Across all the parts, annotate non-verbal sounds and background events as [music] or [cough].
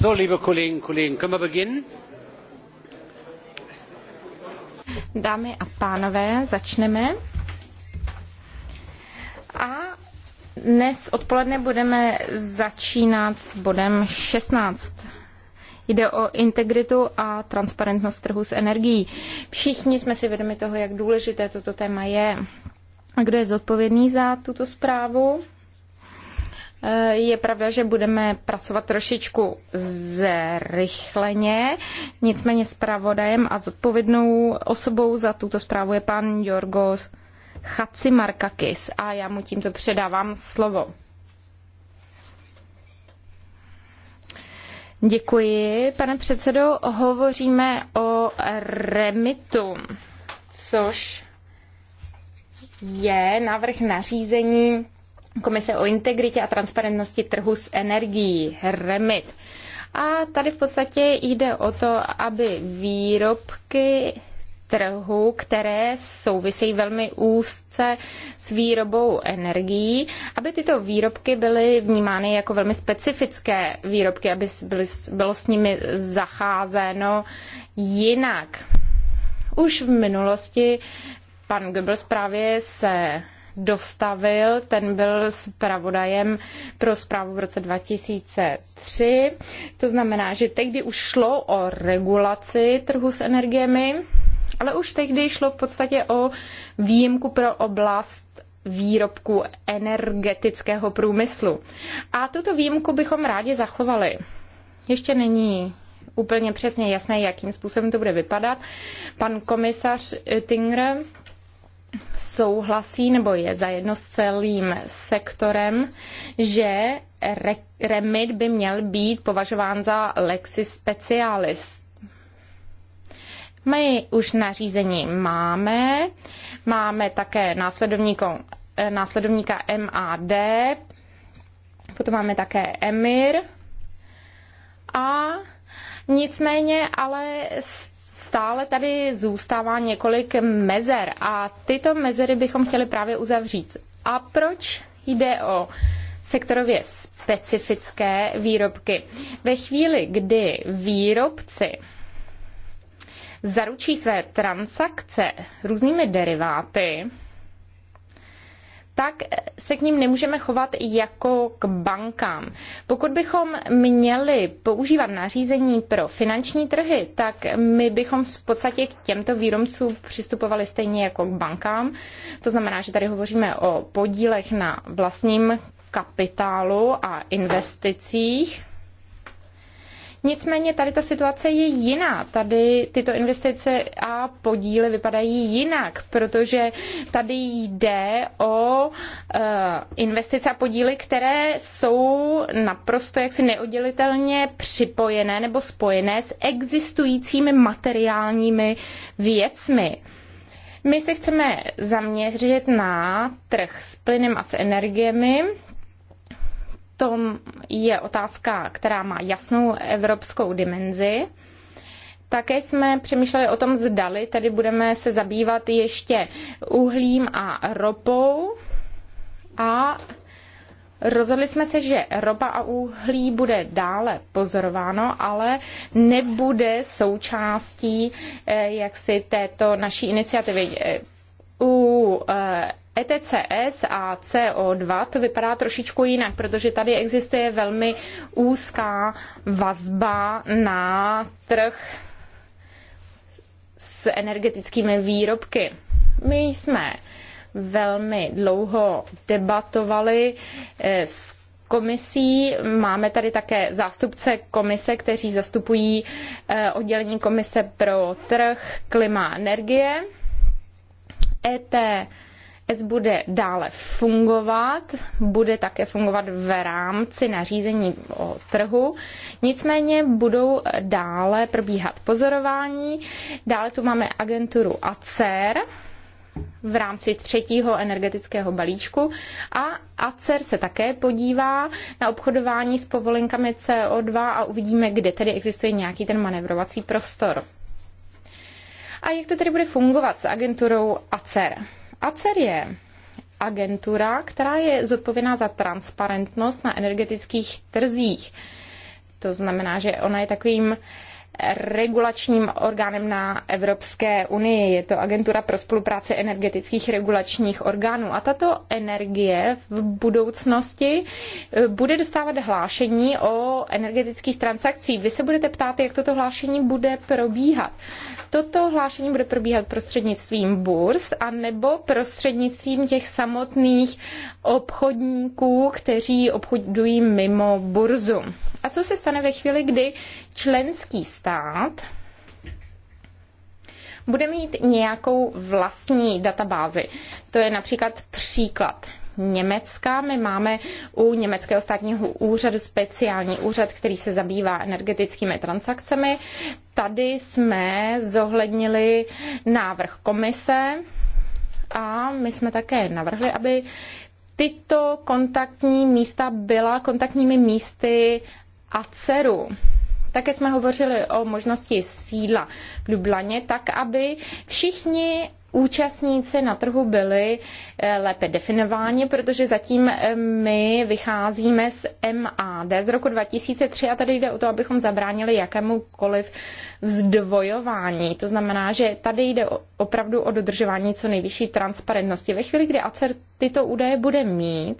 So, liebe Kolleginnen und Kollegen, können wir beginnen? Dámy a pánové, začneme. A dnes odpoledne budeme začínat s bodem 16. Jde o integritu a transparentnost trhu s energií. Všichni jsme si vědomi toho, jak důležité toto téma je. A kdo je zodpovědný za tuto zprávu? Eh, je pravda, že budeme pracovat trošičku zrychleně, nicméně zpravodajem a zodpovědnou osobou za tuto zprávu je pan Jorgos Chacimarkakis a já mu tímto předávám slovo. Děkuji, pane předsedo. Hovoříme o remitu, což je návrh nařízení Komise o integritě a transparentnosti trhu s energií, REMIT. A tady v podstatě jde o to, aby výrobky trhu, které souvisejí velmi úzce s výrobou energií, aby tyto výrobky byly vnímány jako velmi specifické výrobky, aby byly, bylo s nimi zacházeno jinak. Už v minulosti pan Goebbels právě se dostavil, ten byl zpravodajem pro zprávu v roce 2003. To znamená, že tehdy už šlo o regulaci trhu s energiemi, ale už tehdy šlo v podstatě o výjimku pro oblast výrobku energetického průmyslu. A tuto výjimku bychom rádi zachovali. Ještě není úplně přesně jasné, jakým způsobem to bude vypadat. Pan komisař Tinger souhlasí nebo je zajedno s celým sektorem, že re, remit by měl být považován za lexis specialis. My už nařízení máme, máme také eh, následovníka, následovníka MAD, potom máme také EMIR a nicméně ale s stále tady zůstává několik mezer a tyto mezery bychom chtěli právě uzavřít. A proč jde o sektorově specifické výrobky? Ve chvíli, kdy výrobci zaručí své transakce různými deriváty, tak eh, se k ním nemůžeme chovat jako k bankám. Pokud bychom měli používat nařízení pro finanční trhy, tak my bychom v podstatě k těmto výrobcům přistupovali stejně jako k bankám. To znamená, že tady hovoříme o podílech na vlastním kapitálu a investicích Nicméně tady ta situace je jiná. Tady tyto investice a podíly vypadají jinak, protože tady jde o eh, investice a podíly, které jsou naprosto jaksi neoddělitelně připojené nebo spojené s existujícími materiálními věcmi. My se chceme zaměřit na trh s plynem a s energiemi, tom je otázka, která má jasnou evropskou dimenzi. Také jsme přemýšleli o tom, zdali tedy budeme se zabývat ještě uhlím a ropou. A Rozhodli jsme se, že ropa a uhlí bude dále pozorováno, ale nebude součástí eh, jaksi této naší iniciativy. Eh, u eh, ETCS a CO2 to vypadá trošičku jinak, protože tady existuje velmi úzká vazba na trh s energetickými výrobky. My jsme velmi dlouho debatovali eh, s komisí. Máme tady také zástupce komise, kteří zastupují eh, oddělení komise pro trh, klima a energie. ET s bude dále fungovat, bude také fungovat v rámci nařízení o trhu. Nicméně budou dále probíhat pozorování. Dále tu máme agenturu ACER, v rámci třetího energetického balíčku a ACER se také podívá na obchodování s povolenkami CO2 a uvidíme, kde tedy existuje nějaký ten manevrovací prostor. A jak to tedy bude fungovat s agenturou ACER? ACER je agentura, která je zodpovědná za transparentnost na energetických trzích. To znamená, že ona je takovým regulačním orgánem na Evropské unii. Je to Agentura pro spolupráci energetických regulačních orgánů. A tato energie v budoucnosti eh, bude dostávat hlášení o energetických transakcích. Vy se budete ptát, jak toto hlášení bude probíhat. Toto hlášení bude probíhat prostřednictvím burz a nebo prostřednictvím těch samotných obchodníků, kteří obchodují mimo burzu. A co se stane ve chvíli, kdy členský stát stát bude mít nějakou vlastní databázi. To je například příklad. Německa. My máme u Německého státního úřadu speciální úřad, který se zabývá energetickými transakcemi. Tady jsme zohlednili návrh komise a my jsme také navrhli, aby tyto kontaktní místa byla kontaktními místy ACERu. Také jsme hovořili o možnosti sídla v Lublaně, tak aby všichni účastníci na trhu byli eh, lépe definováni, protože zatím eh, my vycházíme z MAD z roku 2003 a tady jde o to, abychom zabránili jakémukoliv vzdvojování. To znamená, že tady jde opravdu o dodržování co nejvyšší transparentnosti. Ve chvíli, kdy ACER tyto údaje bude mít,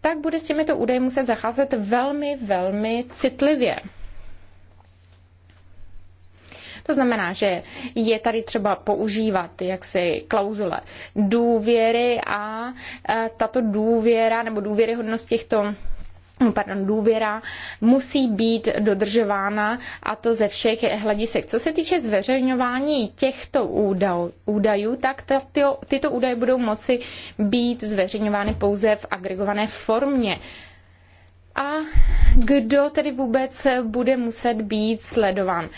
tak bude s těmito údaji muset zacházet velmi, velmi citlivě. To znamená, že je tady třeba používat jaksi klauzule důvěry a e, tato důvěra nebo důvěryhodnost těchto no, pardon, důvěra musí být dodržována a to ze všech hledisek. Co se týče zveřejňování těchto údajů, tak tyto údaje budou moci být zveřejňovány pouze v agregované formě a kdo tedy vůbec bude muset být sledován.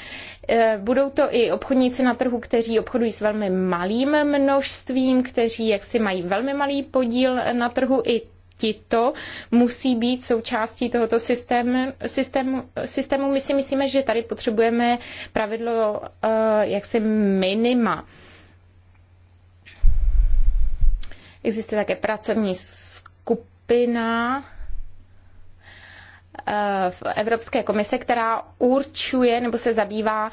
Eh, budou to i obchodníci na trhu, kteří obchodují s velmi malým množstvím, kteří jaksi mají velmi malý podíl na trhu, i tito musí být součástí tohoto systému. systému, systému. My si myslíme, že tady potřebujeme pravidlo eh, jaksi minima. Existuje také pracovní skupina, Eh, v Evropské komise, která určuje nebo se zabývá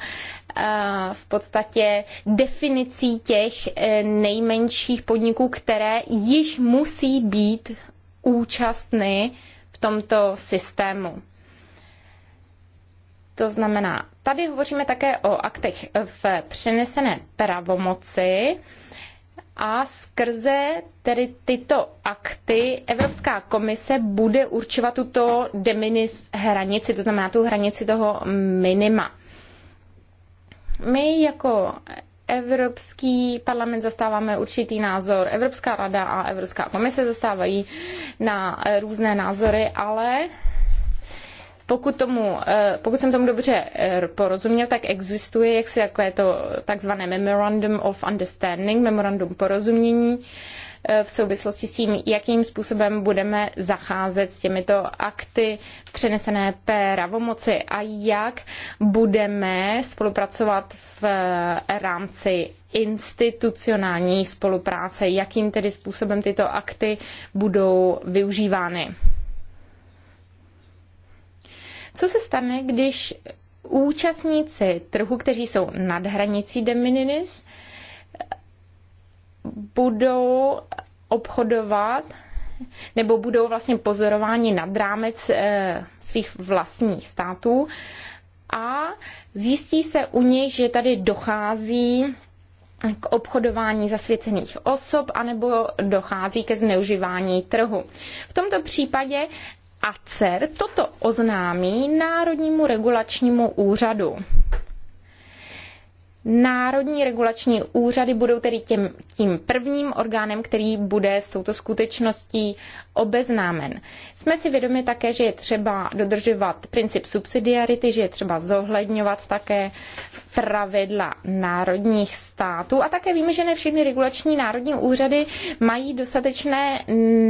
eh, v podstatě definicí těch eh, nejmenších podniků, které již musí být účastny v tomto systému. To znamená, tady hovoříme také o aktech v přenesené pravomoci, a skrze tedy tyto akty Evropská komise bude určovat tuto de minimis hranici, to znamená tu hranici toho minima. My jako Evropský parlament zastáváme určitý názor, Evropská rada a Evropská komise zastávají na různé názory, ale pokud, tomu, eh, pokud jsem tomu dobře eh, porozuměl, tak existuje jaksi takové to takzvané Memorandum of Understanding, memorandum porozumění, eh, v souvislosti s tím, jakým způsobem budeme zacházet s těmito akty přenesené pravomoci a jak budeme spolupracovat v rámci institucionální spolupráce, jakým tedy způsobem tyto akty budou využívány. Co se stane, když účastníci trhu, kteří jsou nad hranicí de minimis, budou obchodovat nebo budou vlastně pozorováni nad rámec eh, svých vlastních států a zjistí se u nich, že tady dochází k obchodování zasvěcených osob anebo dochází ke zneužívání trhu. V tomto případě ACER toto oznámí Národnímu regulačnímu úřadu. Národní regulační úřady budou tedy těm, tím prvním orgánem, který bude s touto skutečností obeznámen. Jsme si vědomi také, že je třeba dodržovat princip subsidiarity, že je třeba zohledňovat také pravidla národních států a také víme, že ne všechny regulační národní úřady mají dostatečné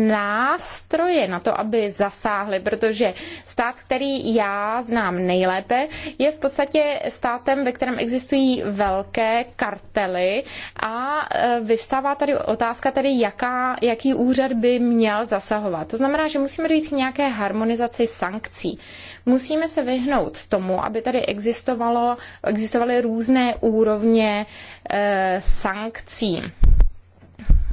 nástroje na to, aby zasáhly, protože stát, který já znám nejlépe, je v podstatě státem, ve kterém existují velké kartely a e, vystává tady otázka tady, jaká, jaký úřad by měl zasahovat. To znamená, že musíme dojít k nějaké harmonizaci sankcí. Musíme se vyhnout tomu, aby tady existovalo, existovaly různé úrovně eh, sankcí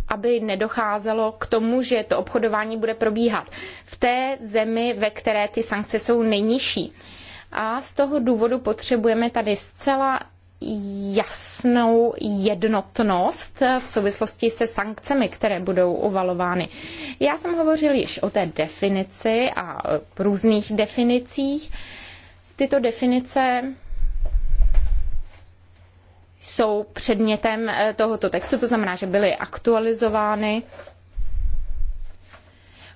aby nedocházelo k tomu, že to obchodování bude probíhat v té zemi, ve které ty sankce jsou nejnižší. A z toho důvodu potřebujeme tady zcela jasnou jednotnost v souvislosti se sankcemi, které budou uvalovány. Já jsem hovořil již o té definici a různých definicích. Tyto definice jsou předmětem eh, tohoto textu, to znamená, že byly aktualizovány.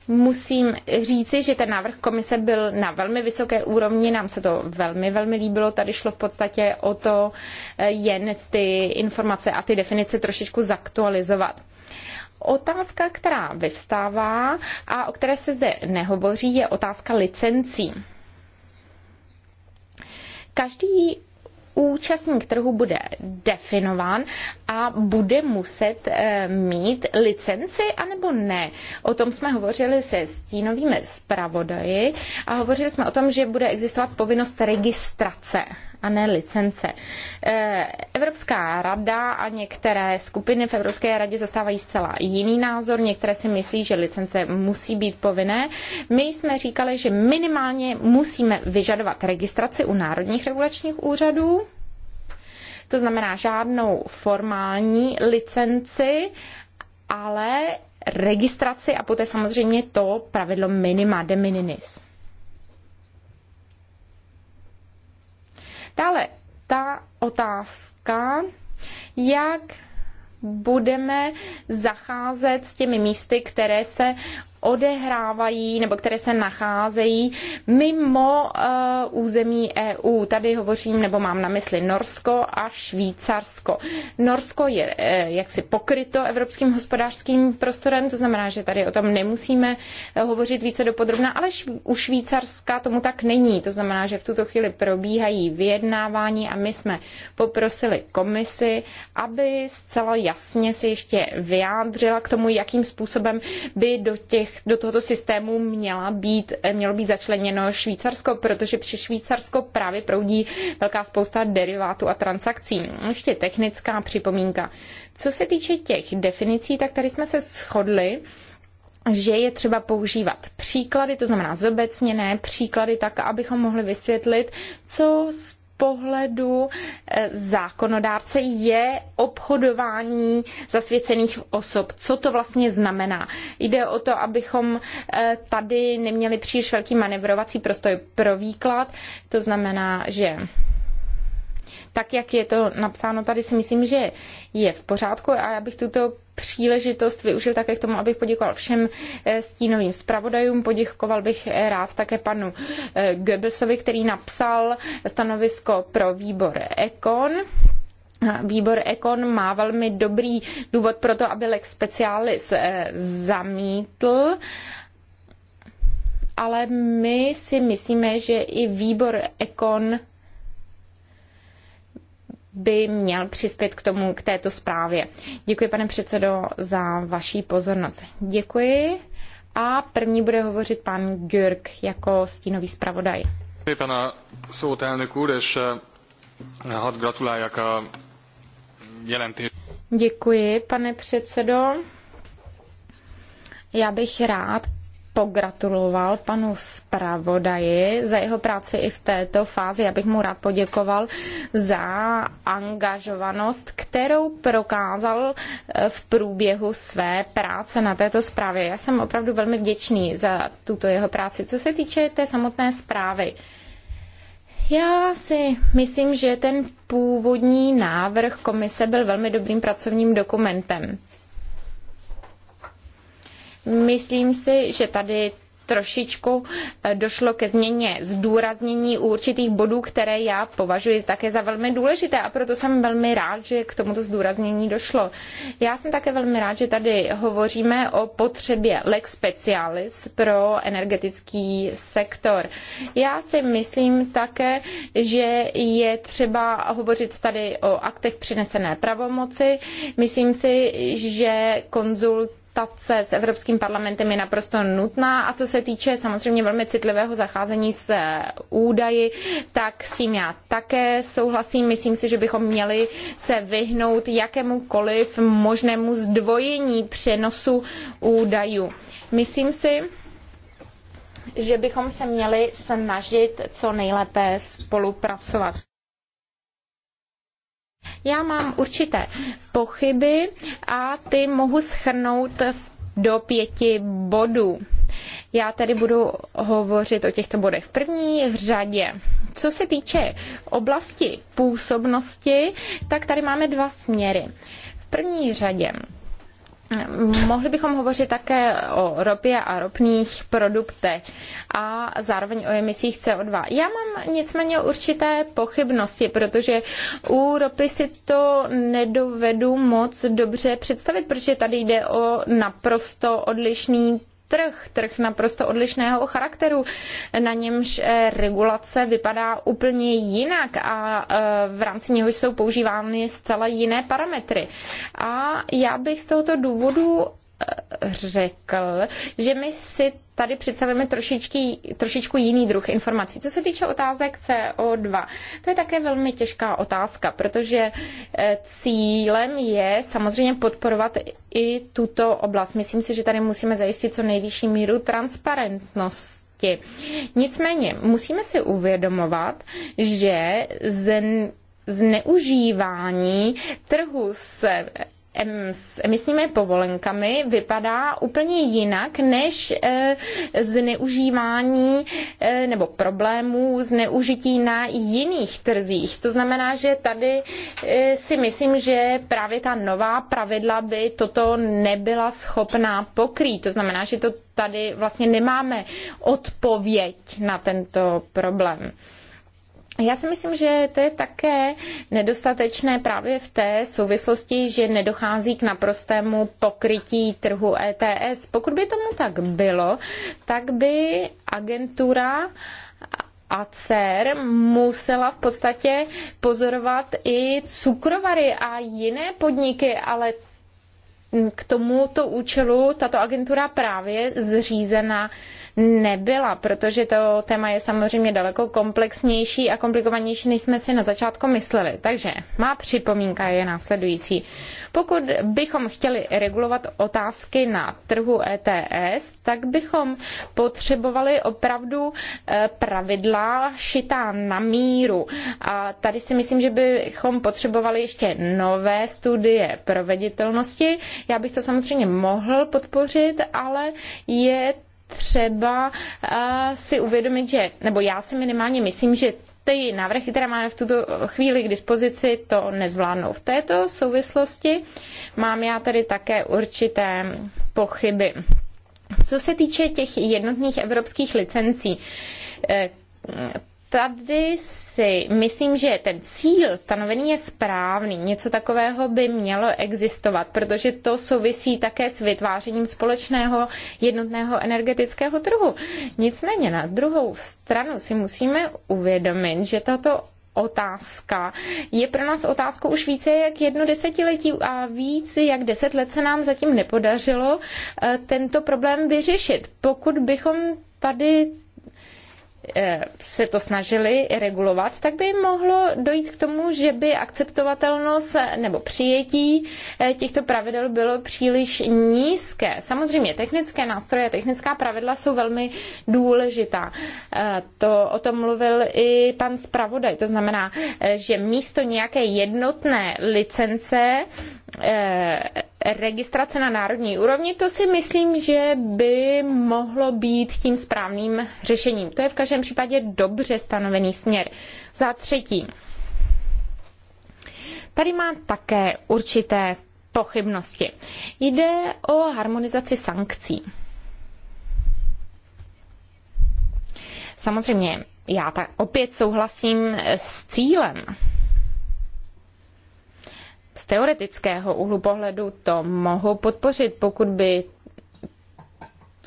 Musím říci, že ten návrh komise byl na velmi vysoké úrovni, nám se to velmi, velmi líbilo. Tady šlo v podstatě o to eh, jen ty informace a ty definice trošičku zaktualizovat. Otázka, která vyvstává a o které se zde nehovoří, je otázka licencí. Každý účastník trhu bude definován a bude muset eh, mít licenci anebo ne. O tom jsme hovořili se stínovými zpravodaji a hovořili jsme o tom, že bude existovat povinnost registrace a ne licence. Eh, Evropská rada a některé skupiny v Evropské radě zastávají zcela jiný názor. Některé si myslí, že licence musí být povinné. My jsme říkali, že minimálně musíme vyžadovat registraci u národních regulačních úřadů. To znamená žádnou formální licenci, ale registraci a poté samozřejmě to pravidlo minima de minimis. Dále ta otázka, jak budeme zacházet s těmi místy, které se odehrávají nebo které se nacházejí mimo uh, území EU. Tady hovořím nebo mám na mysli Norsko a Švýcarsko. Norsko je uh, jaksi pokryto evropským hospodářským prostorem, to znamená, že tady o tom nemusíme eh, hovořit více dopodrobná, ale šv- u Švýcarska tomu tak není. To znamená, že v tuto chvíli probíhají vyjednávání a my jsme poprosili komisi, aby zcela jasně si ještě vyjádřila k tomu, jakým způsobem by do těch bych do tohoto systému měla být, eh, mělo být začleněno Švýcarsko, protože přes Švýcarsko právě proudí velká spousta derivátů a transakcí. Ještě technická připomínka. Co se týče těch definicí, tak tady jsme se shodli, že je třeba používat příklady, to znamená zobecněné příklady, tak abychom mohli vysvětlit, co pohledu eh, zákonodárce je obchodování zasvěcených osob. Co to vlastně znamená? Jde o to, abychom eh, tady neměli příliš velký manevrovací prostor pro výklad. To znamená, že tak, jak je to napsáno tady, si myslím, že je v pořádku a já bych tuto příležitost využil také k tomu, abych poděkoval všem eh, stínovým zpravodajům. Poděkoval bych eh, rád také panu eh, Goebbelsovi, který napsal stanovisko pro výbor Ekon. Výbor Ekon má velmi dobrý důvod pro to, aby Lex Specialis zamítl ale my si myslíme, že i výbor Ekon by měl přispět k tomu, k této zprávě. Děkuji, pane předsedo, za vaší pozornost. Děkuji. A první bude hovořit pan Gürk jako stínový zpravodaj. Eh, Děkuji, pana pane předsedo. Já bych rád pogratuloval panu zpravodaji za jeho práci i v této fázi. Já bych mu rád poděkoval za angažovanost, kterou prokázal eh, v průběhu své práce na této zprávě. Já jsem opravdu velmi vděčný za tuto jeho práci. Co se týče té samotné zprávy, já si myslím, že ten původní návrh komise byl velmi dobrým pracovním dokumentem. Myslím si, že tady trošičku eh, došlo ke změně zdůraznění u určitých bodů, které já považuji také za velmi důležité a proto jsem velmi rád, že k tomuto zdůraznění došlo. Já jsem také velmi rád, že tady hovoříme o potřebě lex specialis pro energetický sektor. Já si myslím také, že je třeba hovořit tady o aktech přinesené pravomoci. Myslím si, že konzult konzultace s Evropským parlamentem je naprosto nutná a co se týče samozřejmě velmi citlivého zacházení s eh, údaji, tak s tím já také souhlasím. Myslím si, že bychom měli se vyhnout jakémukoliv možnému zdvojení přenosu údajů. Myslím si, že bychom se měli snažit co nejlépe spolupracovat. Já mám určité pochyby a ty mohu schrnout do pěti bodů. Já tedy budu hovořit o těchto bodech v první řadě. Co se týče oblasti působnosti, tak tady máme dva směry. V první řadě Mohli bychom hovořit také o ropě a ropných produktech a zároveň o emisích CO2. Já mám nicméně určité pochybnosti, protože u ropy si to nedovedu moc dobře představit, protože tady jde o naprosto odlišný trh, trh naprosto odlišného charakteru, na němž eh, regulace vypadá úplně jinak a eh, v rámci něho jsou používány zcela jiné parametry. A já bych z tohoto důvodu eh, řekl, že my si tady představujeme trošičky, trošičku jiný druh informací. Co se týče otázek CO2, to je také velmi těžká otázka, protože eh, cílem je samozřejmě podporovat i tuto oblast. Myslím si, že tady musíme zajistit co nejvyšší míru transparentnost Nicméně musíme si uvědomovat, že zneužívání trhu s s emisními povolenkami vypadá úplně jinak než eh, zneužívání eh, nebo problémů zneužití na jiných trzích. To znamená, že tady eh, si myslím, že právě ta nová pravidla by toto nebyla schopná pokrýt. To znamená, že to tady vlastně nemáme odpověď na tento problém. Já si myslím, že to je také nedostatečné právě v té souvislosti, že nedochází k naprostému pokrytí trhu ETS. Pokud by tomu tak bylo, tak by agentura a dcer musela v podstatě pozorovat i cukrovary a jiné podniky, ale k tomuto účelu tato agentura právě zřízena nebyla, protože to téma je samozřejmě daleko komplexnější a komplikovanější, než jsme si na začátku mysleli. Takže má připomínka je následující. Pokud bychom chtěli regulovat otázky na trhu ETS, tak bychom potřebovali opravdu eh, pravidla šitá na míru. A tady si myslím, že bychom potřebovali ještě nové studie proveditelnosti. Já bych to samozřejmě mohl podpořit, ale je třeba eh, si uvědomit, že, nebo já si minimálně myslím, že ty návrhy, které máme v tuto chvíli k dispozici, to nezvládnou. V této souvislosti mám já tady také určité pochyby. Co se týče těch jednotných evropských licencí, eh, tady si myslím, že ten cíl stanovený je správný. Něco takového by mělo existovat, protože to souvisí také s vytvářením společného jednotného energetického trhu. Nicméně na druhou stranu si musíme uvědomit, že tato otázka. Je pro nás otázkou už více jak jedno desetiletí a víc jak deset let se nám zatím nepodařilo eh, tento problém vyřešit. Pokud bychom tady Eh, se to snažili regulovat, tak by mohlo dojít k tomu, že by akceptovatelnost nebo přijetí eh, těchto pravidel bylo příliš nízké. Samozřejmě technické nástroje, technická pravidla jsou velmi důležitá. Eh, to o tom mluvil i pan zpravodaj. To znamená, že místo nějaké jednotné licence registrace na národní úrovni, to si myslím, že by mohlo být tím správným řešením. To je v každém případě dobře stanovený směr. Za třetí, tady mám také určité pochybnosti. Jde o harmonizaci sankcí. Samozřejmě, já tak opět souhlasím s cílem z teoretického úhlu pohledu to mohou podpořit, pokud by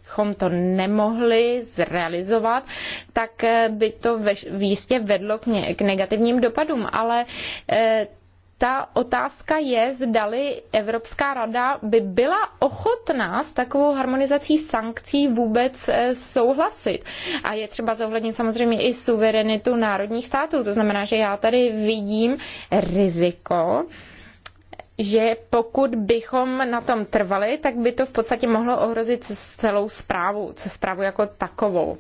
bychom to nemohli zrealizovat, tak eh, by to v jistě vedlo k, ně, k negativním dopadům. Ale e, ta otázka je, zdali Evropská rada by byla ochotná s takovou harmonizací sankcí vůbec eh, souhlasit. A je třeba zohlednit samozřejmě i suverenitu národních států. To znamená, že já tady vidím riziko, že pokud bychom na tom trvali, tak by to v podstatě mohlo ohrozit celou zprávu, zprávu jako takovou.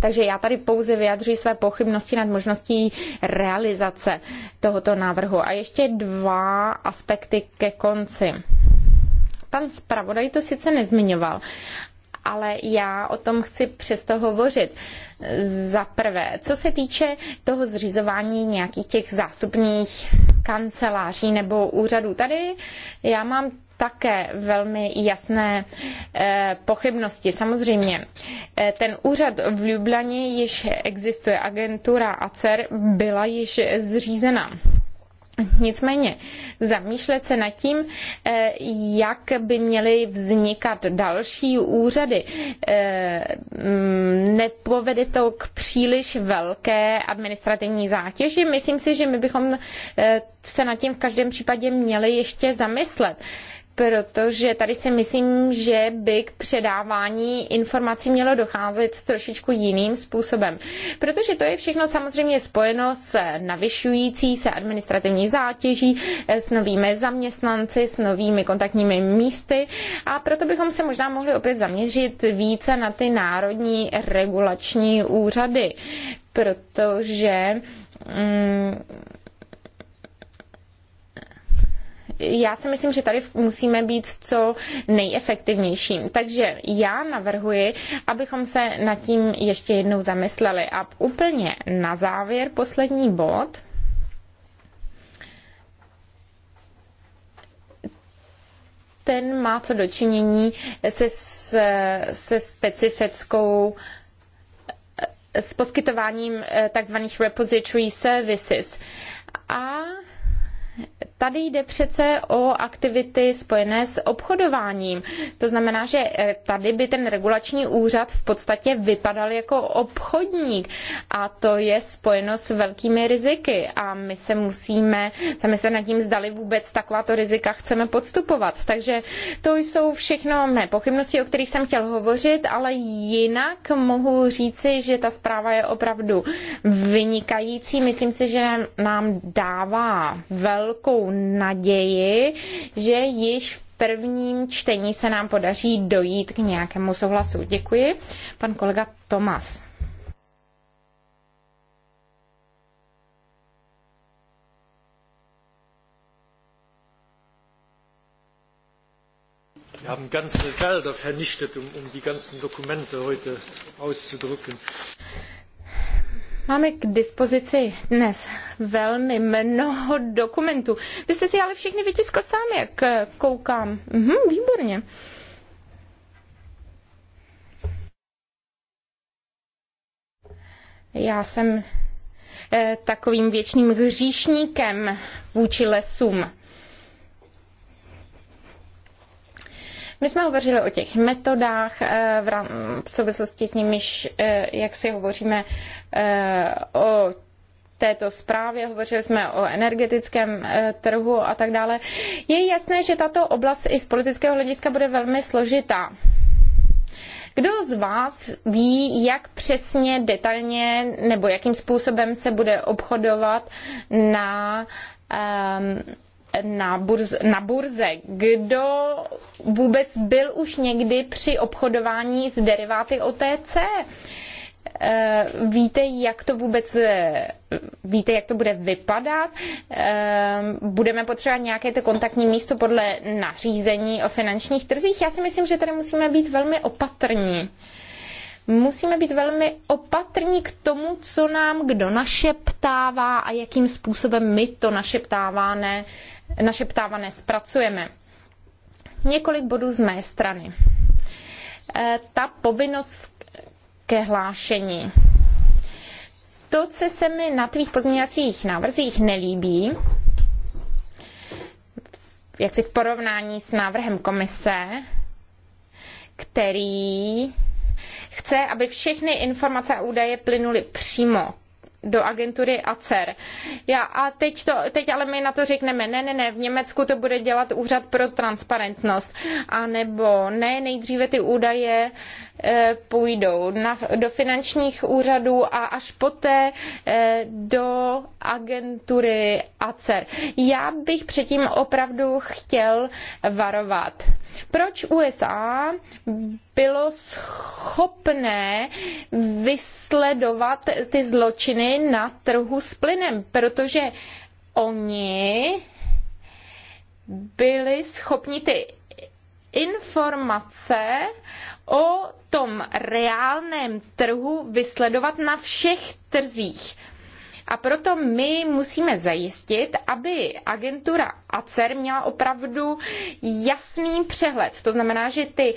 Takže já tady pouze vyjadřuji své pochybnosti nad možností realizace tohoto návrhu. A ještě dva aspekty ke konci. Pan zpravodaj to sice nezmiňoval, ale já o tom chci přesto hovořit. Za prvé, co se týče toho zřizování nějakých těch zástupních kanceláří nebo úřadů, tady já mám také velmi jasné eh, pochybnosti. Samozřejmě, eh, ten úřad v Ljubljaně již existuje, agentura ACER byla již zřízena. Nicméně zamýšlet se nad tím, eh, jak by měly vznikat další úřady, eh, nepovede to k příliš velké administrativní zátěži. Myslím si, že my bychom eh, se nad tím v každém případě měli ještě zamyslet protože tady si myslím, že by k předávání informací mělo docházet trošičku jiným způsobem. Protože to je všechno samozřejmě spojeno s navyšující se administrativní zátěží, s novými zaměstnanci, s novými kontaktními místy a proto bychom se možná mohli opět zaměřit více na ty národní regulační úřady, protože mm, já si myslím, že tady musíme být co nejefektivnější. Takže já navrhuji, abychom se nad tím ještě jednou zamysleli. A úplně na závěr poslední bod. Ten má co dočinění se, se specifickou eh, s poskytováním eh, takzvaných repository services. A Tady jde přece o aktivity spojené s obchodováním. To znamená, že eh, tady by ten regulační úřad v podstatě vypadal jako obchodník a to je spojeno s velkými riziky a my se musíme zamyslet nad tím, zdali vůbec takováto rizika chceme podstupovat. Takže to jsou všechno mé pochybnosti, o kterých jsem chtěl hovořit, ale jinak mohu říci, že ta zpráva je opravdu vynikající. Myslím si, že nám dává velkou naději, že již v prvním čtení se nám podaří dojít k nějakému souhlasu. Děkuji. Pan kolega Tomas. Máme um, um Máme k dispozici dnes velmi mnoho dokumentů. Vy jste si ale všechny vytiskl sám, jak koukám. Mhm, výborně. Já jsem eh, takovým věčným hříšníkem vůči lesům. My jsme hovořili o těch metodách eh, v souvislosti s nimiž, eh, jak si hovoříme Eh, o této zprávě, hovořili jsme o energetickém eh, trhu a tak dále. Je jasné, že tato oblast i z politického hlediska bude velmi složitá. Kdo z vás ví, jak přesně, detailně nebo jakým způsobem se bude obchodovat na, ehm, na, burz, na burze? Kdo vůbec byl už někdy při obchodování s deriváty OTC? Eh, víte, jak to vůbec eh, víte, jak to bude vypadat. Eh, budeme potřebovat nějaké to kontaktní místo podle nařízení o finančních trzích. Já si myslím, že tady musíme být velmi opatrní. Musíme být velmi opatrní k tomu, co nám kdo našeptává a jakým způsobem my to našeptávané, našeptávané zpracujeme. Několik bodů z mé strany ta povinnost ke hlášení. To, co se mi na tvých pozměňovacích návrzích nelíbí, jak si v porovnání s návrhem komise, který chce, aby všechny informace a údaje plynuly přímo do agentury ACER. Já, a teď, to, teď ale my na to řekneme, ne, ne, ne, v Německu to bude dělat úřad pro transparentnost, nebo ne, nejdříve ty údaje Eh, půjdou na, do finančních úřadů a až poté eh, do agentury ACER. Já bych předtím opravdu chtěl varovat. Proč USA bylo schopné vysledovat ty zločiny na trhu s plynem? Protože oni byli schopni ty informace o tom reálném trhu vysledovat na všech trzích. A proto my musíme zajistit, aby agentura ACER měla opravdu jasný přehled. To znamená, že ty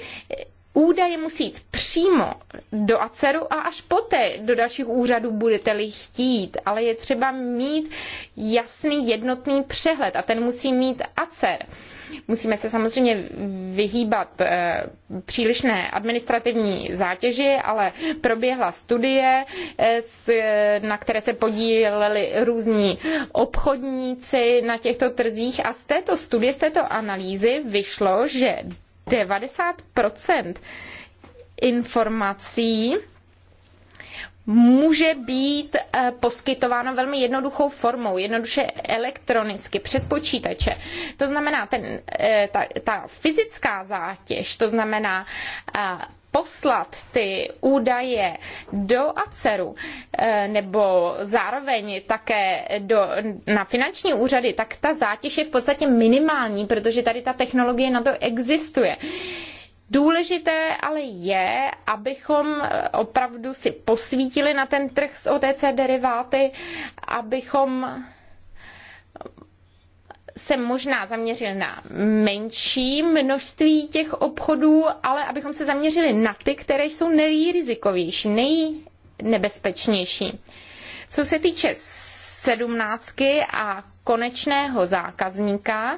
údaje musí jít přímo do ACERu a až poté do dalších úřadů budete-li chtít, ale je třeba mít jasný jednotný přehled a ten musí mít ACER. Musíme se samozřejmě vyhýbat e, přílišné administrativní zátěži, ale proběhla studie, e, s, eh, na které se podíleli různí obchodníci na těchto trzích a z této studie, z této analýzy vyšlo, že 90 informací může být eh, poskytováno velmi jednoduchou formou, jednoduše elektronicky, přes počítače. To znamená, ten, eh, ta, ta fyzická zátěž, to znamená eh, poslat ty údaje do ACERu nebo zároveň také do, na finanční úřady, tak ta zátěž je v podstatě minimální, protože tady ta technologie na to existuje. Důležité ale je, abychom opravdu si posvítili na ten trh s OTC deriváty, abychom se možná zaměřili na menší množství těch obchodů, ale abychom se zaměřili na ty, které jsou nejrizikovější, nejnebezpečnější. Co se týče sedmnáctky a konečného zákazníka,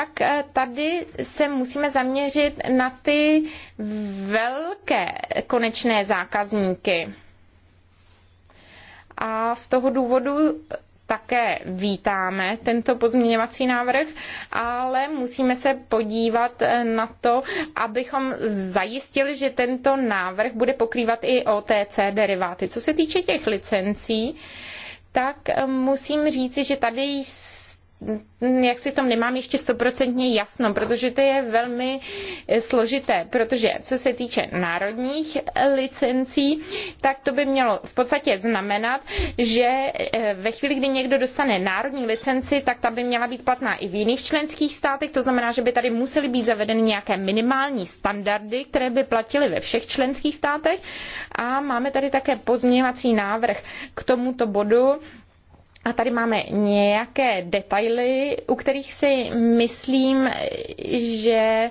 tak eh, tady se musíme zaměřit na ty velké konečné zákazníky. A z toho důvodu také vítáme tento pozměňovací návrh, ale musíme se podívat eh, na to, abychom zajistili, že tento návrh bude pokrývat i OTC deriváty. Co se týče těch licencí, tak eh, musím říci, že tady jak si v tom nemám ještě stoprocentně jasno, protože to je velmi složité, protože co se týče národních licencí, tak to by mělo v podstatě znamenat, že eh, ve chvíli, kdy někdo dostane národní licenci, tak ta by měla být platná i v jiných členských státech, to znamená, že by tady musely být zavedeny nějaké minimální standardy, které by platily ve všech členských státech a máme tady také pozměňovací návrh k tomuto bodu, a tady máme nějaké detaily, u kterých si myslím, že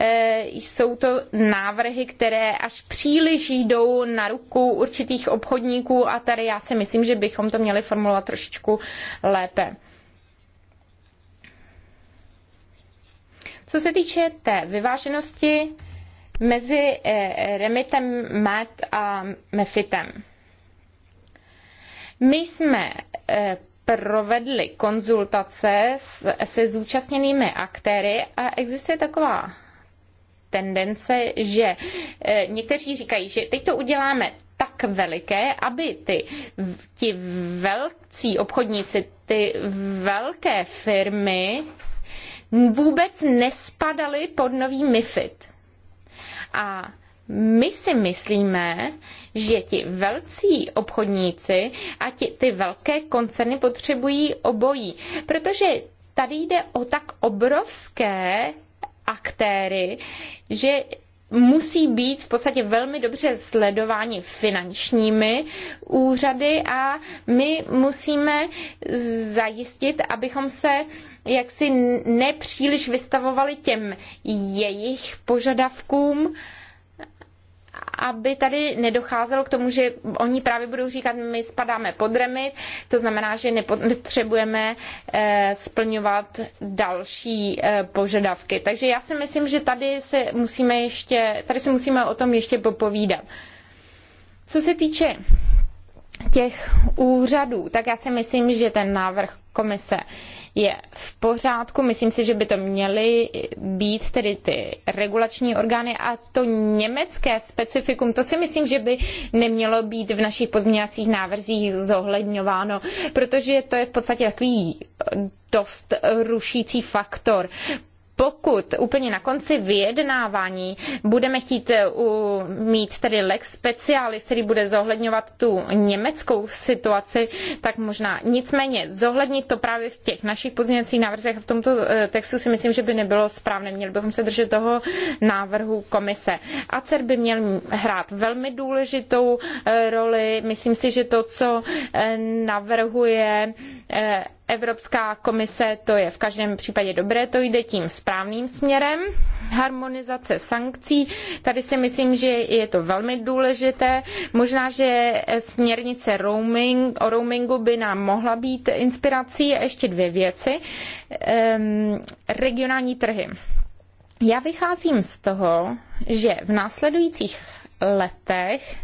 e, jsou to návrhy, které až příliš jdou na ruku určitých obchodníků a tady já si myslím, že bychom to měli formulovat trošičku lépe. Co se týče té vyváženosti mezi e, e, remitem MET a MEFITem. My jsme eh, provedli konzultace se zúčastněnými aktéry a existuje taková tendence, že eh, někteří říkají, že teď to uděláme tak veliké, aby ty, ti velcí obchodníci, ty velké firmy vůbec nespadaly pod nový MIFID. A my si myslíme, že ti velcí obchodníci a ti, ty velké koncerny potřebují obojí, protože tady jde o tak obrovské aktéry, že musí být v podstatě velmi dobře sledováni finančními úřady a my musíme zajistit, abychom se jaksi nepříliš vystavovali těm jejich požadavkům, aby tady nedocházelo k tomu, že oni právě budou říkat, my spadáme pod remit, to znamená, že nepotřebujeme eh, splňovat další eh, požadavky. Takže já si myslím, že tady se musíme ještě, tady se musíme o tom ještě popovídat. Co se týče těch úřadů, tak já si myslím, že ten návrh komise je v pořádku. Myslím si, že by to měly být tedy ty regulační orgány a to německé specifikum, to si myslím, že by nemělo být v našich pozměňovacích návrzích zohledňováno, protože to je v podstatě takový dost rušící faktor pokud úplně na konci vyjednávání budeme chtít eh, mít tedy lex specialis, který bude zohledňovat tu německou situaci, tak možná nicméně zohlednit to právě v těch našich pozměňovacích návrzech a v tomto eh, textu si myslím, že by nebylo správné. Měli bychom se držet toho návrhu komise. ACER by měl hrát velmi důležitou eh, roli. Myslím si, že to, co navrhuje Evropská komise, to je v každém případě dobré, to jde tím správným směrem. Harmonizace sankcí, tady si myslím, že je to velmi důležité. Možná, že směrnice roaming, o roamingu by nám mohla být inspirací. A ještě dvě věci. Ehm, regionální trhy. Já vycházím z toho, že v následujících letech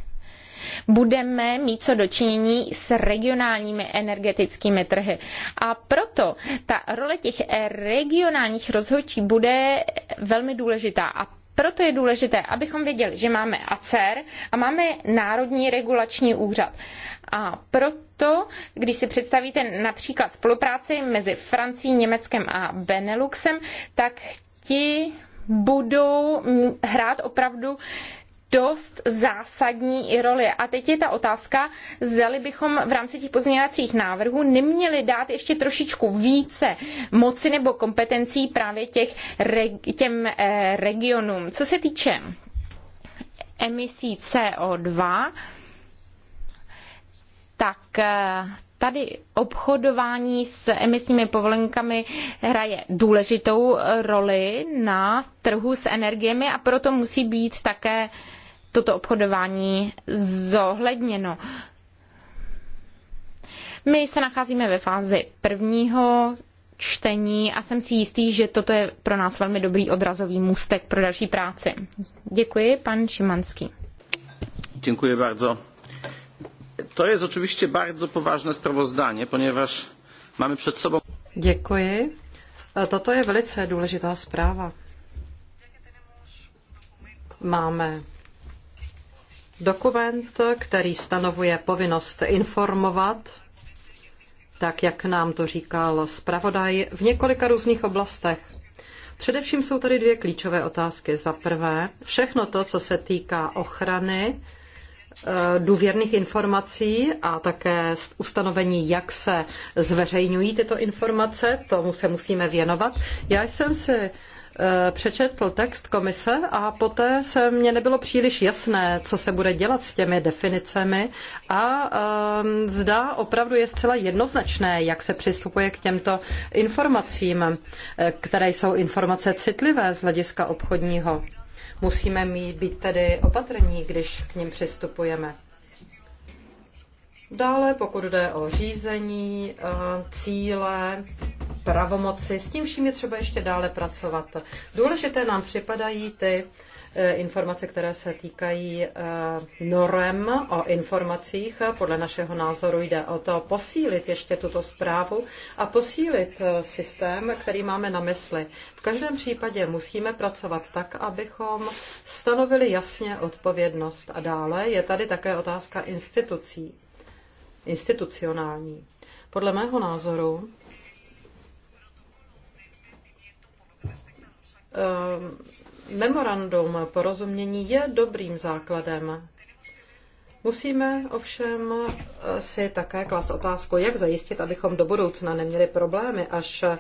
budeme mít co dočinění s regionálními energetickými trhy. A proto ta role těch regionálních rozhodčí bude velmi důležitá. A proto je důležité, abychom věděli, že máme ACER a máme Národní regulační úřad. A proto, když si představíte například spolupráci mezi Francií, Německem a Beneluxem, tak ti budou hrát opravdu dost zásadní roli. A teď je ta otázka, zdali bychom v rámci těch pozměňovacích návrhů neměli dát ještě trošičku více moci nebo kompetencí právě těch, těm eh, regionům. Co se týče emisí CO2, tak eh, tady obchodování s emisními povolenkami hraje důležitou roli na trhu s energiemi a proto musí být také toto obchodování zohledněno. My se nacházíme ve fázi prvního čtení a jsem si jistý, že toto je pro nás velmi dobrý odrazový můstek pro další práci. Děkuji, pan Šimanský. Děkuji bardzo. To je oczywiście bardzo poważne sprawozdanie, ponieważ mamy przed sobą. Děkuji. Toto je velice důležitá zpráva. Máme dokument, který stanovuje povinnost informovat, tak jak nám to říkal zpravodaj, v několika různých oblastech. Především jsou tady dvě klíčové otázky. Za prvé, všechno to, co se týká ochrany e, důvěrných informací a také ustanovení, jak se zveřejňují tyto informace, tomu se musíme věnovat. Já jsem si Eh, přečetl text komise a poté se mně nebylo příliš jasné, co se bude dělat s těmi definicemi a ehm, zda opravdu je zcela jednoznačné, jak se přistupuje k těmto informacím, eh, které jsou informace citlivé z hlediska obchodního. Musíme mít, být tedy opatrní, když k nim přistupujeme. Dále, pokud jde o řízení, eh, cíle, pravomoci, s tím vším je třeba ještě dále pracovat. Důležité nám připadají ty eh, informace, které se týkají eh, norem o informacích. Podle našeho názoru jde o to posílit ještě tuto zprávu a posílit eh, systém, který máme na mysli. V každém případě musíme pracovat tak, abychom stanovili jasně odpovědnost. A dále je tady také otázka institucí, institucionální. Podle mého názoru Ehm, memorandum porozumění je dobrým základem. Musíme ovšem eh, si také klást otázku, jak zajistit, abychom do budoucna neměli problémy, až eh,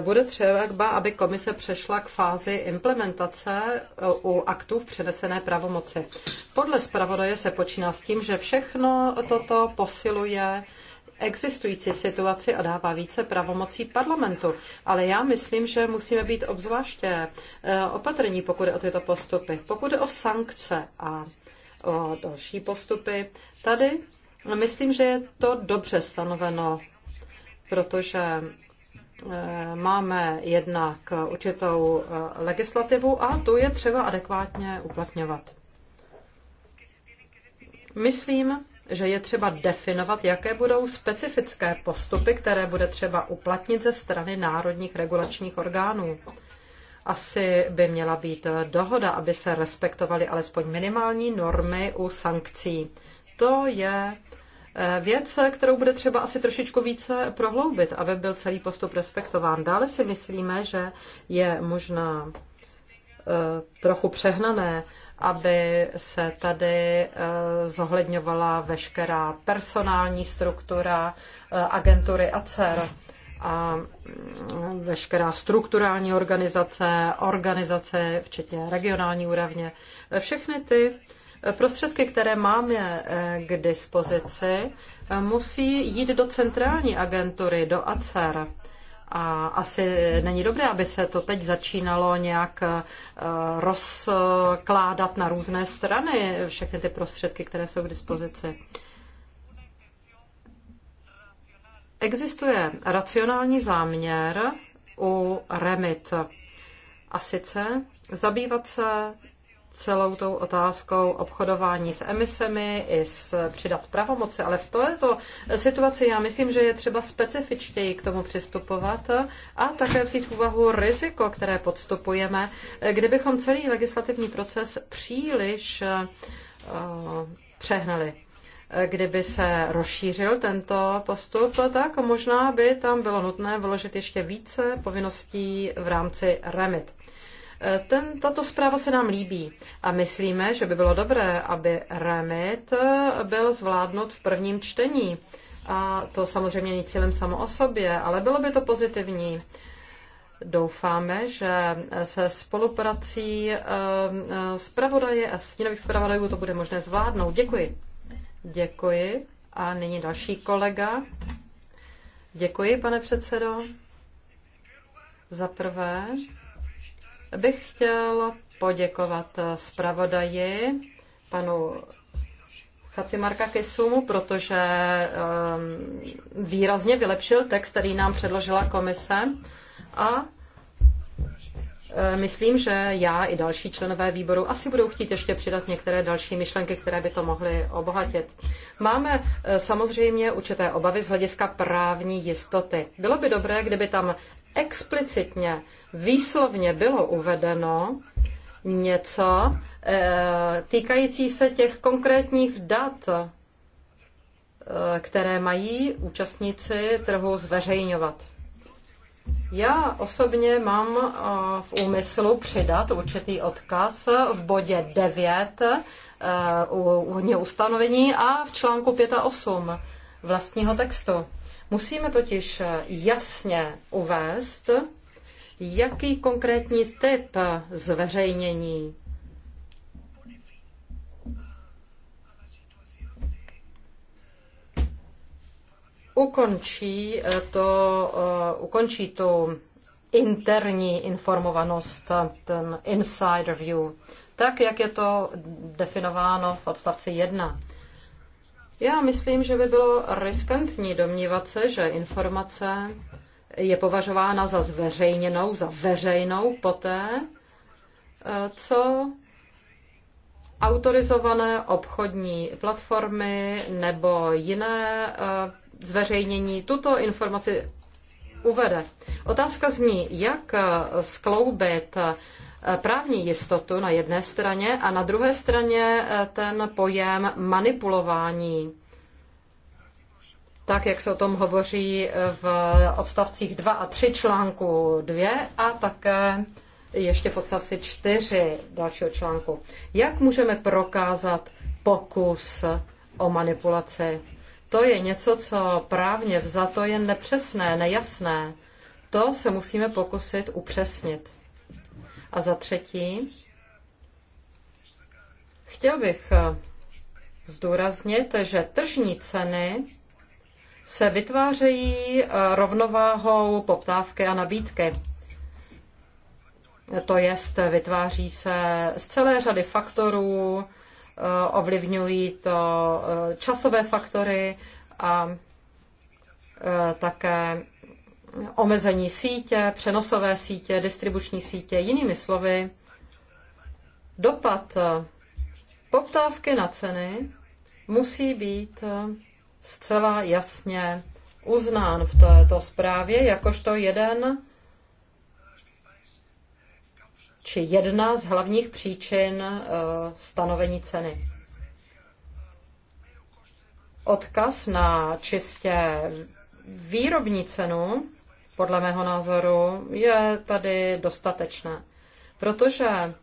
bude třeba, aby komise přešla k fázi implementace eh, u aktů v přenesené pravomoci. Podle zpravodaje se počíná s tím, že všechno toto posiluje existující situaci a dává více pravomocí parlamentu. Ale já myslím, že musíme být obzvláště eh, opatrní, pokud je o tyto postupy. Pokud je o sankce a o další postupy, tady myslím, že je to dobře stanoveno, protože eh, máme jednak určitou eh, legislativu a tu je třeba adekvátně uplatňovat. Myslím, že je třeba definovat, jaké budou specifické postupy, které bude třeba uplatnit ze strany národních regulačních orgánů. Asi by měla být dohoda, aby se respektovaly alespoň minimální normy u sankcí. To je eh, věc, kterou bude třeba asi trošičku více prohloubit, aby byl celý postup respektován. Dále si myslíme, že je možná eh, trochu přehnané aby se tady eh, zohledňovala veškerá personální struktura eh, agentury ACER a mm, veškerá strukturální organizace, organizace, včetně regionální úrovně. Eh, všechny ty prostředky, které máme k dispozici, musí jít do centrální agentury, do ACER a asi není dobré, aby se to teď začínalo nějak eh, rozkládat na různé strany, všechny ty prostředky, které jsou k dispozici. Existuje racionální záměr u REMIT, a sice zabývat se celou tou otázkou obchodování s emisemi i s přidat pravomoci, ale v této situaci já myslím, že je třeba specifičtěji k tomu přistupovat a také vzít v úvahu riziko, které podstupujeme, kdybychom celý legislativní proces příliš uh, přehnali kdyby se rozšířil tento postup, tak možná by tam bylo nutné vložit ještě více povinností v rámci REMIT. Ten, tato zpráva se nám líbí a myslíme, že by bylo dobré, aby remit byl zvládnut v prvním čtení. A to samozřejmě není cílem samo o sobě, ale bylo by to pozitivní. Doufáme, že se spoluprací eh, zpravodaje a stínových zpravodajů to bude možné zvládnout. Děkuji. Děkuji. A nyní další kolega. Děkuji, pane předsedo. Za prvé bych chtěl poděkovat zpravodaji panu Chacimarka Kisumu, protože um, výrazně vylepšil text, který nám předložila komise a eh, Myslím, že já i další členové výboru asi budou chtít ještě přidat některé další myšlenky, které by to mohly obohatit. Máme eh, samozřejmě určité obavy z hlediska právní jistoty. Bylo by dobré, kdyby tam explicitně, výslovně bylo uvedeno něco týkající se těch konkrétních dat, které mají účastníci trhu zveřejňovat. Já osobně mám v úmyslu přidat určitý odkaz v bodě 9 u ustanovení a v článku 5 a 8 vlastního textu. Musíme totiž jasně uvést, jaký konkrétní typ zveřejnění ukončí, eh, to, eh, ukončí tu interní informovanost, ten insider view, tak, jak je to definováno v odstavci 1. Já myslím, že by bylo riskantní domnívat se, že informace je považována za zveřejněnou, za veřejnou poté, eh, co autorizované obchodní platformy nebo jiné eh, zveřejnění tuto informaci uvede. Otázka zní, jak skloubit právní jistotu na jedné straně a na druhé straně eh, ten pojem manipulování, tak jak se o tom hovoří eh, v odstavcích 2 a 3 článku 2 a také ještě v odstavci 4 dalšího článku. Jak můžeme prokázat pokus o manipulaci? To je něco, co právně vzato je nepřesné, nejasné. To se musíme pokusit upřesnit. A za třetí, chtěl bych eh, zdůraznit, že tržní ceny se vytvářejí eh, rovnováhou poptávky a nabídky. To jest, vytváří se z celé řady faktorů, eh, ovlivňují to časové faktory a také omezení sítě, přenosové sítě, distribuční sítě. Jinými slovy, dopad eh, poptávky na ceny musí být eh, zcela jasně uznán v této zprávě jakožto jeden či jedna z hlavních příčin eh, stanovení ceny. Odkaz na čistě výrobní cenu podle mého názoru, je tady dostatečné. Protože uh,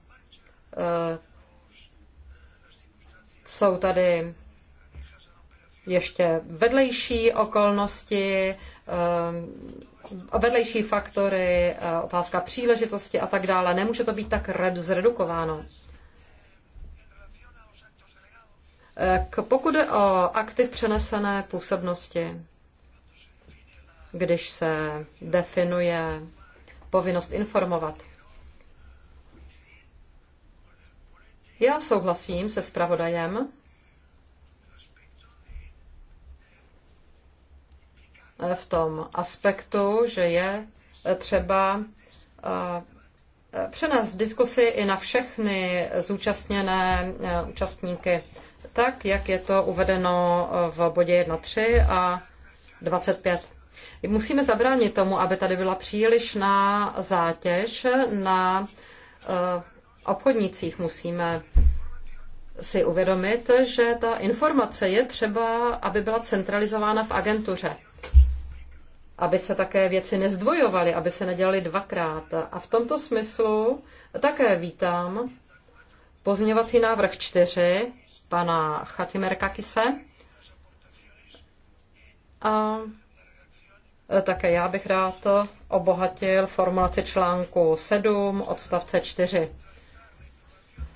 jsou tady ještě vedlejší okolnosti, uh, vedlejší faktory, uh, otázka příležitosti a tak dále. Nemůže to být tak zredukováno. K, pokud je o aktiv přenesené působnosti, když se definuje povinnost informovat. Já souhlasím se zpravodajem v tom aspektu, že je třeba eh, přenést diskusy i na všechny zúčastněné eh, účastníky, tak jak je to uvedeno v bodě 1.3 a 25. Musíme zabránit tomu, aby tady byla přílišná zátěž na eh, obchodnicích. Musíme si uvědomit, že ta informace je třeba, aby byla centralizována v agentuře. Aby se také věci nezdvojovaly, aby se nedělaly dvakrát. A v tomto smyslu také vítám pozměňovací návrh 4 pana Chatimerka Kise. A Eh, také já bych rád obohatil formulaci článku 7 odstavce 4.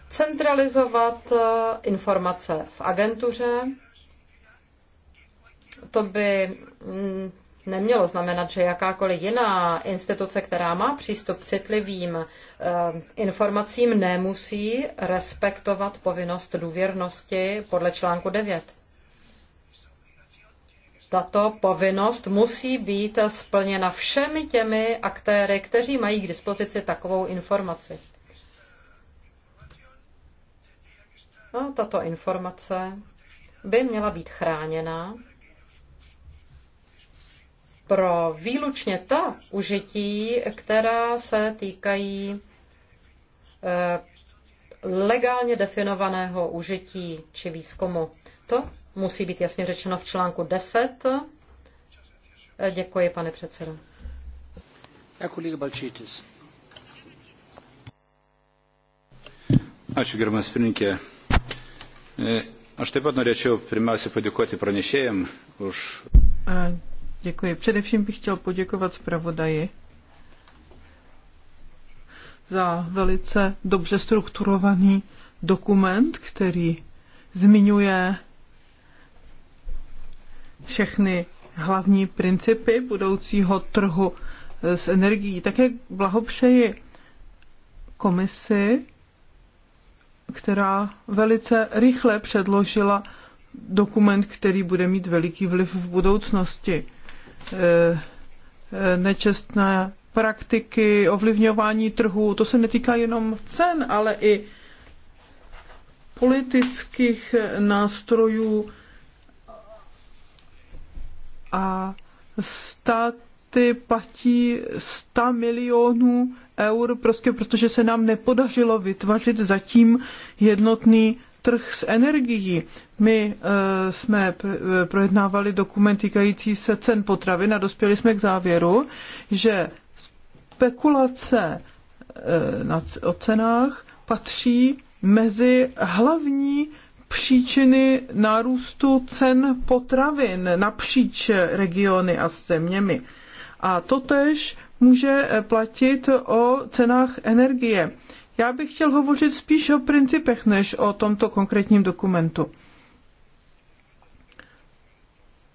Centralizovat eh, informace v agentuře, to by mm, nemělo znamenat, že jakákoliv jiná instituce, která má přístup k citlivým eh, informacím, nemusí respektovat povinnost důvěrnosti podle článku 9. Tato povinnost musí být splněna všemi těmi aktéry, kteří mají k dispozici takovou informaci. A tato informace by měla být chráněna pro výlučně ta užití, která se týkají eh, legálně definovaného užití či výzkumu. To musí být jasně řečeno v článku 10. Děkuji, pane předsedo. Herr Kollege Balčítis. Ačiū, gerbiamas pirmininkė. E, aš taip pat norėčiau pirmiausia padėkoti pranešėjim už. Děkuji. Především bych chtěl poděkovat zpravodaji za velice dobře strukturovaný dokument, který zmiňuje všechny hlavní principy budoucího trhu s energií. Také blahopřeji komisi, která velice rychle předložila dokument, který bude mít veliký vliv v budoucnosti. E, e, nečestné praktiky, ovlivňování trhu, to se netýká jenom cen, ale i politických nástrojů, a státy platí 100 milionů eur, prostě protože se nám nepodařilo vytvořit zatím jednotný trh s energií. My e, jsme eh, projednávali dokument týkající se cen potravin a dospěli jsme k závěru, že spekulace e, na, o cenách patří mezi hlavní příčiny nárůstu cen potravin napříč regiony a zeměmi. A totež může platit o cenách energie. Já bych chtěl hovořit spíš o principech, než o tomto konkrétním dokumentu.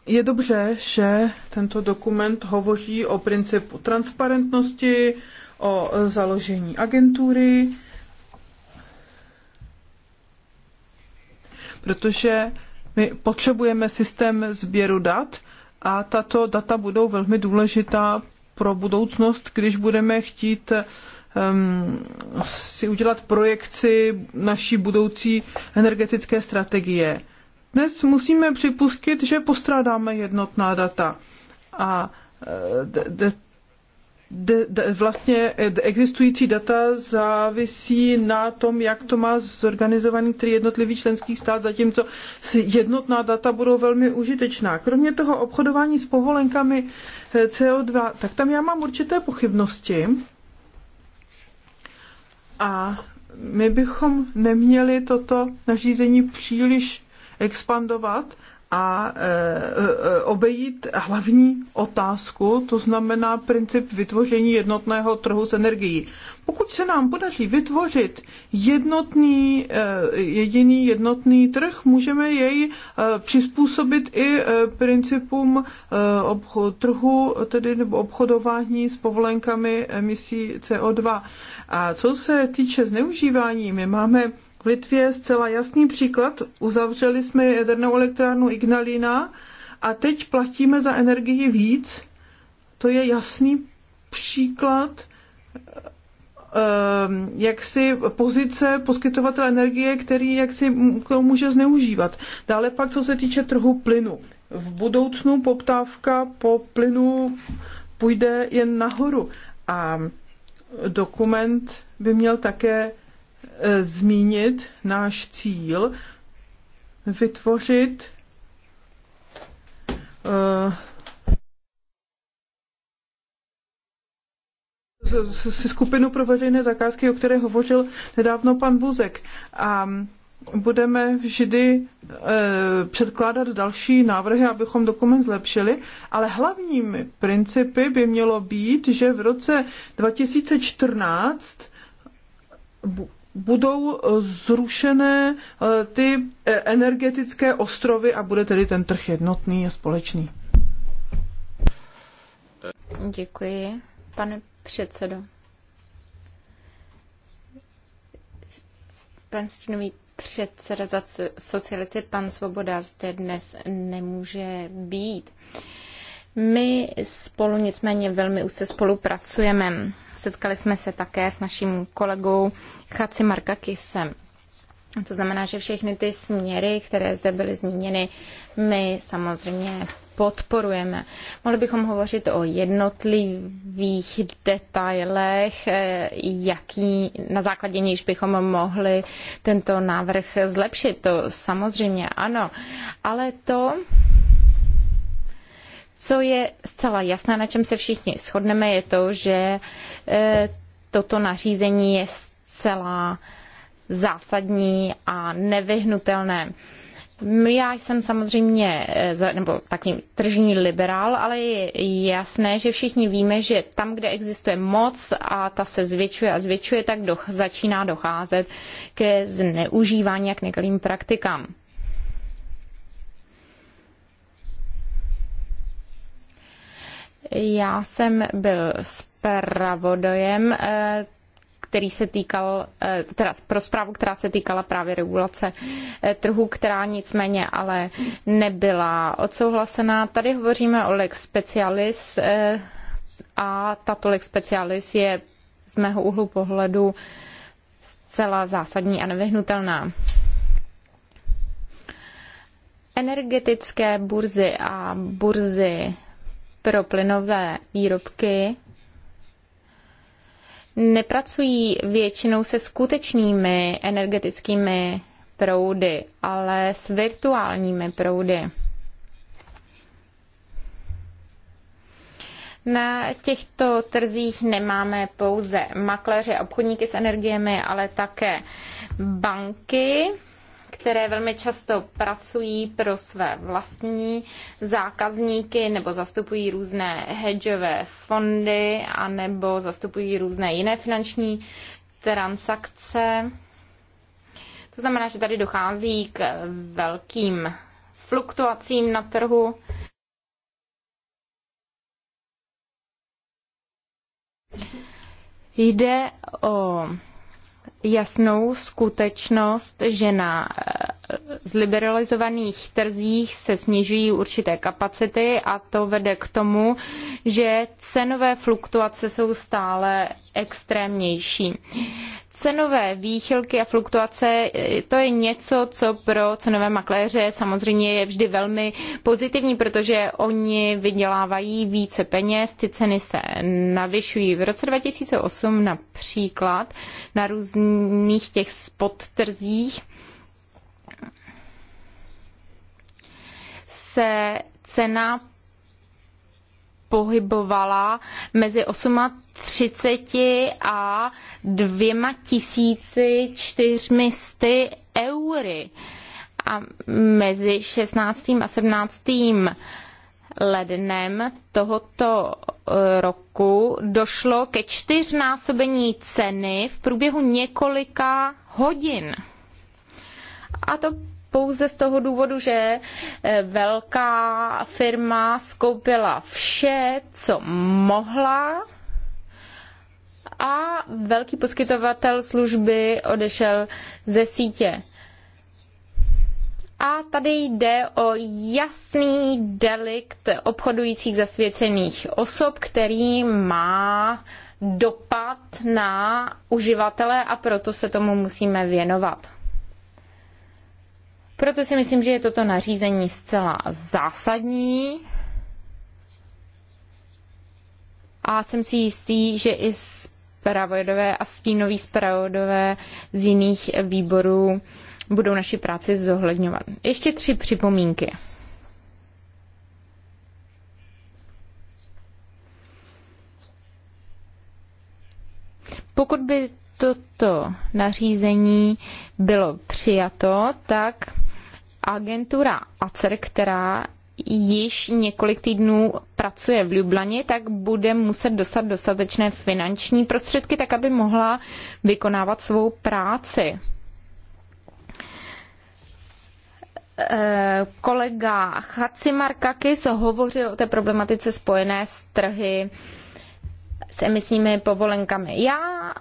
Je dobře, že tento dokument hovoří o principu transparentnosti, o založení agentury, protože my potřebujeme systém sběru dat a tato data budou velmi důležitá pro budoucnost, když budeme chtít um, si udělat projekci naší budoucí energetické strategie. Dnes musíme připustit, že postrádáme jednotná data a e, vlastně existující data závisí na tom, jak to má zorganizovaný který jednotlivý členský stát, zatímco jednotná data budou velmi užitečná. Kromě toho obchodování s povolenkami eh, CO2, tak tam já mám určité pochybnosti. A my bychom neměli toto nařízení příliš expandovat, a e, e, obejít hlavní otázku, to znamená princip vytvoření jednotného trhu s energií. Pokud se nám podaří vytvořit jednotný, e, jediný jednotný trh, můžeme jej přizpůsobit i principům obchod, trhu, tedy nebo obchodování s povolenkami emisí CO2. A co se týče zneužívání, my máme v Litvě zcela jasný příklad. Uzavřeli jsme jadernou elektrárnu Ignalina a teď platíme za energii víc. To je jasný příklad ehm, jaksi pozice poskytovatele energie, který jaksi to může zneužívat. Dále pak, co se týče trhu plynu. V budoucnu poptávka po plynu půjde jen nahoru a dokument by měl také Eh, zmínit náš cíl vytvořit eh, skupinu pro veřejné zakázky, o které hovořil nedávno pan Buzek. A budeme vždy eh, předkládat další návrhy, abychom dokument zlepšili, ale hlavními principy by mělo být, že v roce 2014 budou eh, zrušené eh, ty eh, energetické ostrovy a bude tedy ten trh jednotný a společný. Děkuji, pane předsedo. Pan stínový předseda za socialisty, pan Svoboda, zde dnes nemůže být. Uh, my spolu nicméně velmi úzce spolupracujeme. Setkali jsme se také s naším kolegou Chaci Markakisem. To znamená, že všechny ty směry, které zde byly zmíněny, my samozřejmě podporujeme. Mohli bychom hovořit o jednotlivých detailech, jaký, na základě níž bychom mohli tento návrh zlepšit. To samozřejmě ano. Ale to co je zcela jasné, na čem se všichni shodneme, je to, že e, toto nařízení je zcela zásadní a nevyhnutelné. Já jsem samozřejmě, e, nebo takový tržní liberál, ale je jasné, že všichni víme, že tam, kde existuje moc a ta se zvětšuje a zvětšuje, tak doch, začíná docházet ke zneužívání a k nekalým praktikám. Já jsem byl s pravodojem, eh, který se týkal, eh, teda pro zprávu, která se týkala právě regulace eh, trhu, která nicméně ale nebyla odsouhlasená. Tady hovoříme o lex specialis a tato lex specialis je z mého úhlu pohledu zcela zásadní a nevyhnutelná. Energetické burzy a burzy pro plynové výrobky nepracují většinou se skutečnými energetickými proudy, ale s virtuálními proudy. Na těchto trzích nemáme pouze makléře a obchodníky s energiemi, ale také banky, které velmi často pracují pro své vlastní zákazníky nebo zastupují různé hedžové fondy a nebo zastupují různé jiné finanční transakce. To znamená, že tady dochází k velkým fluktuacím na trhu. Jde o jasnou skutečnost, že na eh, zliberalizovaných trzích se snižují určité kapacity a to vede k tomu, že cenové fluktuace jsou stále extrémnější. Cenové výchylky a fluktuace, eh, to je něco, co pro cenové makléře samozřejmě je vždy velmi pozitivní, protože oni vydělávají více peněz, ty ceny se navyšují. V roce 2008 například na různých těch spottrzích se cena pohybovala mezi 38 a 2400 eury a mezi 16. a 17. lednem tohoto eh, roku došlo ke čtyřnásobení ceny v průběhu několika hodin. A to pouze z toho důvodu, že eh, velká firma skoupila vše, co mohla a velký poskytovatel služby odešel ze sítě. A tady jde o jasný delikt obchodujících zasvěcených osob, který má dopad na uživatele a proto se tomu musíme věnovat. Proto si myslím, že je toto nařízení zcela zásadní. A jsem si jistý, že i zpravodové a stínoví zpravodové z jiných výborů budou naši práci zohledňovat. Ještě tři připomínky. Pokud by toto nařízení bylo přijato, tak agentura ACER, která již několik týdnů pracuje v Ljublani, tak bude muset dostat dostatečné finanční prostředky, tak aby mohla vykonávat svou práci. Eh, kolega Chacimarkakis hovořil o té problematice spojené s trhy s emisními povolenkami. Já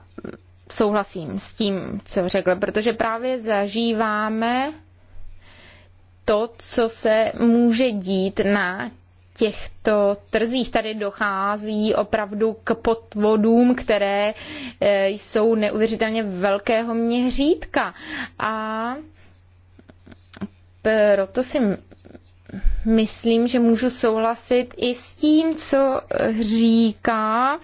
souhlasím s tím, co řekl, protože právě zažíváme to, co se může dít na těchto trzích. Tady dochází opravdu k podvodům, které e, jsou neuvěřitelně velkého měřítka. A proto si myslím, že můžu souhlasit i s tím, co říká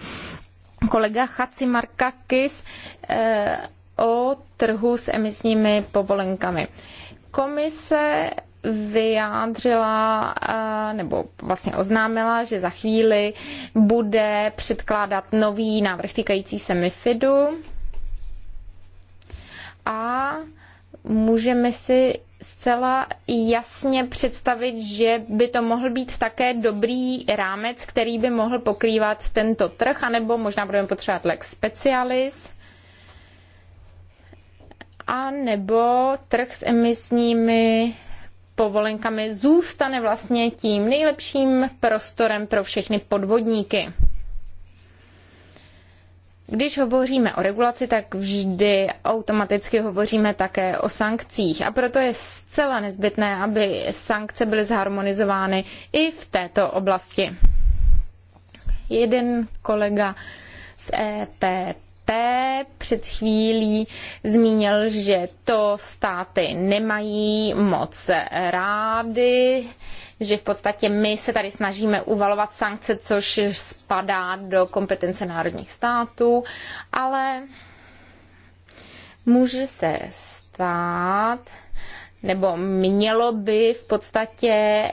kolega Chaci Markakis e, o trhu s emisními povolenkami. Komise vyjádřila eh, nebo vlastně oznámila, že za chvíli bude předkládat nový návrh týkající se MIFIDu. A můžeme si zcela jasně představit, že by to mohl být také dobrý rámec, který by mohl pokrývat tento trh, anebo možná budeme potřebovat lex specialis, a nebo trh s emisními povolenkami zůstane vlastně tím nejlepším prostorem pro všechny podvodníky. Když hovoříme o regulaci, tak vždy automaticky hovoříme také o sankcích a proto je zcela nezbytné, aby sankce byly zharmonizovány i v této oblasti. Jeden kolega z EPP P před chvílí zmínil, že to státy nemají moc rády, že v podstatě my se tady snažíme uvalovat sankce, což spadá do kompetence národních států, ale může se stát, nebo mělo by v podstatě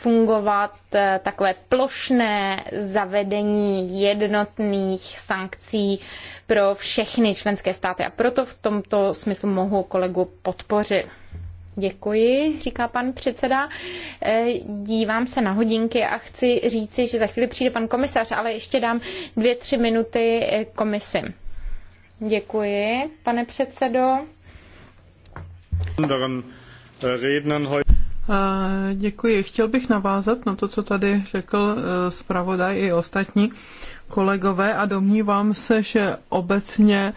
fungovat eh, takové plošné zavedení jednotných sankcí pro všechny členské státy. A proto v tomto smyslu mohu kolegu podpořit. Děkuji, říká pan předseda. Eh, dívám se na hodinky a chci říci, že za chvíli přijde pan komisař, ale ještě dám dvě, tři minuty eh, komisi. Děkuji, pane předsedo. Děkuji. Chtěl bych navázat na to, co tady řekl e, zpravodaj i ostatní kolegové a domnívám se, že obecně e,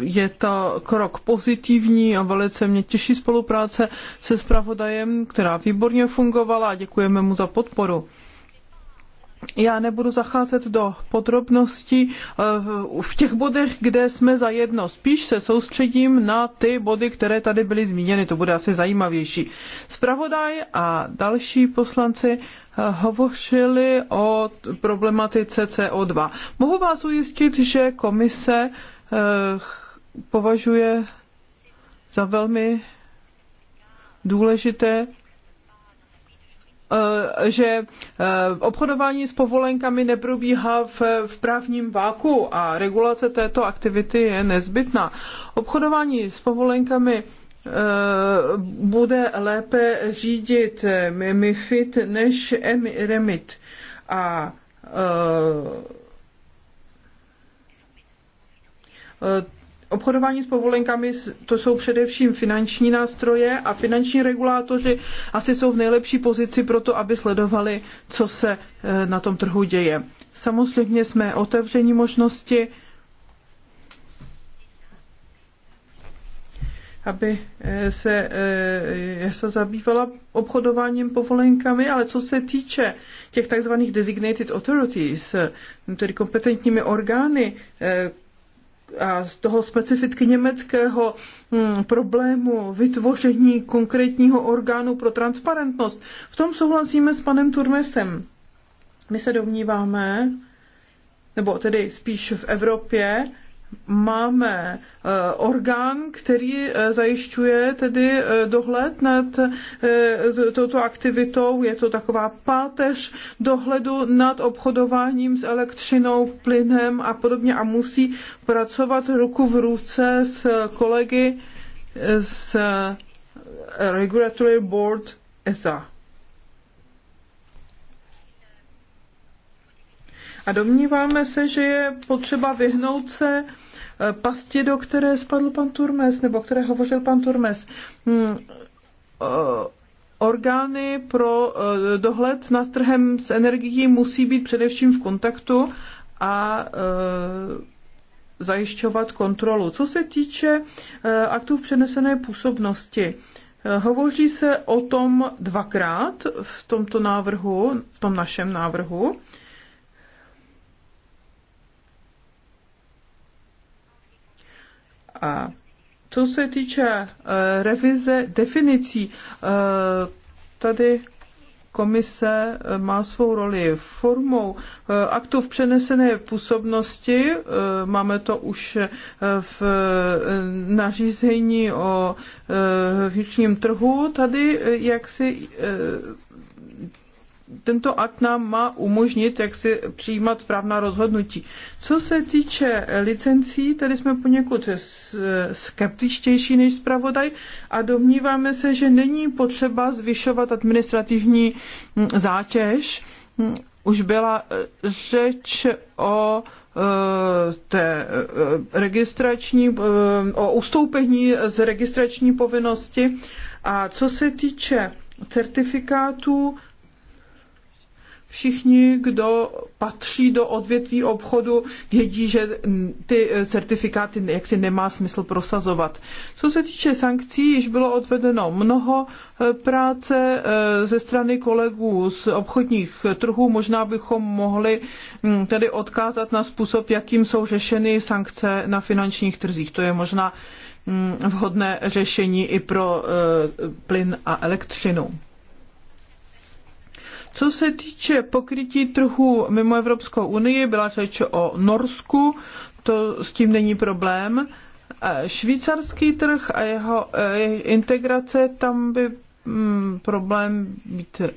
je to krok pozitivní a velice mě těší spolupráce se zpravodajem, která výborně fungovala a děkujeme mu za podporu. Já nebudu zacházet do podrobností eh, v těch bodech, kde jsme zajedno. Spíš se soustředím na ty body, které tady byly zmíněny. To bude asi zajímavější. Spravodaj a další poslanci eh, hovořili o problematice CO2. Mohu vás ujistit, že komise eh, považuje za velmi důležité Eh, že eh, obchodování s povolenkami neprobíhá v, v právním váku a regulace této aktivity je nezbytná. Obchodování s povolenkami eh, bude lépe řídit MIFID než REMIT. A Obchodování s povolenkami to jsou především finanční nástroje a finanční regulátoři asi jsou v nejlepší pozici pro to, aby sledovali, co se eh, na tom trhu děje. Samozřejmě jsme otevření možnosti, aby eh, se, eh, se zabývala obchodováním povolenkami, ale co se týče těch takzvaných designated authorities, tedy kompetentními orgány, a z toho specificky německého hm, problému vytvoření konkrétního orgánu pro transparentnost. V tom souhlasíme s panem Turmesem. My se domníváme, nebo tedy spíš v Evropě, máme eh, orgán, který eh, zajišťuje tedy eh, dohled nad touto aktivitou. Je to taková páteř dohledu nad obchodováním s elektřinou, plynem a podobně a musí pracovat ruku v ruce s kolegy z Regulatory Board ESA. A domníváme se, že je potřeba vyhnout se eh, pasti, do které spadl pan Turmes, nebo které hovořil pan Turmes. Hmm, eh, orgány pro eh, dohled nad trhem s energií musí být především v kontaktu a zajišťovat kontrolu. Co se týče aktů v přenesené působnosti, hovoří se o tom dvakrát v tomto návrhu, v tom našem návrhu. A co se týče eh, revize definicí, eh, tady komise eh, má svou roli formou aktu v přenesené působnosti. Máme to už v nařízení o vnitřním trhu. Tady jak si tento akt nám má umožnit, jak si přijímat správná rozhodnutí. Co se týče licencí, tady jsme poněkud skeptičtější než zpravodaj a domníváme se, že není potřeba zvyšovat administrativní hm, zátěž. Hm, už byla eh, řeč o eh, té eh, registrační, o ustoupení z registrační povinnosti. A co se týče certifikátů, Všichni, kdo patří do odvětví obchodu, vědí, že ty e, certifikáty jaksi nemá smysl prosazovat. Co se týče sankcí, již bylo odvedeno mnoho e, práce e, ze strany kolegů z obchodních trhů. Možná bychom mohli tedy odkázat na způsob, jakým jsou řešeny sankce na finančních trzích. To je možná vhodné řešení i pro plyn a elektřinu. Co se týče pokrytí trhu mimo Evropskou unii, byla řeč o Norsku, to s tím není problém. Švýcarský trh a jeho e, integrace, tam by mm, problém být e,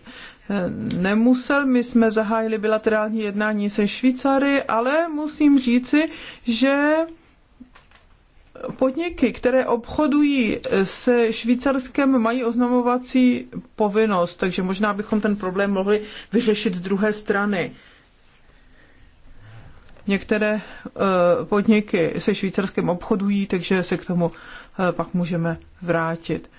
nemusel. My jsme zahájili bilaterální jednání se Švýcary, ale musím říci, že podniky, které obchodují se Švýcarskem, mají oznamovací povinnost, takže možná bychom ten problém mohli vyřešit z druhé strany. Některé eh, podniky se Švýcarskem obchodují, takže se k tomu eh, pak můžeme vrátit.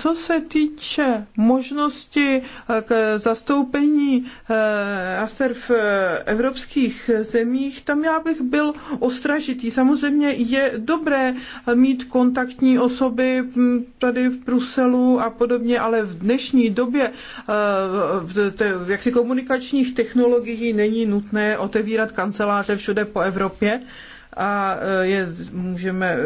Co se týče možnosti eh, k zastoupení eh, ASER v eh, evropských zemích, tam já bych byl ostražitý. Samozřejmě je dobré mít kontaktní osoby hm, tady v Bruselu a podobně, ale v dnešní době v jaksi komunikačních technologií není nutné otevírat kanceláře všude po Evropě a e, je, můžeme e,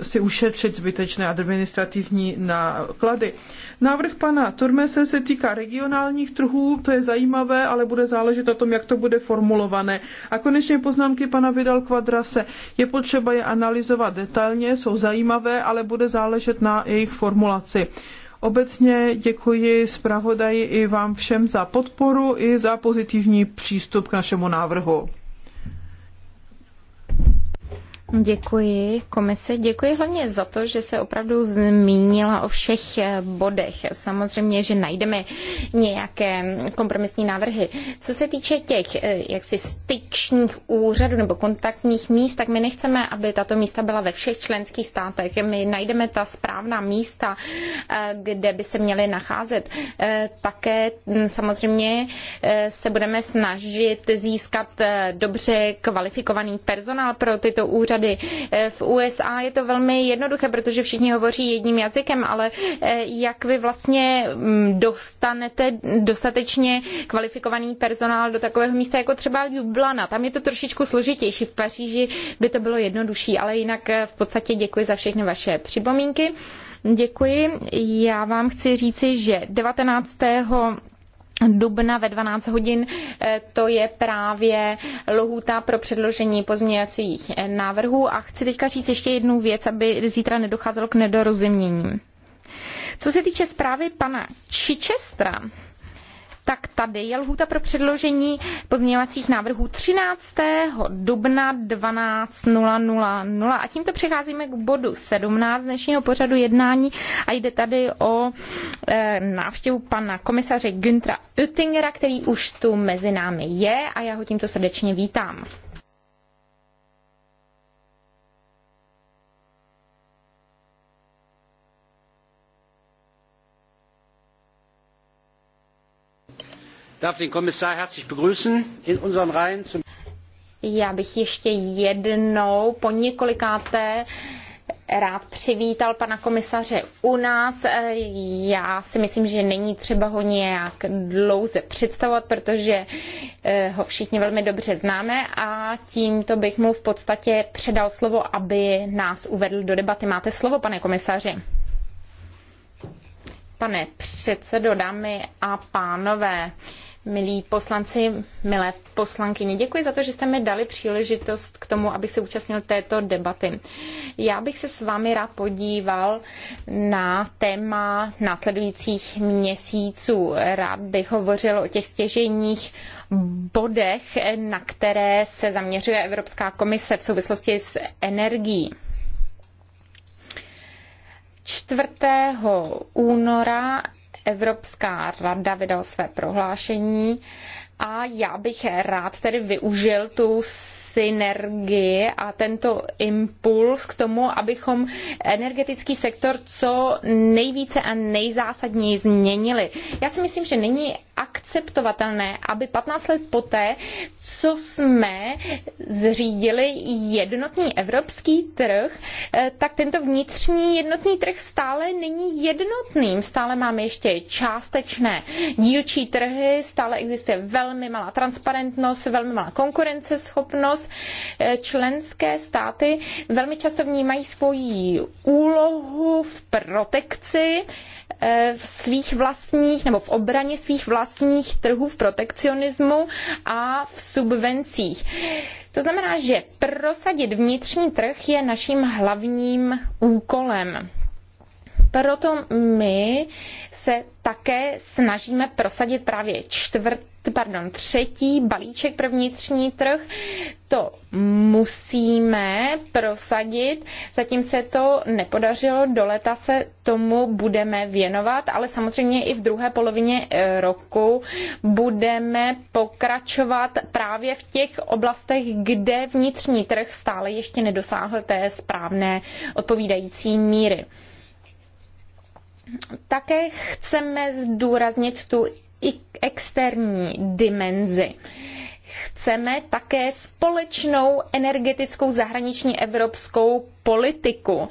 e, si ušetřit zbytečné administrativní náklady. Návrh pana Turmese se týká regionálních trhů, to je zajímavé, ale bude záležet na tom, jak to bude formulované. A konečně poznámky pana Vidal Kvadrase. Je potřeba je analyzovat detailně, jsou zajímavé, ale bude záležet na jejich formulaci. Obecně děkuji zpravodaji i vám všem za podporu i za pozitivní přístup k našemu návrhu. Děkuji komise, děkuji hlavně za to, že se opravdu zmínila o všech eh, bodech. Samozřejmě, že najdeme nějaké kompromisní návrhy. Co se týče těch eh, jaksi styčních úřadů nebo kontaktních míst, tak my nechceme, aby tato místa byla ve všech členských státech. My najdeme ta správná místa, eh, kde by se měly nacházet. Také hm, samozřejmě se budeme snažit získat dobře kvalifikovaný personál pro tyto úřady, tady e, v USA je to velmi jednoduché, protože všichni hovoří jedním jazykem, ale e, jak vy vlastně mm, dostanete dostatečně kvalifikovaný personál do takového místa jako třeba Ljubljana. Tam je to trošičku složitější. V Paříži by to bylo jednodušší, ale jinak e, v podstatě děkuji za všechny vaše připomínky. Děkuji. Já vám chci říci, že 19 dubna ve 12 hodin. Eh, to je právě lohuta pro předložení pozměňovacích eh, návrhů. A chci teďka říct ještě jednu věc, aby zítra nedocházelo k nedorozuměním. Co se týče zprávy pana Čičestra, tak tady je lhůta pro předložení pozměňovacích návrhů 13. dubna 12.00. A tímto přecházíme k bodu 17 dnešního pořadu jednání a jde tady o e, návštěvu pana komisaře Güntra Oettingera, který už tu mezi námi je a já ho tímto srdečně vítám. darf den Kommissar herzlich begrüßen in unseren Reihen. Zum Já bych ještě jednou po několikáté rád přivítal pana komisaře u nás. Já si myslím, že není třeba ho nějak dlouze představovat, protože eh, ho všichni velmi dobře známe a tímto bych mu v podstatě předal slovo, aby nás uvedl do debaty. Máte slovo, pane komisaři. Pane předsedo, dámy a pánové, milí poslanci, milé poslankyně. Děkuji za to, že jste mi dali příležitost k tomu, abych se účastnil této debaty. Já bych se s vámi rád podíval na téma následujících měsíců. Rád bych hovořil o těch stěžejních bodech, na které se zaměřuje Evropská komise v souvislosti s energií. 4. února Evropská rada vydal své prohlášení a já bych rád tedy využil tu synergii a tento impuls k tomu, abychom energetický sektor co nejvíce a nejzásadněji změnili. Já si myslím, že není akceptovatelné, aby 15 let poté, co jsme zřídili jednotný evropský trh, eh, tak tento vnitřní jednotný trh stále není jednotným. Stále máme ještě částečné dílčí trhy, stále existuje velmi malá transparentnost, velmi malá konkurenceschopnost nás eh, členské státy velmi často vnímají svoji úlohu v protekci eh, v svých vlastních nebo v obraně svých vlastních trhů v protekcionismu a v subvencích. To znamená, že prosadit vnitřní trh je naším hlavním úkolem. Proto my se také snažíme prosadit právě čtvrt, pardon, třetí balíček pro vnitřní trh. To musíme prosadit. Zatím se to nepodařilo, do leta se tomu budeme věnovat, ale samozřejmě i v druhé polovině eh, roku budeme pokračovat právě v těch oblastech, kde vnitřní trh stále ještě nedosáhl té správné odpovídající míry také chceme zdůraznit tu externí dimenzi. Chceme také společnou energetickou zahraniční evropskou politiku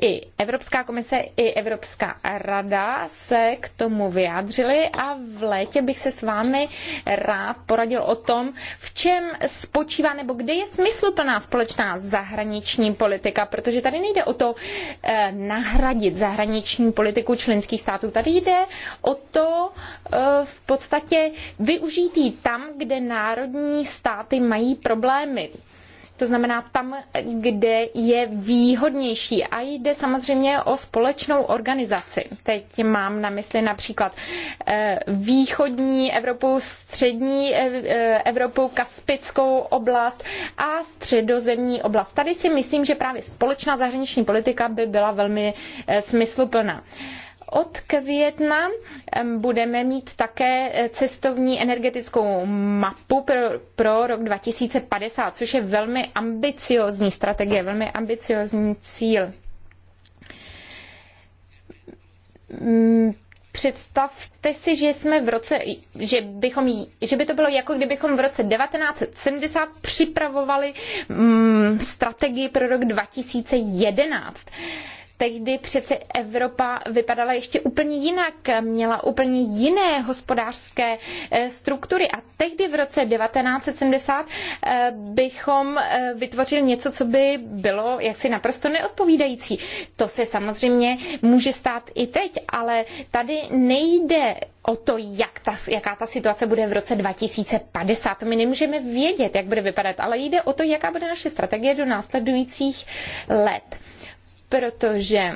i Evropská komise, i Evropská rada se k tomu vyjádřily a v létě bych se s vámi rád poradil o tom, v čem spočívá nebo kde je smysluplná společná zahraniční politika, protože tady nejde o to eh, nahradit zahraniční politiku členských států. Tady jde o to eh, v podstatě využít ji tam, kde národní státy mají problémy. To znamená tam, kde je výhodnější. A jde samozřejmě o společnou organizaci. Teď mám na mysli například eh, východní Evropu, střední eh, eh, Evropu, Kaspickou oblast a středozemní oblast. Tady si myslím, že právě společná zahraniční politika by byla velmi smysluplná. Od května budeme mít také e, cestovní energetickou mapu pro, pro rok 2050, což je velmi ambiciozní strategie, velmi ambiciozní cíl. Představte si, že jsme v roce, že, bychom, že by to bylo jako kdybychom v roce 1970 připravovali mm, strategii pro rok 2011 tehdy přece Evropa vypadala ještě úplně jinak, měla úplně jiné hospodářské eh, struktury a tehdy v roce 1970 eh, bychom eh, vytvořili něco, co by bylo jaksi naprosto neodpovídající. To se samozřejmě může stát i teď, ale tady nejde o to, jak ta, jaká ta situace bude v roce 2050. To my nemůžeme vědět, jak bude vypadat, ale jde o to, jaká bude naše strategie do následujících let protože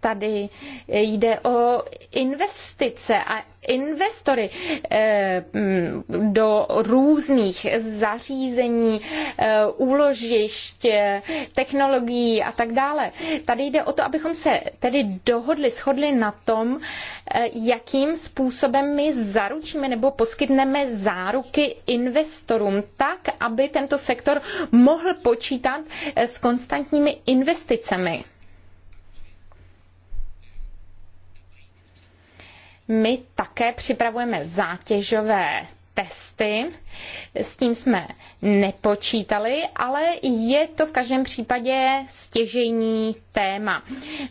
tady jde o investice a investory eh, mm, do různých zařízení, eh, úložišť, technologií a tak dále. Tady jde o to, abychom se tedy dohodli, shodli na tom, eh, jakým způsobem my zaručíme nebo poskytneme záruky investorům tak, aby tento sektor mohl počítat s konstantními investicemi. My také připravujeme zátěžové testy. S tím jsme nepočítali, ale je to v každém případě stěžejní téma.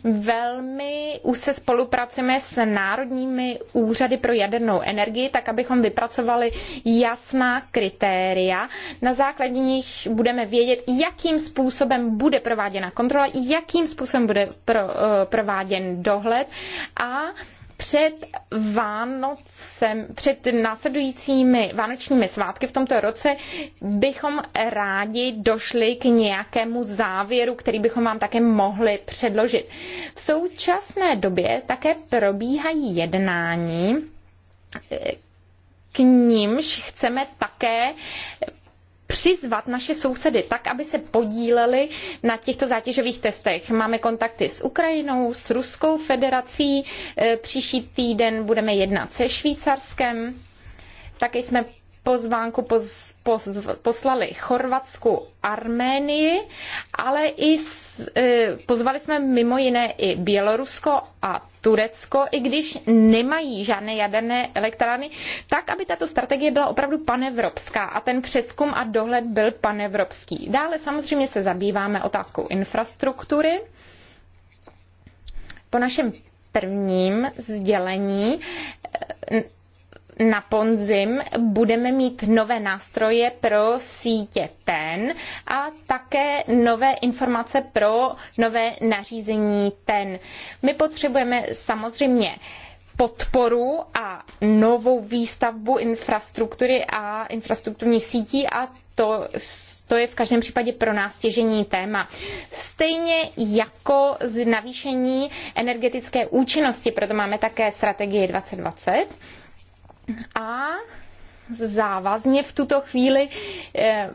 Velmi už se spolupracujeme s národními úřady pro jadernou energii, tak abychom vypracovali jasná kritéria. Na základě nich budeme vědět, jakým způsobem bude prováděna kontrola, jakým způsobem bude pro, eh, prováděn dohled a před Vánocem, před následujícími vánočními svátky v tomto roce bychom rádi došli k nějakému závěru, který bychom vám také mohli předložit. V současné době také probíhají jednání, k nímž chceme také přizvat naše sousedy tak, aby se podíleli na těchto zátěžových testech. Máme kontakty s Ukrajinou, s Ruskou federací, e, příští týden budeme jednat se Švýcarskem, také jsme pozvánku poz, poz, poslali Chorvatsku, Arménii, ale i s, e, pozvali jsme mimo jiné i Bělorusko a Turecko, i když nemají žádné jaderné elektrárny, tak, aby tato strategie byla opravdu panevropská a ten přeskum a dohled byl panevropský. Dále samozřejmě se zabýváme otázkou infrastruktury. Po našem prvním sdělení na ponzim budeme mít nové nástroje pro sítě TEN a také nové informace pro nové nařízení TEN. My potřebujeme samozřejmě podporu a novou výstavbu infrastruktury a infrastrukturní sítí a to, to je v každém případě pro nás těžení téma. Stejně jako z navýšení energetické účinnosti, proto máme také strategii 2020, a závazně v tuto chvíli eh,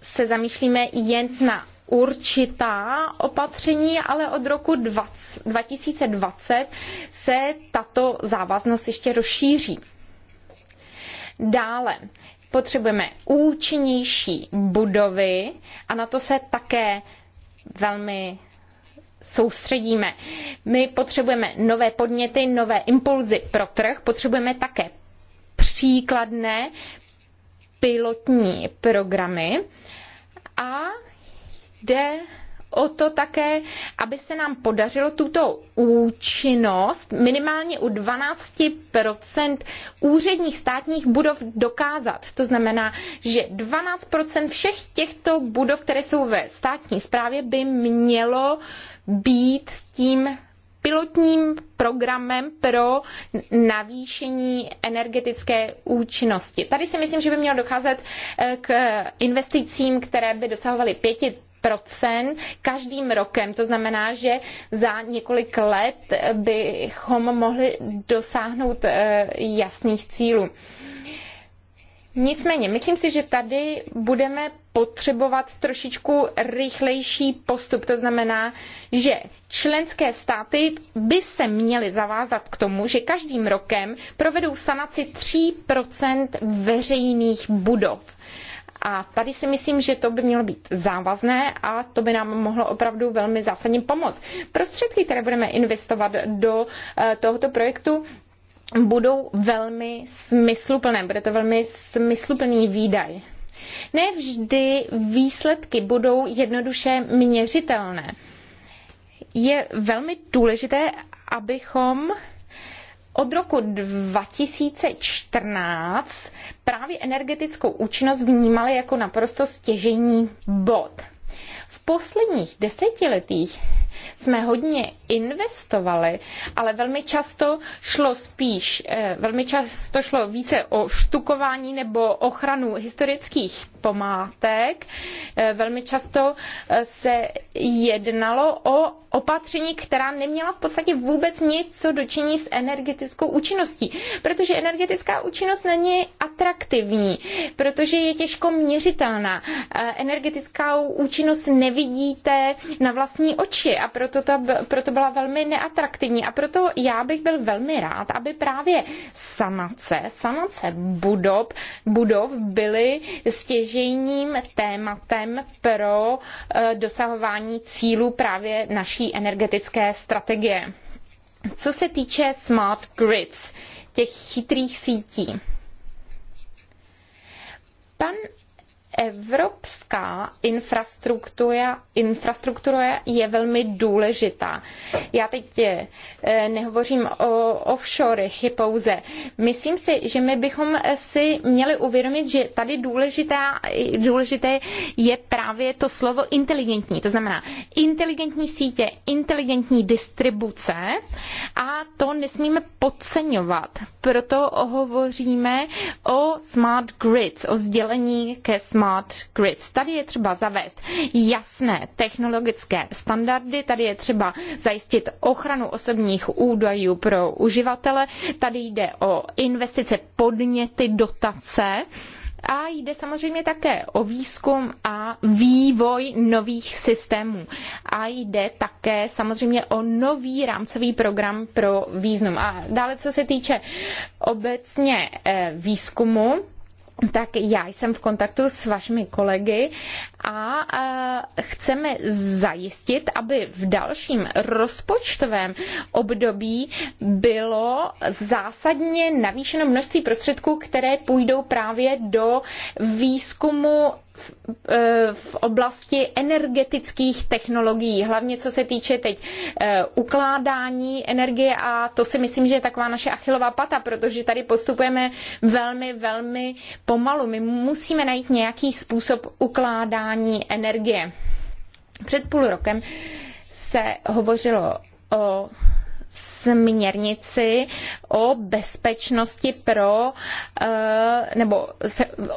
se zamýšlíme jen na určitá opatření, ale od roku 2020 se tato závaznost ještě rozšíří. Dále potřebujeme účinnější budovy a na to se také velmi soustředíme. My potřebujeme nové podněty, nové impulzy pro trh, potřebujeme také příkladné pilotní programy a jde o to také, aby se nám podařilo tuto účinnost minimálně u 12% úředních státních budov dokázat. To znamená, že 12% všech těchto budov, které jsou ve státní správě, by mělo být tím pilotním programem pro navýšení energetické účinnosti. Tady si myslím, že by mělo docházet eh, k investicím, které by dosahovaly 5 každým rokem. To znamená, že za několik let bychom mohli dosáhnout eh, jasných cílů. Nicméně, myslím si, že tady budeme potřebovat trošičku rychlejší postup. To znamená, že členské státy by se měly zavázat k tomu, že každým rokem provedou sanaci 3% veřejných budov. A tady si myslím, že to by mělo být závazné a to by nám mohlo opravdu velmi zásadně pomoct. Prostředky, které budeme investovat do eh, tohoto projektu, budou velmi smysluplné. Bude to velmi smysluplný výdaj. Nevždy výsledky budou jednoduše měřitelné. Je velmi důležité, abychom od roku 2014 právě energetickou účinnost vnímali jako naprosto stěžení bod. V posledních desetiletích jsme hodně investovali, ale velmi často šlo spíš, eh, velmi často šlo více o štukování nebo ochranu historických památek. Eh, velmi často eh, se jednalo o opatření, která neměla v podstatě vůbec nic co dočiní s energetickou účinností, protože energetická účinnost není atraktivní, protože je těžko měřitelná. E, energetickou účinnost nevidíte na vlastní oči a proto, to, proto byla velmi neatraktivní a proto já bych byl velmi rád, aby právě sanace, sanace budov, budov byly stěžejním tématem pro e, dosahování cílů právě naší naší energetické strategie. Co se týče smart grids, těch chytrých sítí, evropská infrastruktura, infrastruktura je velmi důležitá. Já teď eh, nehovořím o offshorech pouze. Myslím si, že my bychom si měli uvědomit, že tady důležitá, důležité je právě to slovo inteligentní. To znamená inteligentní sítě, inteligentní distribuce a to nesmíme podceňovat. Proto hovoříme o smart grids, o sdělení ke smart smart grids. Tady je třeba zavést jasné technologické standardy, tady je třeba zajistit ochranu osobních údajů pro uživatele, tady jde o investice, podněty, dotace. A jde samozřejmě také o výzkum a vývoj nových systémů. A jde také samozřejmě o nový rámcový program pro význam. A dále, co se týče obecně eh, výzkumu, tak já jsem v kontaktu s vašimi kolegy a e, chceme zajistit, aby v dalším rozpočtovém období bylo zásadně navýšeno množství prostředků, které půjdou právě do výzkumu v, e, v oblasti energetických technologií, hlavně co se týče teď e, ukládání energie a to si myslím, že je taková naše achilová pata, protože tady postupujeme velmi, velmi pomalu. My musíme najít nějaký způsob ukládání čerpání energie. Před půl rokem se hovořilo o směrnici o bezpečnosti pro, eh, nebo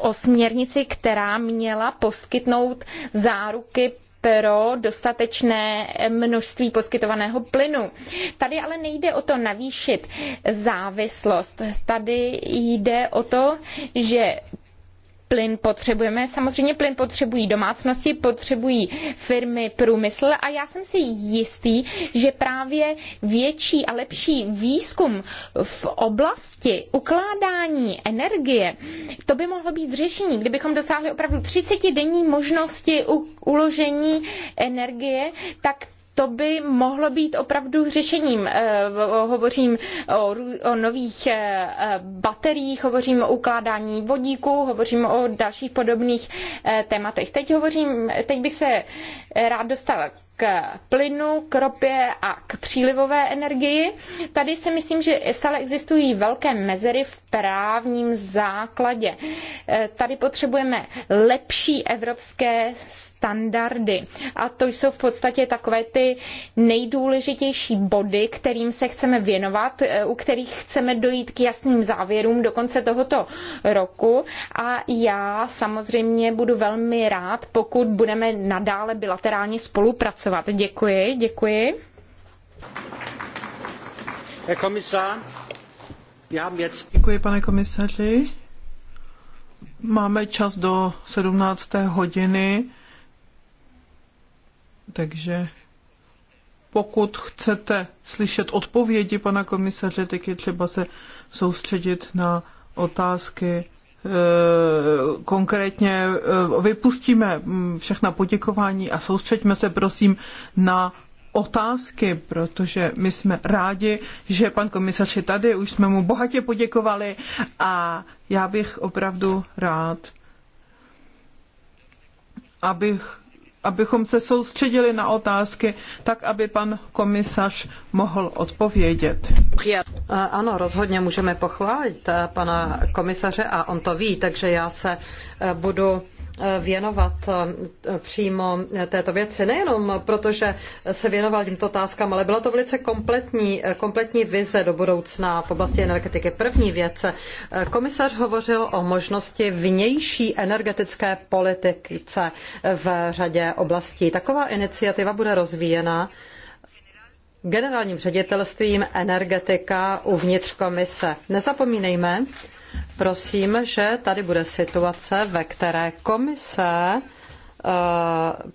o směrnici, která měla poskytnout záruky pro dostatečné množství poskytovaného plynu. Tady ale nejde o to navýšit závislost. Tady jde o to, že plyn potřebujeme. Samozřejmě plyn potřebují domácnosti, potřebují firmy, průmysl a já jsem si jistý, že právě větší a lepší výzkum v oblasti ukládání energie, to by mohlo být řešení, kdybychom dosáhli opravdu 30 denní možnosti uložení energie, tak to by mohlo být opravdu řešením. Eh, hovořím o, o nových eh, eh, bateriích, hovořím o ukládání vodíku, hovořím o dalších podobných tématech. Teď hovořím, teď bych se rád dostala k plynu, k ropě a k přílivové energii. Tady si myslím, že stále existují velké mezery v právním základě. Tady potřebujeme lepší evropské standardy. A to jsou v podstatě takové ty nejdůležitější body, kterým se chceme věnovat, e, u kterých chceme dojít k jasným závěrům do konce tohoto roku. A já samozřejmě budu velmi rád, pokud budeme nadále bilaterálně spolupracovat. Děkuji, děkuji. Herr Kommissar, wir haben jetzt... Děkuji, pane komisaři. Máme čas do 17. hodiny takže pokud chcete slyšet odpovědi pana komisaře, tak je třeba se soustředit na otázky e, konkrétně e, vypustíme mm, všechna poděkování a soustředíme se prosím na otázky, protože my jsme rádi, že pan komisař je tady, už jsme mu bohatě poděkovali a já bych opravdu rád, abych abychom se soustředili na otázky, tak aby pan komisař mohl odpovědět. Eh, ano, rozhodně můžeme pochválit eh, pana komisaře a on to ví, takže já se eh, budu věnovat eh, přímo této věci, nejenom proto, že se věnoval těmto otázkám, ale byla to velice kompletní, eh, kompletní vize do budoucna v oblasti energetiky. První věc, eh, komisař hovořil o možnosti vnější energetické politice v řadě oblastí. Taková iniciativa bude rozvíjena generálním ředitelstvím energetika uvnitř komise. Nezapomínejme, prosím, že tady bude situace, ve které komise eh,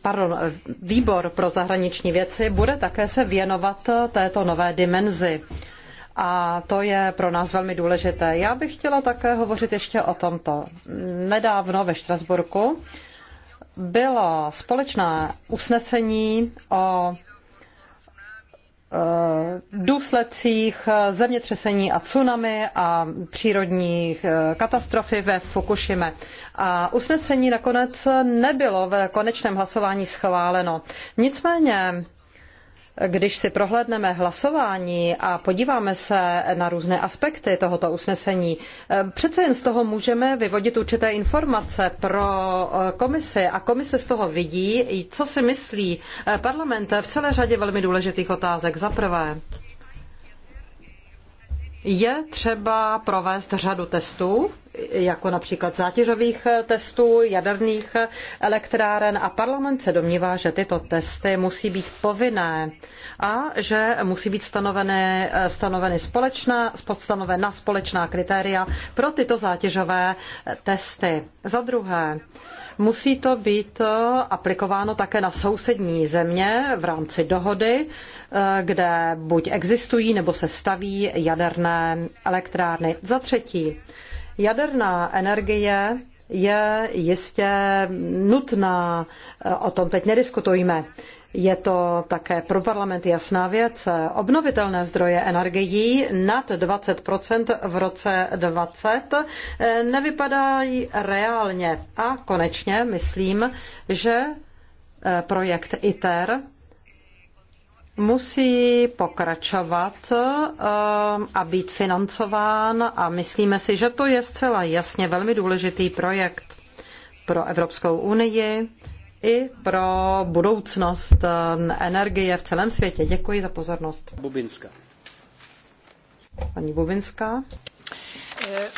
pardon, výbor pro zahraniční věci bude také se věnovat této nové dimenzi. A to je pro nás velmi důležité. Já bych chtěla také hovořit ještě o tomto. Nedávno ve Štrasburku bylo společné usnesení o Eh, důsledcích zemětřesení a tsunami a přírodních eh, katastrofy ve Fukushime. A usnesení nakonec nebylo v konečném hlasování schváleno. Nicméně když si prohlédneme hlasování a podíváme se na různé aspekty tohoto usnesení, eh, přece jen z toho můžeme vyvodit určité informace pro eh, komisi a komise z toho vidí, co si myslí eh, parlament v celé řadě velmi důležitých otázek. Za prvé, je třeba provést řadu testů, jako například zátěžových testů, jaderných elektráren a parlament se domnívá, že tyto testy musí být povinné a že musí být stanoveny, stanoveny společná, stanovena společná kritéria pro tyto zátěžové testy. Za druhé, Musí to být eh, aplikováno také na sousední země v rámci dohody, eh, kde buď existují nebo se staví jaderné elektrárny. Za třetí, jaderná energie je jistě nutná, eh, o tom teď nediskutujme. Je to také pro parlament jasná věc. Obnovitelné zdroje energií nad 20 v roce 20 eh, nevypadají reálně. A konečně myslím, že eh, projekt ITER musí pokračovat eh, a být financován a myslíme si, že to je zcela jasně velmi důležitý projekt pro Evropskou unii, i pro budoucnost eh, energie v celém světě. Děkuji za pozornost. Bubinská. Paní Bubinská. Eh,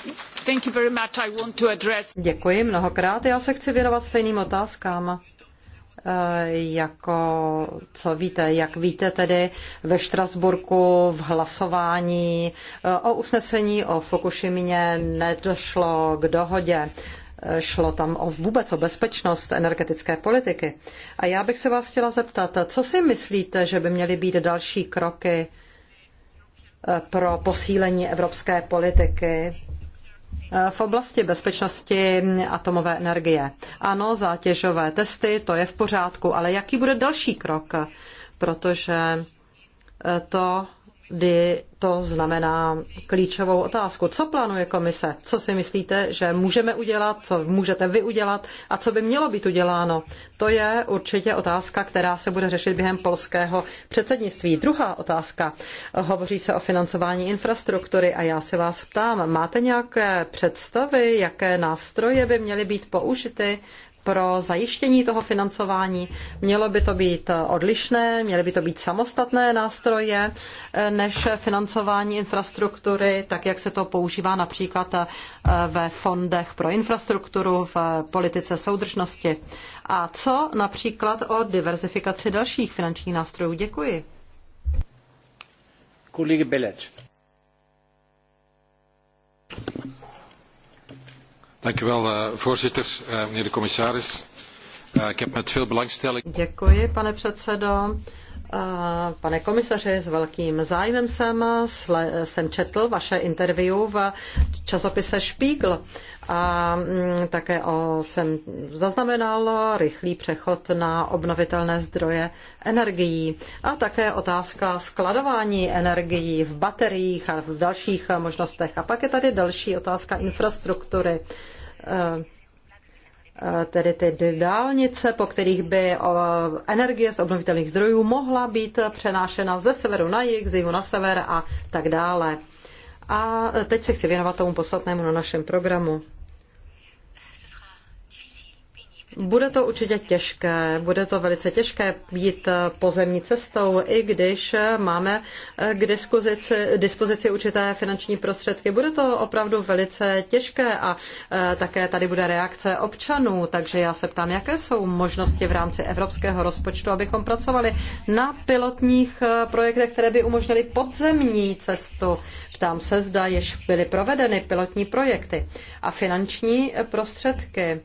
thank you very much. I want to address... Děkuji mnohokrát. Já se chci věnovat stejným otázkám eh, jako, co víte, jak víte tedy ve Štrasburku v hlasování o usnesení o Fukušimě nedošlo k dohodě. Šlo tam o vůbec o bezpečnost energetické politiky. A já bych se vás chtěla zeptat, co si myslíte, že by měly být další kroky eh, pro posílení evropské politiky eh, v oblasti bezpečnosti atomové energie. Ano, zátěžové testy, to je v pořádku, ale jaký bude další krok? Protože eh, to kdy to znamená klíčovou otázku. Co plánuje komise? Co si myslíte, že můžeme udělat, co můžete vy udělat a co by mělo být uděláno? To je určitě otázka, která se bude řešit během polského předsednictví. Druhá otázka. Hovoří se o financování infrastruktury a já se vás ptám, máte nějaké představy, jaké nástroje by měly být použity pro zajištění toho financování. Mělo by to být odlišné, měly by to být samostatné nástroje eh, než financování infrastruktury, tak jak se to používá například eh, ve fondech pro infrastrukturu, v politice soudržnosti. A co například o diverzifikaci dalších finančních nástrojů? Děkuji. Kolega Belec. Dank u wel, eh, voorzitter, uh, meneer de commissaris. Eh, ik heb met veel belangstelling. Děkuji, pane předsedo. Pane komisaři, s velkým zájmem jsem, jsem četl vaše interview v časopise Spiegel a mm, také o, jsem zaznamenal rychlý přechod na obnovitelné zdroje energií a také otázka skladování energií v bateriích a v dalších možnostech. A pak je tady další otázka infrastruktury e, e, tedy ty dálnice, po kterých by energie z obnovitelných zdrojů mohla být přenášena ze severu na jih, z jihu na sever a tak dále. A teď se chci věnovat tomu podstatnému na našem programu. Bude to určitě těžké, bude to velice těžké jít eh, pozemní cestou, i když eh, máme eh, k dispozici, dispozici určité finanční prostředky. Bude to opravdu velice těžké a také tady bude reakce občanů, takže já se ptám, jaké jsou možnosti v rámci evropského rozpočtu, abychom pracovali na pilotních projektech, které by umožnily podzemní cestu. Ptám se, zda již byly provedeny pilotní projekty a finanční prostředky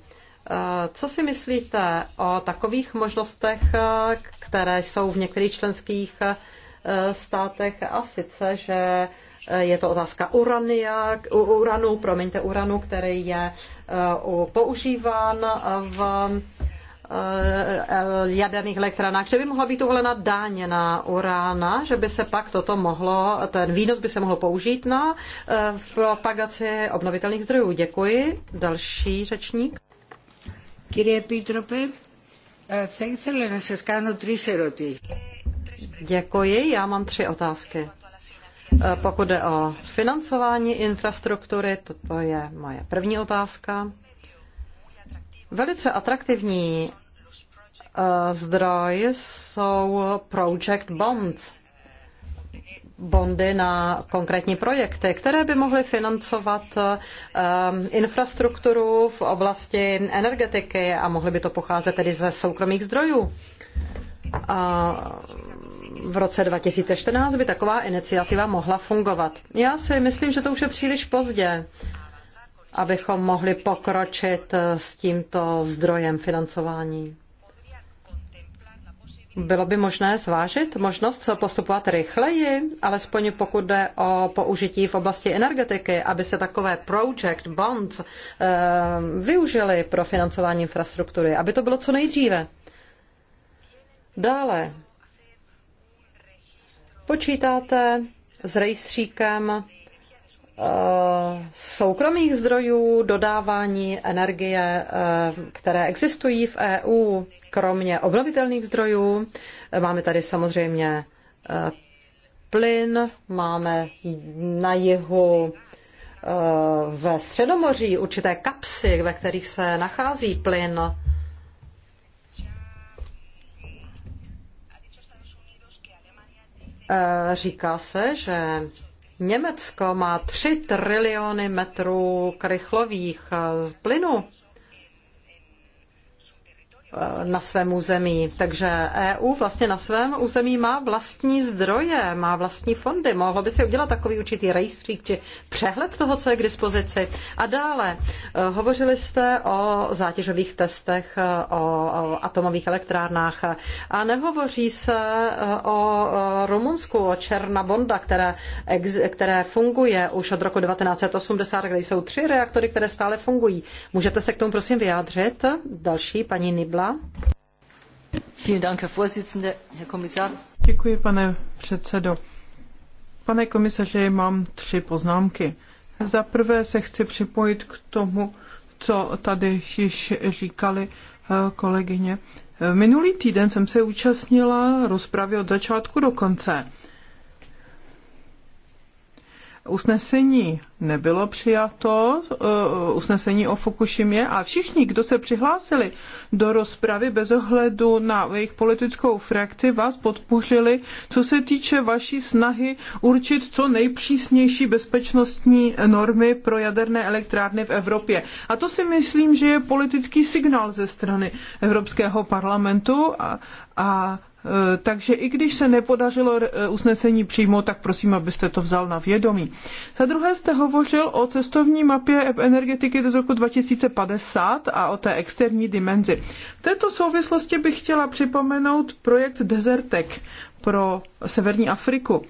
Eh, co si myslíte o takových možnostech, eh, které jsou v některých členských eh, státech a sice, že je to otázka urania, uranu, promiňte, uranu, který je používán v jaderných elektrárnách, že by mohla být uvolena dáně na urána, že by se pak toto mohlo, ten výnos by se mohl použít na propagaci obnovitelných zdrojů. Děkuji. Další řečník. Κύριε Επίτροπε, θα ήθελα να σας κάνω τρεις ερωτήσεις. Děkuji, já mám tři otázky. Pokud jde o financování infrastruktury, toto je moje první otázka. Velice atraktivní e, zdroj jsou project bonds bondy na konkrétní projekty, které by mohly financovat eh, infrastrukturu v oblasti energetiky a mohly by to pocházet tedy ze soukromých zdrojů. A v roce 2014 by taková iniciativa mohla fungovat. Já si myslím, že to už je příliš pozdě, abychom mohli pokročit eh, s tímto zdrojem financování. Bylo by možné zvážit možnost postupovat rychleji, alespoň pokud jde o použití v oblasti energetiky, aby se takové project bonds eh, využily pro financování infrastruktury, aby to bylo co nejdříve. Dále počítáte s rejstříkem Eh, soukromých zdrojů dodávání energie, eh, které existují v EU, kromě obnovitelných zdrojů. Máme tady samozřejmě eh, plyn, máme na jihu ve Středomoří určité kapsy, ve kterých se nachází plyn. Říká se, že Německo má 3 triliony metrů krychlových eh, plynu Eh, na svém území. Takže EU vlastně na svém území má vlastní zdroje, má vlastní fondy. Mohlo by si udělat takový určitý rejstřík či přehled toho, co je k dispozici. A dále, eh, hovořili jste o zátěžových testech, eh, o, atomových elektrárnách a nehovoří se o Rumunsku, o Černa Bonda, které, které funguje už od roku 1980, kde jsou tři reaktory, které stále fungují. Můžete se k tomu prosím vyjádřit? Další, paní Nibla. Děkuji, pane předsedo. Pane komisaři, mám tři poznámky. Za prvé se chci připojit k tomu, co tady již říkali eh, kolegyně. Eh, minulý týden jsem se účastnila rozpravy od začátku do konce usnesení nebylo přijato, eh, usnesení o Fukushimě a všichni, kdo se přihlásili do rozpravy bez ohledu na jejich politickou frakci, vás podpořili, co se týče vaší snahy určit co nejpřísnější bezpečnostní normy pro jaderné elektrárny v Evropě. A to si myslím, že je politický signál ze strany Evropského parlamentu a, a Eh, takže i když se nepodařilo eh, usnesení přijmout, tak prosím, abyste to vzal na vědomí. Za druhé jste hovořil o cestovní mapě energetiky do roku 2050 a o té externí dimenzi. V této souvislosti bych chtěla připomenout projekt Desertec pro severní Afriku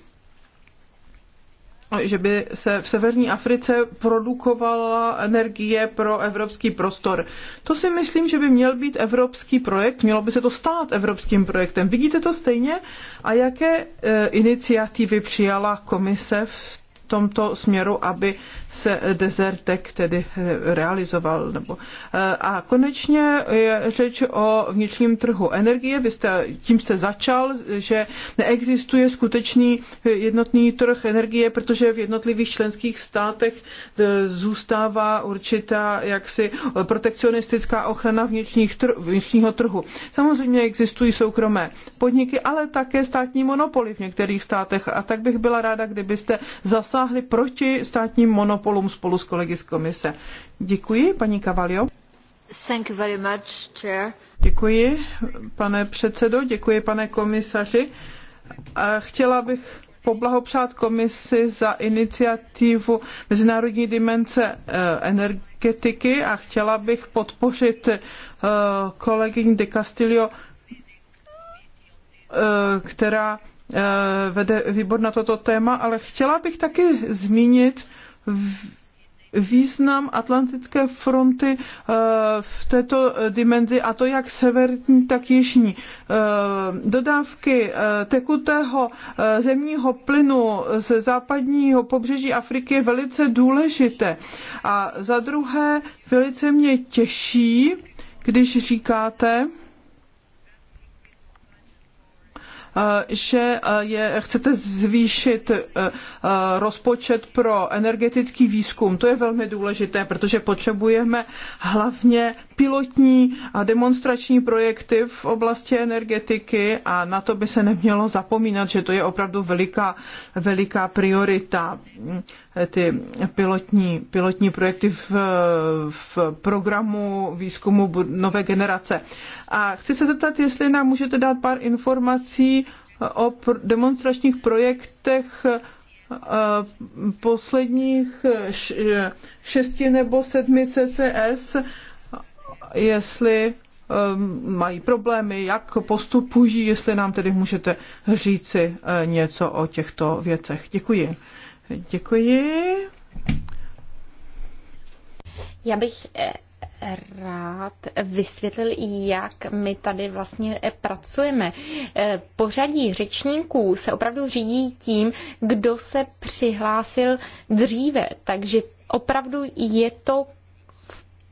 že by se v severní Africe produkovala energie pro evropský prostor. To si myslím, že by měl být evropský projekt, mělo by se to stát evropským projektem. Vidíte to stejně? A jaké e, iniciativy přijala komise v tomto směru, aby se dezertek tedy eh, realizoval. Nebo, eh, a konečně je řeč o vnitřním trhu energie. Vy jste, tím jste začal, že neexistuje skutečný eh, jednotný trh energie, protože v jednotlivých členských státech zůstává určitá jaksi protekcionistická ochrana vnitřních tr- vnitřního trhu. Samozřejmě existují soukromé podniky, ale také státní monopoly v některých státech. A tak bych byla ráda, kdybyste zase zasáhli proti státním monopolům spolu s kolegy z komise. Děkuji, paní Cavalio. Thank you very much, chair. Děkuji, pane předsedo, děkuji, pane komisaři. A chtěla bych poblahopřát komisi za iniciativu Mezinárodní dimenze eh, energetiky a chtěla bych podpořit eh, kolegyň de Castillo, eh, která Eh, vede výbor na toto téma, ale chtěla bych taky zmínit význam Atlantické fronty eh, v této dimenzi, a to jak severní, tak jižní. Eh, dodávky tekutého zemního plynu ze západního pobřeží Afriky je velice důležité. A za druhé, velice mě těší, když říkáte, Eh, že eh, je, chcete zvýšit eh, rozpočet pro energetický výzkum. To je velmi důležité, protože potřebujeme hlavně pilotní a demonstrační projekty v oblasti energetiky a na to by se nemělo zapomínat, že to je opravdu veliká, veliká priorita ty pilotní, pilotní projekty v, v programu výzkumu nové generace. A chci se zeptat, jestli nám můžete dát pár informací o demonstračních projektech eh, posledních šesti nebo sedmi CCS, jestli ehm, mají problémy, jak postupují, jestli nám tedy můžete říci eh, něco o těchto věcech. Děkuji. Děkuji. Já bych eh, rád vysvětlil, jak my tady vlastně eh, pracujeme. Eh, pořadí řečníků se opravdu řídí tím, kdo se přihlásil dříve, takže opravdu je to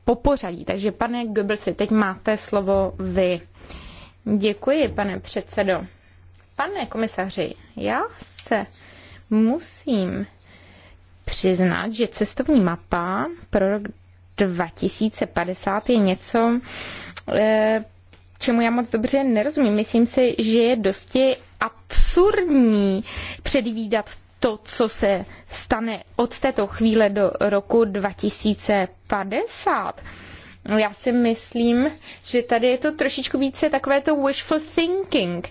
po pořadí. Takže pane Goebbelsi, teď máte slovo vy. Děkuji, pane předsedo. Pane komisaři, já se musím přiznat, že cestovní mapa pro rok 2050 je něco, eh, čemu já moc dobře nerozumím. Myslím si, že je dosti absurdní předvídat to, co se stane od této chvíle do roku 2050. Já si myslím, že tady je to trošičku více takové to wishful thinking.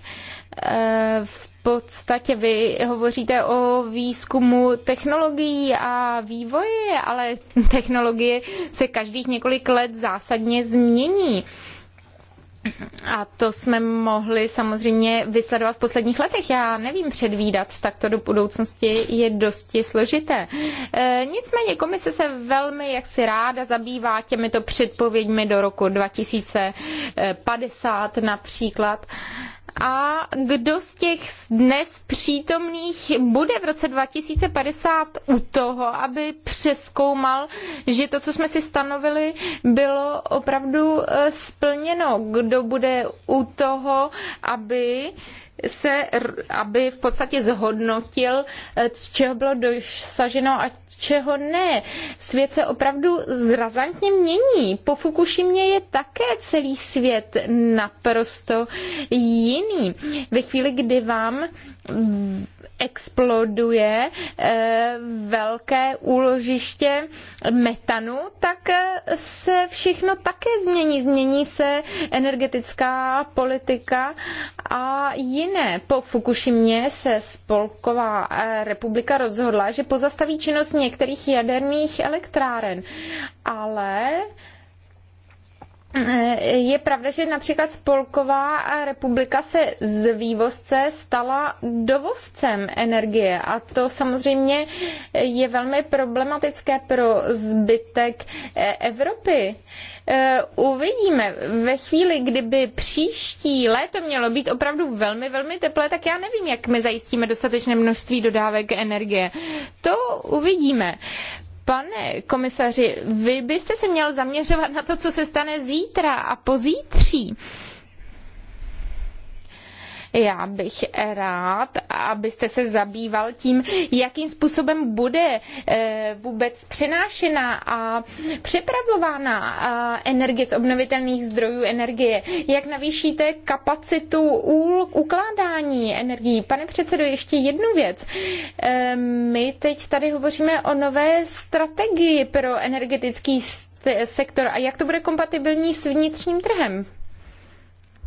Eh, v podstatě vy hovoříte o výzkumu technologií a vývoji, ale [laughs] technologie se každých několik let zásadně změní. A to jsme mohli samozřejmě vysledovat v posledních letech. Já nevím předvídat, tak to do budoucnosti je dosti složité. E, nicméně komise se velmi jaksi ráda zabývá těmito předpověďmi do roku 2050 například. E, a kdo z těch dnes přítomných bude v roce 2050 u toho, aby přeskoumal, že to, co jsme si stanovili, bylo opravdu eh, splněno. Kdo bude u toho, aby se, aby v podstatě zhodnotil, eh, z čeho bylo dosaženo a čeho ne. Svět se opravdu zrazantně mění. Po Fukušimě je také celý svět naprosto jiný. Ve chvíli, kdy vám exploduje eh, velké úložiště metanu, tak eh, se všechno také změní. Změní se energetická politika a jiné. Po Fukushimě se Spolková eh, republika rozhodla, že pozastaví činnost některých jaderných elektráren. Ale je pravda, že například Spolková republika se z vývozce stala dovozcem energie a to samozřejmě je velmi problematické pro zbytek eh, Evropy eh, uvidíme. Ve chvíli, kdyby příští léto mělo být opravdu velmi, velmi teplé, tak já nevím, jak my zajistíme dostatečné množství dodávek energie. To uvidíme. Pane komisaři, vy byste se měl zaměřovat na to, co se stane zítra a pozítří. Já bych rád, abyste se zabýval tím, jakým způsobem bude eh, vůbec přenášena a přepravována eh, energie z obnovitelných zdrojů energie. Jak navýšíte kapacitu ukládání energií? Pane předsedo, ještě jednu věc. Eh, my teď tady hovoříme o nové strategii pro energetický sektor a jak to bude kompatibilní s vnitřním trhem?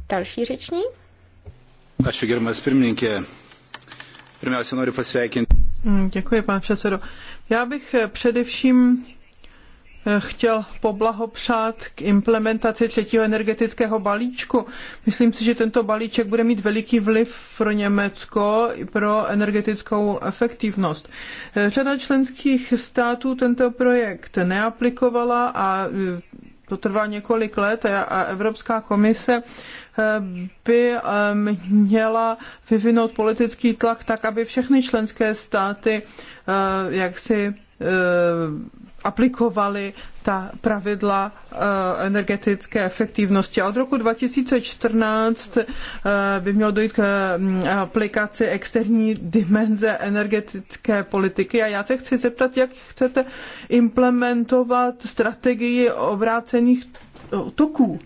Další řečník. Ačiū, gerbiamas pirmininkė. Pirmiausia, noriu pasveikinti. Mm, děkuji, pane předsedo. Já bych eh, především eh, chtěl poblahopřát k implementaci třetího energetického balíčku. Myslím si, že tento balíček bude mít veliký vliv pro Německo i pro energetickou efektivnost. Eh, řada členských států tento projekt neaplikovala a to trvá několik let a Evropská komise eh, by eh, měla vyvinout politický tlak tak, aby všechny členské státy eh, jaksi aplikovali ta pravidla eh, energetické efektivnosti. A od roku 2014 eh, by mělo dojít k mm, aplikaci externí dimenze energetické politiky. A já se chci zeptat, jak chcete implementovat strategii obrácených toků.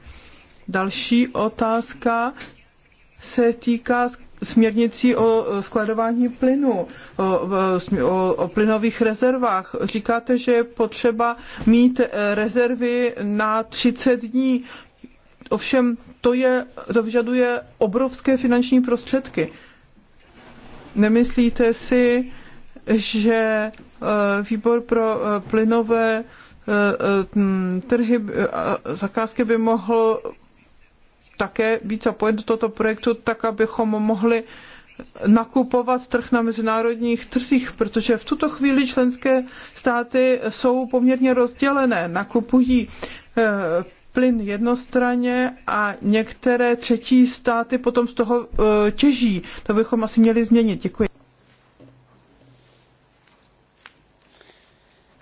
Další otázka se týká směrnicí o e, skladování plynu, o, o plynových rezervách. Říkáte, že je potřeba mít e, rezervy na 30 dní. Ovšem, to, je, to vyžaduje obrovské finanční prostředky. Nemyslíte si, že e, výbor pro plynové trhy zakázky by mohl také víc zapojit do tohoto projektu, tak abychom mohli nakupovat trh na mezinárodních trzích, protože v tuto chvíli členské státy jsou poměrně rozdělené. Nakupují eh, plyn jednostranně a některé třetí státy potom z toho eh, těží. To bychom asi měli změnit. Děkuji.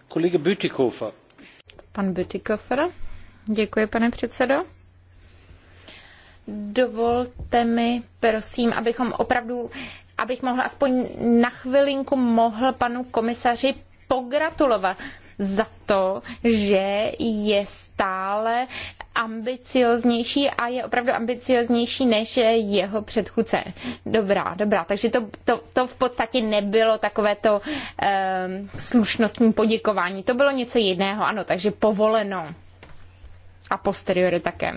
Kolega Bütikofer. Pan Bütikofer. Děkuji, pane předsedo dovolte mi, prosím, abychom opravdu, abych mohla aspoň na chvilinku mohl panu komisaři pogratulovat za to, že je stále ambicioznější a je opravdu ambicioznější než jeho předchůdce. Dobrá, dobrá, takže to, to, to v podstatě nebylo takové to um, slušnostní poděkování, to bylo něco jiného, ano, takže povoleno a posteriori také.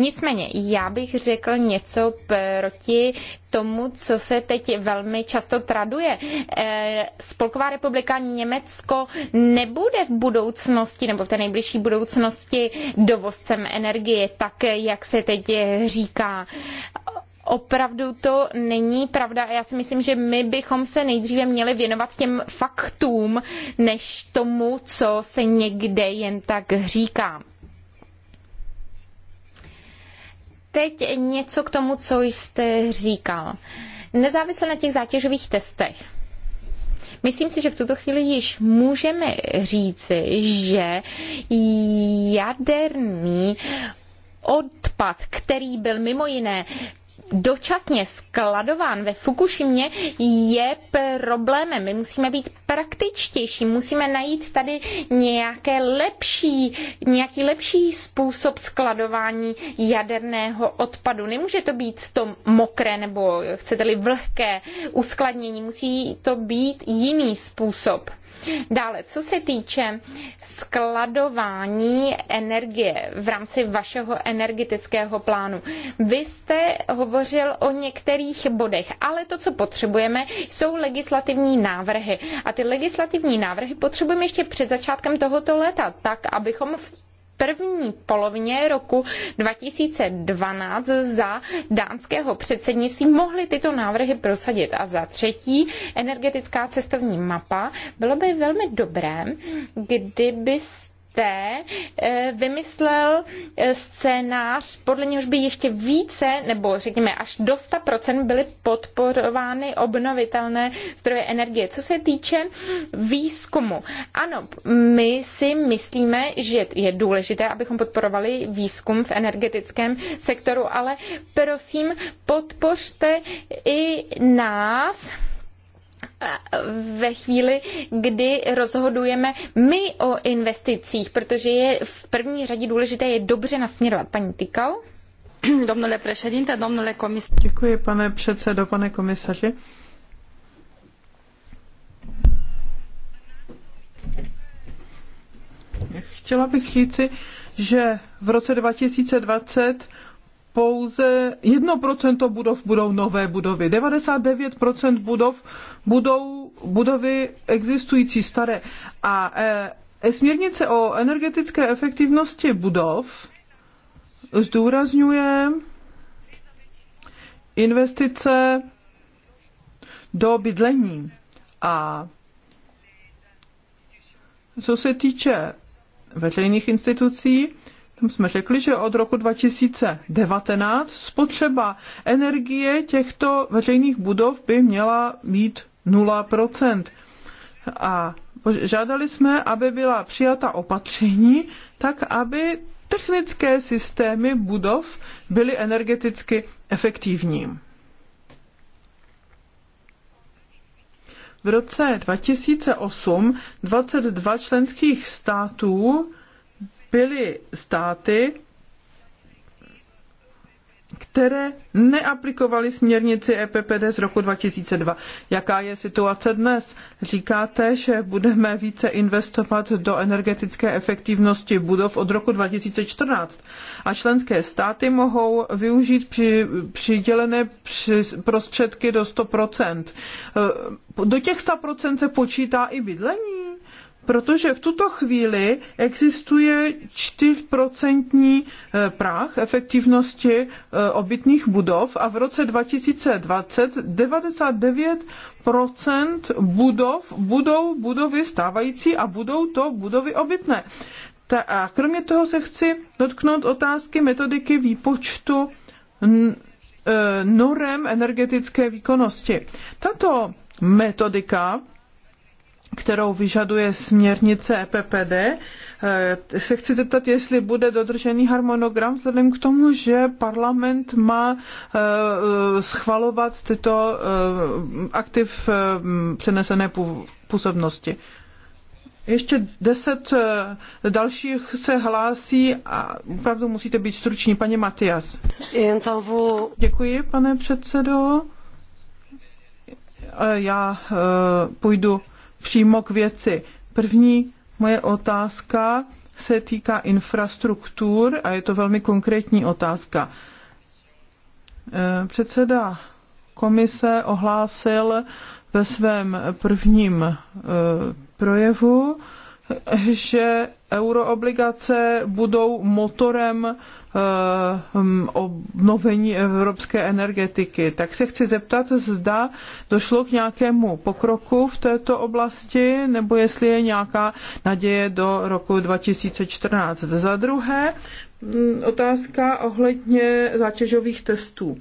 Nicméně, já bych řekl něco proti tomu, co se teď velmi často traduje. Eh, Spolková republika Německo nebude v budoucnosti nebo v té nejbližší budoucnosti dovozcem energie, tak jak se teď říká opravdu to není pravda a já si myslím, že my bychom se nejdříve měli věnovat těm faktům, než tomu, co se někde jen tak říká. teď něco k tomu, co jste říkal. Nezávisle na těch zátěžových testech, Myslím si, že v tuto chvíli již můžeme říci, že jaderný odpad, který byl mimo jiné dočasně skladován ve Fukušimě, je problémem. My musíme být praktičtější, musíme najít tady nějaké lepší, nějaký lepší způsob skladování jaderného odpadu. Nemůže to být to mokré nebo chcete-li vlhké uskladnění, musí to být jiný způsob. Dále, co se týče skladování energie v rámci vašeho energetického plánu, vy jste hovořil o některých bodech, ale to, co potřebujeme, jsou legislativní návrhy. A ty legislativní návrhy potřebujeme ještě před začátkem tohoto léta, tak abychom v první polovině roku 2012 za dánského předsednictví mohli tyto návrhy prosadit. A za třetí, energetická cestovní mapa. Bylo by velmi dobré, kdyby poté eh, vymyslel eh, scénář, podle něhož by ještě více, nebo řekněme až do 100% byly podporovány obnovitelné zdroje energie. Co se týče výzkumu, ano, my si myslíme, že je důležité, abychom podporovali výzkum v energetickém sektoru, ale prosím, podpořte i nás, ve chvíli, kdy rozhodujeme my o investicích, protože je v první řadě důležité je dobře nasměrovat. Paní Tykal? Domnule președinte, domnule comisar. Děkuji, pane předsedo, pane komisaři. Chtěla bych říci, že v roce 2020 pouze 1% budov budou nové budovy, 99% budov budou budovy existující staré. A e, směrnice o energetické efektivnosti budov zdůrazňuje investice do bydlení. A co se týče veřejných institucí, tam jsme řekli, že od roku 2019 spotřeba energie těchto veřejných budov by měla být 0%. A žádali jsme, aby byla přijata opatření, tak aby technické systémy budov byly energeticky efektivní. V roce 2008 22 členských států byly státy, které neaplikovaly směrnici EPPD z roku 2002. Jaká je situace dnes? Říkáte, že budeme více investovat do energetické efektivnosti budov od roku 2014 a členské státy mohou využít při, přidělené při, prostředky do 100%. E, do těch 100% se počítá i bydlení? protože v tuto chvíli existuje 4% eh, práh efektivnosti eh, obytných budov a v roce 2020 99 budov budou budovy stávající a budou to budovy obytné. Ta, a kromě toho se chci dotknout otázky metodiky výpočtu eh, norem energetické výkonnosti. Tato metodika kterou vyžaduje směrnice EPPD. Eh, se chci zeptat, jestli bude dodržený harmonogram, vzhledem k tomu, že parlament má eh, eh, schvalovat tyto aktiv přenesené působnosti. Ještě deset dalších se hlásí a opravdu musíte být struční. Paní Matias. Děkuji, pane předsedo. Já půjdu přímo k věci. První moje otázka se týká infrastruktur a je to velmi konkrétní otázka. E, předseda komise ohlásil ve svém prvním e, projevu, že euroobligace budou motorem Eh, obnovení evropské energetiky. Tak se chci zeptat, zda došlo k nějakému pokroku v této oblasti, nebo jestli je nějaká naděje do roku 2014. Za druhé, mm, otázka ohledně zátěžových testů.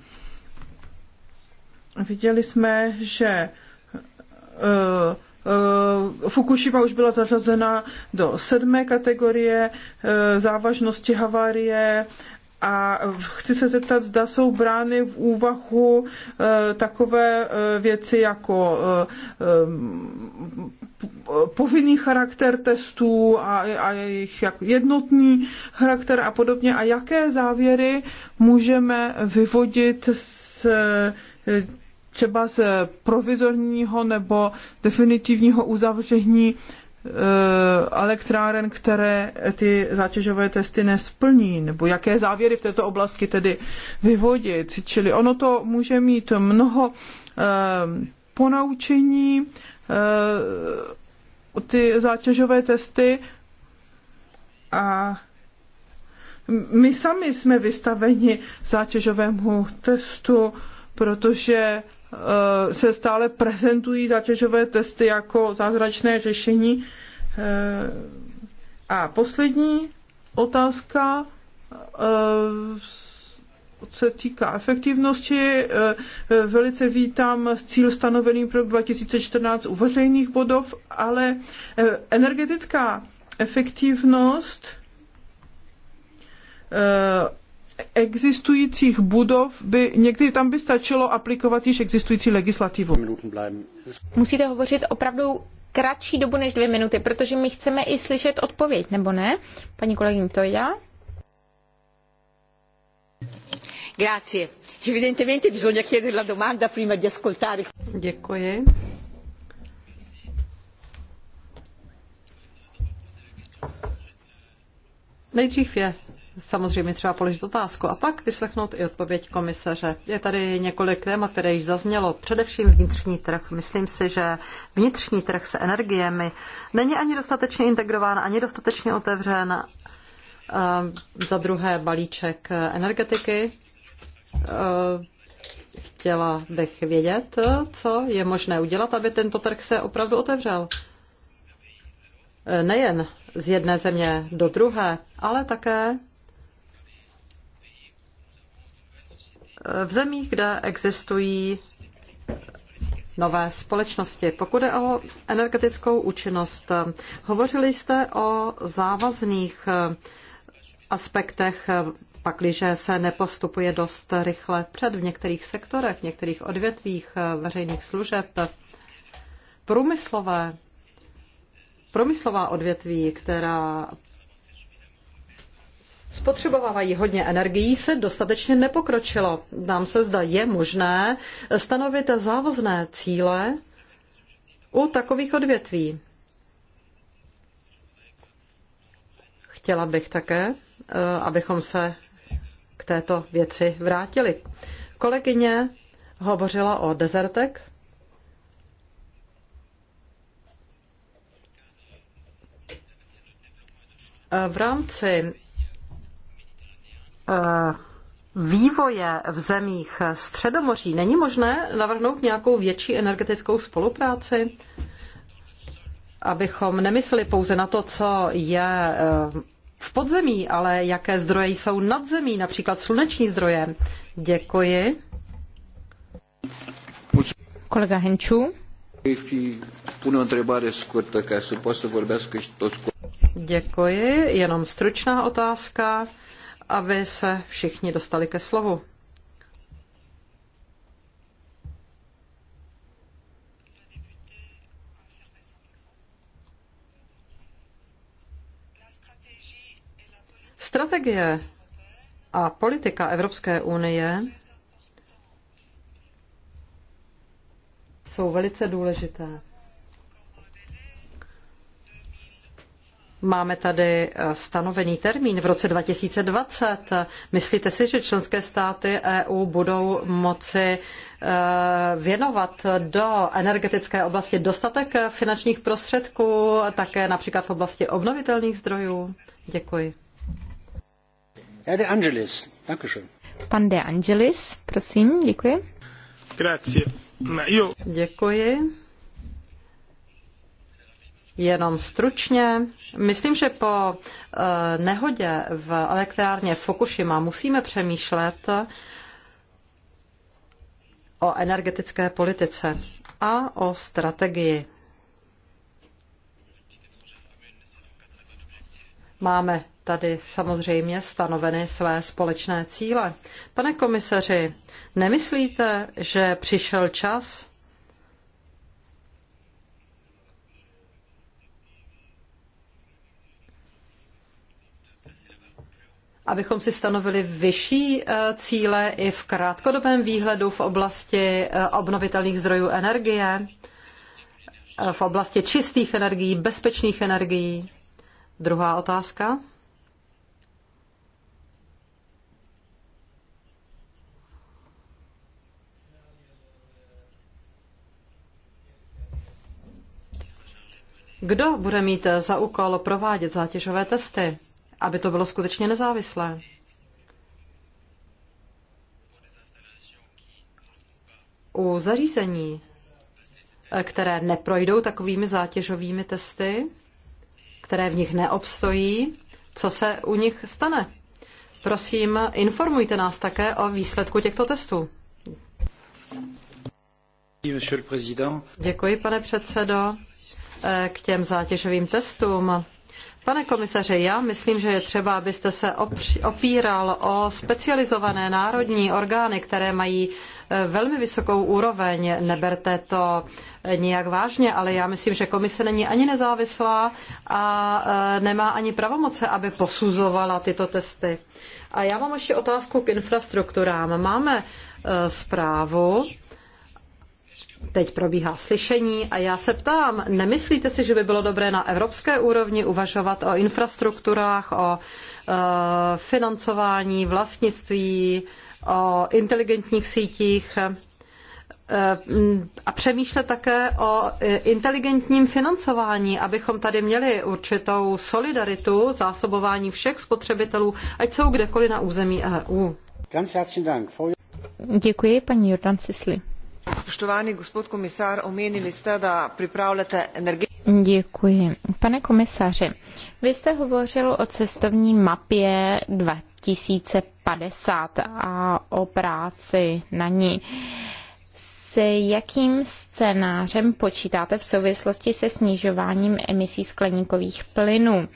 Viděli jsme, že eh, Eh, Fukushima už byla zařazena do sedmé kategorie eh, závažnosti havárie a chci se zeptat, zda jsou brány v úvahu eh, takové věci jako povinný charakter testů a, a jejich jednotný charakter a podobně a jaké závěry můžeme vyvodit z třeba z provizorního nebo definitivního uzavření e, elektráren, které ty zátěžové testy nesplní, nebo jaké závěry v této oblasti tedy vyvodit. Čili ono to může mít mnoho e, ponaučení, e, ty zátěžové testy a my sami jsme vystaveni zátěžovému testu, protože Eh, se stále prezentují zátěžové testy jako zázračné řešení. Eh, a poslední otázka eh, se týká efektivnosti. Velice vítám cíl stanovený pro 2014 u veřejných bodov, ale energetická efektivnost existujících budov by někdy tam by stačilo aplikovat již existující legislativu. Musíte hovořit opravdu kratší dobu než dvě minuty, protože my chceme i slyšet odpověď, nebo ne? Paní kolegyně, to já? Grazie. Evidentemente bisogna chiedere la domanda prima di ascoltare. Děkuji. Nejdřív je samozřejmě třeba položit otázku a pak vyslechnout i odpověď komisaře. Je tady několik témat, které již zaznělo, především vnitřní trh. Myslím si, že vnitřní trh s energiemi není ani dostatečně integrován, ani dostatečně otevřen. Za druhé balíček energetiky. E, chtěla bych vědět, co je možné udělat, aby tento trh se opravdu otevřel. E, nejen z jedné země do druhé, ale také v zemích, kde existují nové společnosti. Pokud je o energetickou účinnost, hovořili jste o závazných aspektech, pakliže se nepostupuje dost rychle před v některých sektorech, v některých odvětvích veřejných služeb. Průmyslové Průmyslová odvětví, která spotřebovávají hodně energií, se dostatečně nepokročilo. Nám se zda je možné stanovit závazné cíle u takových odvětví. Chtěla bych také, eh, abychom se k této věci vrátili. Kolegyně hovořila o dezertek. Eh, v rámci Eh, vývoje v zemích Středomoří, není možné navrhnout nějakou větší energetickou spolupráci? Abychom nemysleli pouze na to, co je eh, v podzemí, ale jaké zdroje jsou nad zemí, například sluneční zdroje. Děkuji. Kolega Henčů. Děkuji. Jenom stručná otázka aby se všichni dostali ke slovu. Strategie a politika Evropské unie jsou velice důležité. Máme tady eh, stanovený termín v roce 2020. Myslíte si, že členské státy EU budou moci eh, věnovat do energetické oblasti dostatek eh, finančních prostředků, také například v oblasti obnovitelných zdrojů? Děkuji. De Angelis, Pan De Angelis, prosím, děkuji. Grazie. Děkuji. Jenom stručně, myslím, že po eh, nehodě v elektrárně Fukushima musíme přemýšlet o energetické politice a o strategii. Máme tady samozřejmě stanoveny své společné cíle. Pane komisaři, nemyslíte, že přišel čas abychom si stanovili vyšší eh, cíle i v krátkodobém výhledu v oblasti eh, obnovitelných zdrojů energie, eh, v oblasti čistých energií, bezpečných energií? Druhá otázka. Kdo bude mít za úkol provádět zátěžové testy? aby to bylo skutečně nezávislé. U zařízení, eh, které neprojdou takovými zátěžovými testy, které v nich neobstojí, co se u nich stane? Prosím, informujte nás také o výsledku těchto testů. Děkuji, pane předsedo. Eh, k těm zátěžovým testům Pane komisaře, já myslím, že je třeba, abyste se opíral o specializované národní orgány, které mají e, velmi vysokou úroveň. Neberte to e, nijak vážně, ale já myslím, že komise není ani nezávislá a e, nemá ani pravomoce, aby posuzovala tyto testy. A já mám ještě otázku k infrastrukturám. Máme zprávu Teď probíhá slyšení a já se ptám, nemyslíte si, že by bylo dobré na evropské úrovni uvažovat o infrastrukturách, o eh, financování, vlastnictví, o inteligentních sítích eh, a přemýšlet také o eh, inteligentním financování, abychom tady měli určitou solidaritu zásobování všech spotřebitelů, ať jsou kdekoliv na území EU. Děkuji, paní Jordan Sisli. Spoštovani gospod komisar, omenili jste, da připravujete energetiku. Děkuji. Pane komisaři, vy jste hovořil o cestovní mapě 2050 a o práci na ní. S jakým scénářem počítáte v souvislosti se snižováním emisí skleníkových plynů?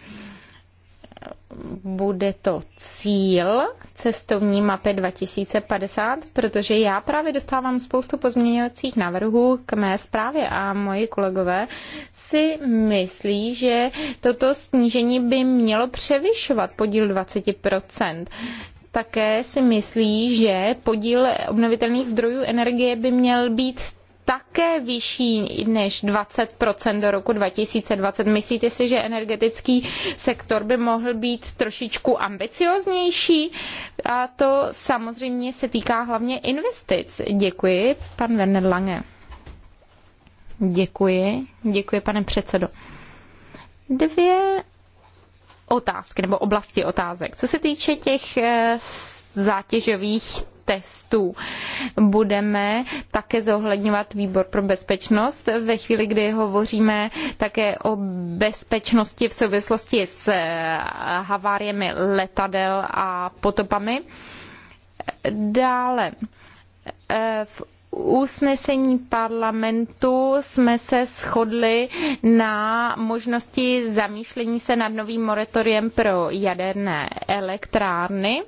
bude to cíl cestovní mapy 2050, protože já právě dostávám spoustu pozměňovacích návrhů k mé zprávě a moji kolegové si myslí, že toto snížení by mělo převyšovat podíl 20% také si myslí, že podíl obnovitelných zdrojů energie by měl být také vyšší než 20% do roku 2020. Myslíte si, že energetický sektor by mohl být trošičku ambicioznější? A to samozřejmě se týká hlavně investic. Děkuji, pan Werner Lange. Děkuji, děkuji, pane předsedo. Dvě otázky nebo oblasti otázek. Co se týče těch eh, zátěžových testů. Budeme také zohledňovat výbor pro bezpečnost ve chvíli, kdy hovoříme také o bezpečnosti v souvislosti s eh, haváriemi letadel a potopami. Dále eh, v usnesení parlamentu jsme se shodli na možnosti zamýšlení se nad novým moratoriem pro jaderné elektrárny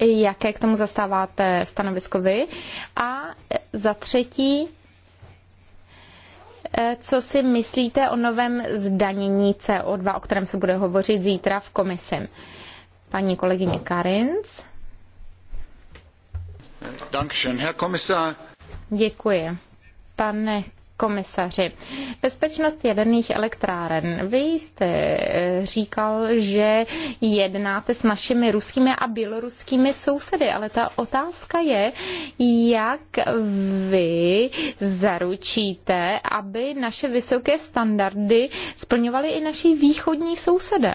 jaké k tomu zastáváte stanovisko vy. A za třetí, eh, co si myslíte o novém zdanění CO2, o kterém se bude hovořit zítra v komisi? Paní kolegyně Karins? Děkuji. Pane komisaři. Bezpečnost jaderných elektráren. Vy jste eh, říkal, že jednáte s našimi ruskými a běloruskými sousedy, ale ta otázka je, jak vy zaručíte, aby naše vysoké standardy splňovaly i naši východní sousedé.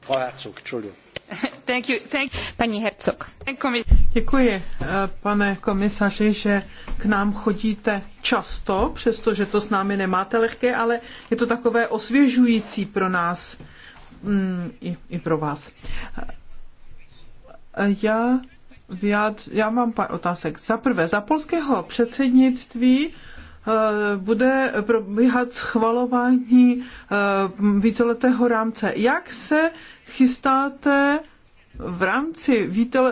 Frau Herzog, Entschuldigung. [laughs] Paní Děkuji, eh, pane komisaři, že k nám chodíte často, přestože to s námi nemáte lehké, ale je to takové osvěžující pro nás mm, i, i pro vás. Eh, já, já mám pár otázek. Za prvé, za polského předsednictví eh, bude probíhat schvalování víceletého rámce. Jak se chystáte v rámci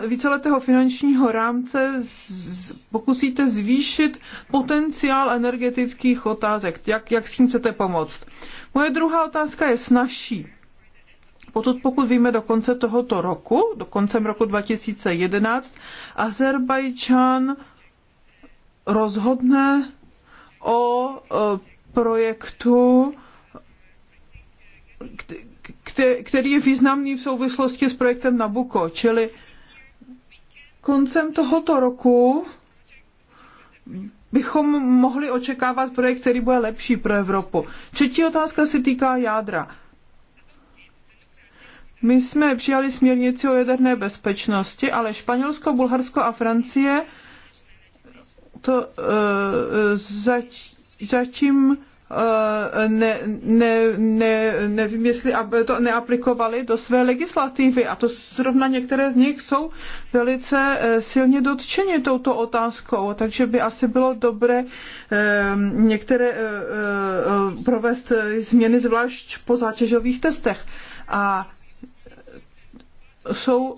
víceletého finančního rámce z, pokusíte zvýšit potenciál energetických otázek. Jak, jak s tím chcete pomoct? Moje druhá otázka je snažší. Potud, pokud víme do konce tohoto roku, do koncem roku 2011, Azerbajdžán rozhodne o e, projektu, který je významný v souvislosti s projektem Nabuko, čili koncem tohoto roku bychom mohli očekávat projekt, který bude lepší pro Evropu. Třetí otázka se týká jádra. My jsme přijali směrnici o jaderné bezpečnosti, ale Španělsko, Bulharsko a Francie to uh, zač, zatím Eh, ne, ne, ne, nevím, jestli aby to neaplikovali do své legislativy. A to zrovna některé z nich jsou velice eh, silně dotčeni touto otázkou, takže by asi bylo dobré eh, některé provést změny zvlášť po zátěžových testech. A jsou,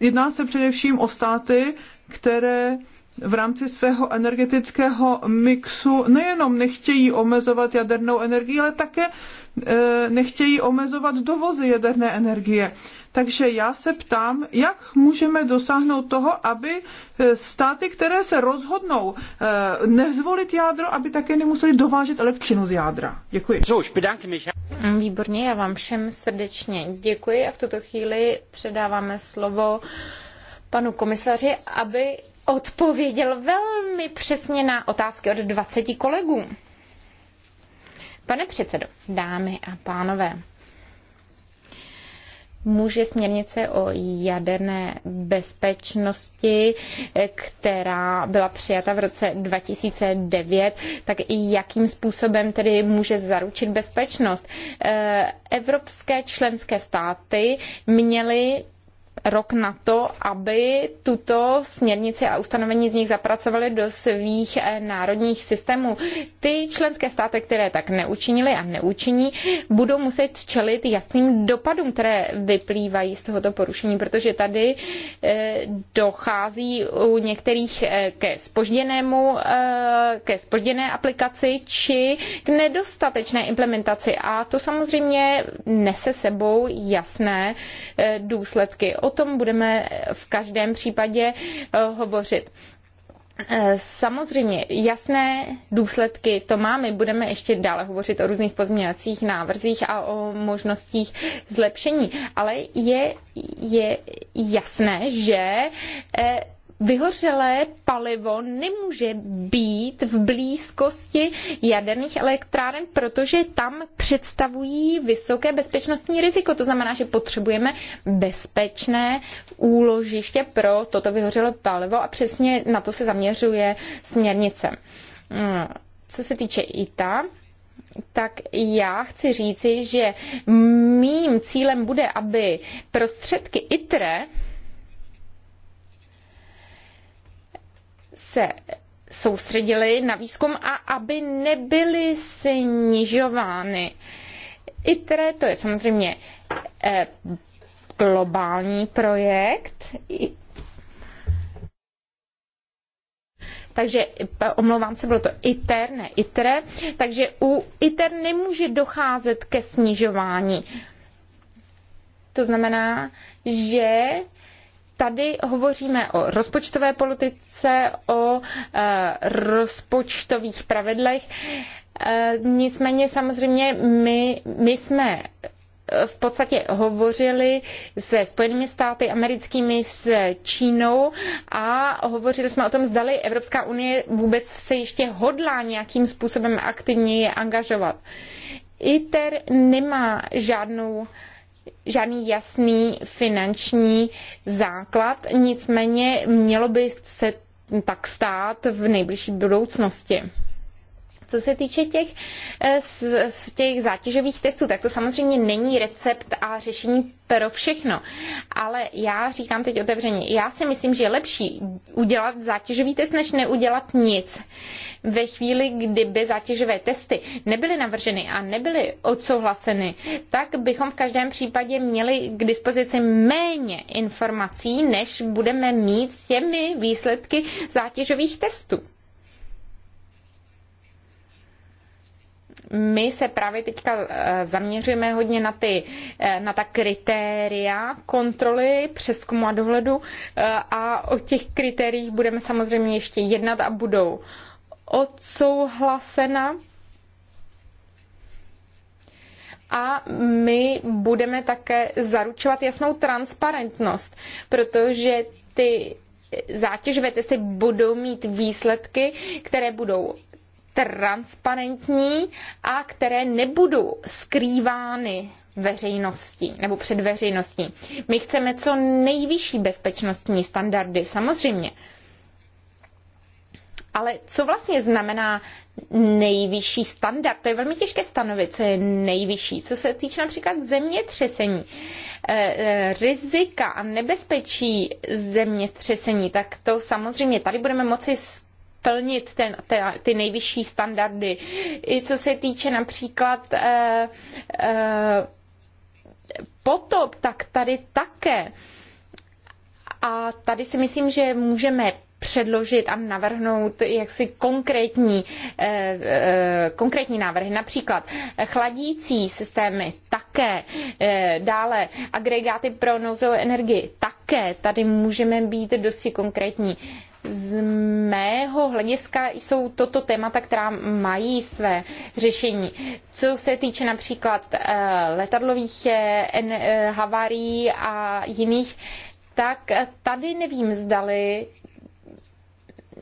jedná se především o státy, které v rámci svého energetického mixu nejenom nechtějí omezovat jadernou energii, ale také e, nechtějí omezovat dovozy jaderné energie. Takže já se ptám, jak můžeme dosáhnout toho, aby e, státy, které se rozhodnou e, nezvolit jádro, aby také nemuseli dovážet elektřinu z jádra. Děkuji. Výborně, já vám všem srdečně děkuji a v tuto chvíli předáváme slovo panu komisaři, aby odpověděl velmi přesně na otázky od 20 kolegů. Pane předsedo, dámy a pánové, může směrnice o jaderné bezpečnosti, která byla přijata v roce 2009, tak i jakým způsobem tedy může zaručit bezpečnost? Eh, Evropské členské státy měly rok na to, aby tuto směrnici a ustanovení z nich zapracovali do svých eh, národních systémů. Ty členské státy, které tak neučinili a neučiní, budou muset čelit jasným dopadům, které vyplývají z tohoto porušení, protože tady eh, dochází u některých eh, ke spožděnému, ke spožděné aplikaci či k nedostatečné implementaci a to samozřejmě nese sebou jasné důsledky o tom budeme v každém případě eh, hovořit. Eh, samozřejmě, jasné důsledky to má. My budeme ještě dále hovořit o různých pozměňovacích návrzích a o možnostích zlepšení, ale je, je jasné, že eh, vyhořelé palivo nemůže být v blízkosti jaderných elektráren, protože tam představují vysoké bezpečnostní riziko. To znamená, že potřebujeme bezpečné úložiště pro toto vyhořelé palivo a přesně na to se zaměřuje směrnice. Hmm, co se týče ITA, tak já chci říci, že mým cílem bude, aby prostředky ITRE se soustředili na výzkum a aby nebyly snižovány. ITRE to je samozřejmě eh, globální projekt. Takže eh, omlouvám se, bylo to ITER, ne ITRE. Takže u ITER nemůže docházet ke snižování. To znamená, že tady hovoříme o rozpočtové politice, o eh, rozpočtových pravidlech. Eh, nicméně samozřejmě my, my jsme v podstatě hovořili se Spojenými státy americkými, s Čínou a hovořili jsme o tom, zdali Evropská unie vůbec se ještě hodlá nějakým způsobem aktivněji angažovat. ITER nemá žádnou uh, žádný jasný finanční základ, nicméně mělo by se tak stát v nejbližší budoucnosti. Co se týče těch, z, eh, z těch zátěžových testů, tak to samozřejmě není recept a řešení pro všechno. Ale já říkám teď otevřeně, já si myslím, že je lepší udělat zátěžový test, než neudělat nic. Ve chvíli, kdyby zátěžové testy nebyly navrženy a nebyly odsouhlaseny, tak bychom v každém případě měli k dispozici méně informací, než budeme mít s těmi výsledky zátěžových testů. my se právě teďka eh, zaměřujeme hodně na, ty, eh, na ta kritéria kontroly, přeskumu a dohledu eh, a o těch kritériích budeme samozřejmě ještě jednat a budou odsouhlasena a my budeme také zaručovat jasnou transparentnost, protože ty zátěžové testy budou mít výsledky, které budou transparentní a které nebudou skrývány veřejnosti nebo před veřejností. My chceme co nejvyšší bezpečnostní standardy, samozřejmě. Ale co vlastně znamená nejvyšší standard? To je velmi těžké stanovit, co je nejvyšší. Co se týče například zemětřesení, eh, eh, rizika a nebezpečí zemětřesení, tak to samozřejmě tady budeme moci plnit ten, ty nejvyšší standardy. I co se týče například eh, eh, potop, tak tady také. A tady si myslím, že můžeme předložit a navrhnout jaksi konkrétní, eh, eh, konkrétní návrhy, například chladící systémy také, eh, dále agregáty pro nouzovou energii také, tady můžeme být dosti konkrétní z mého hlediska jsou toto témata, která mají své řešení. Co se týče například eh, letadlových eh, eh, havárií a jiných, tak tady nevím, zdali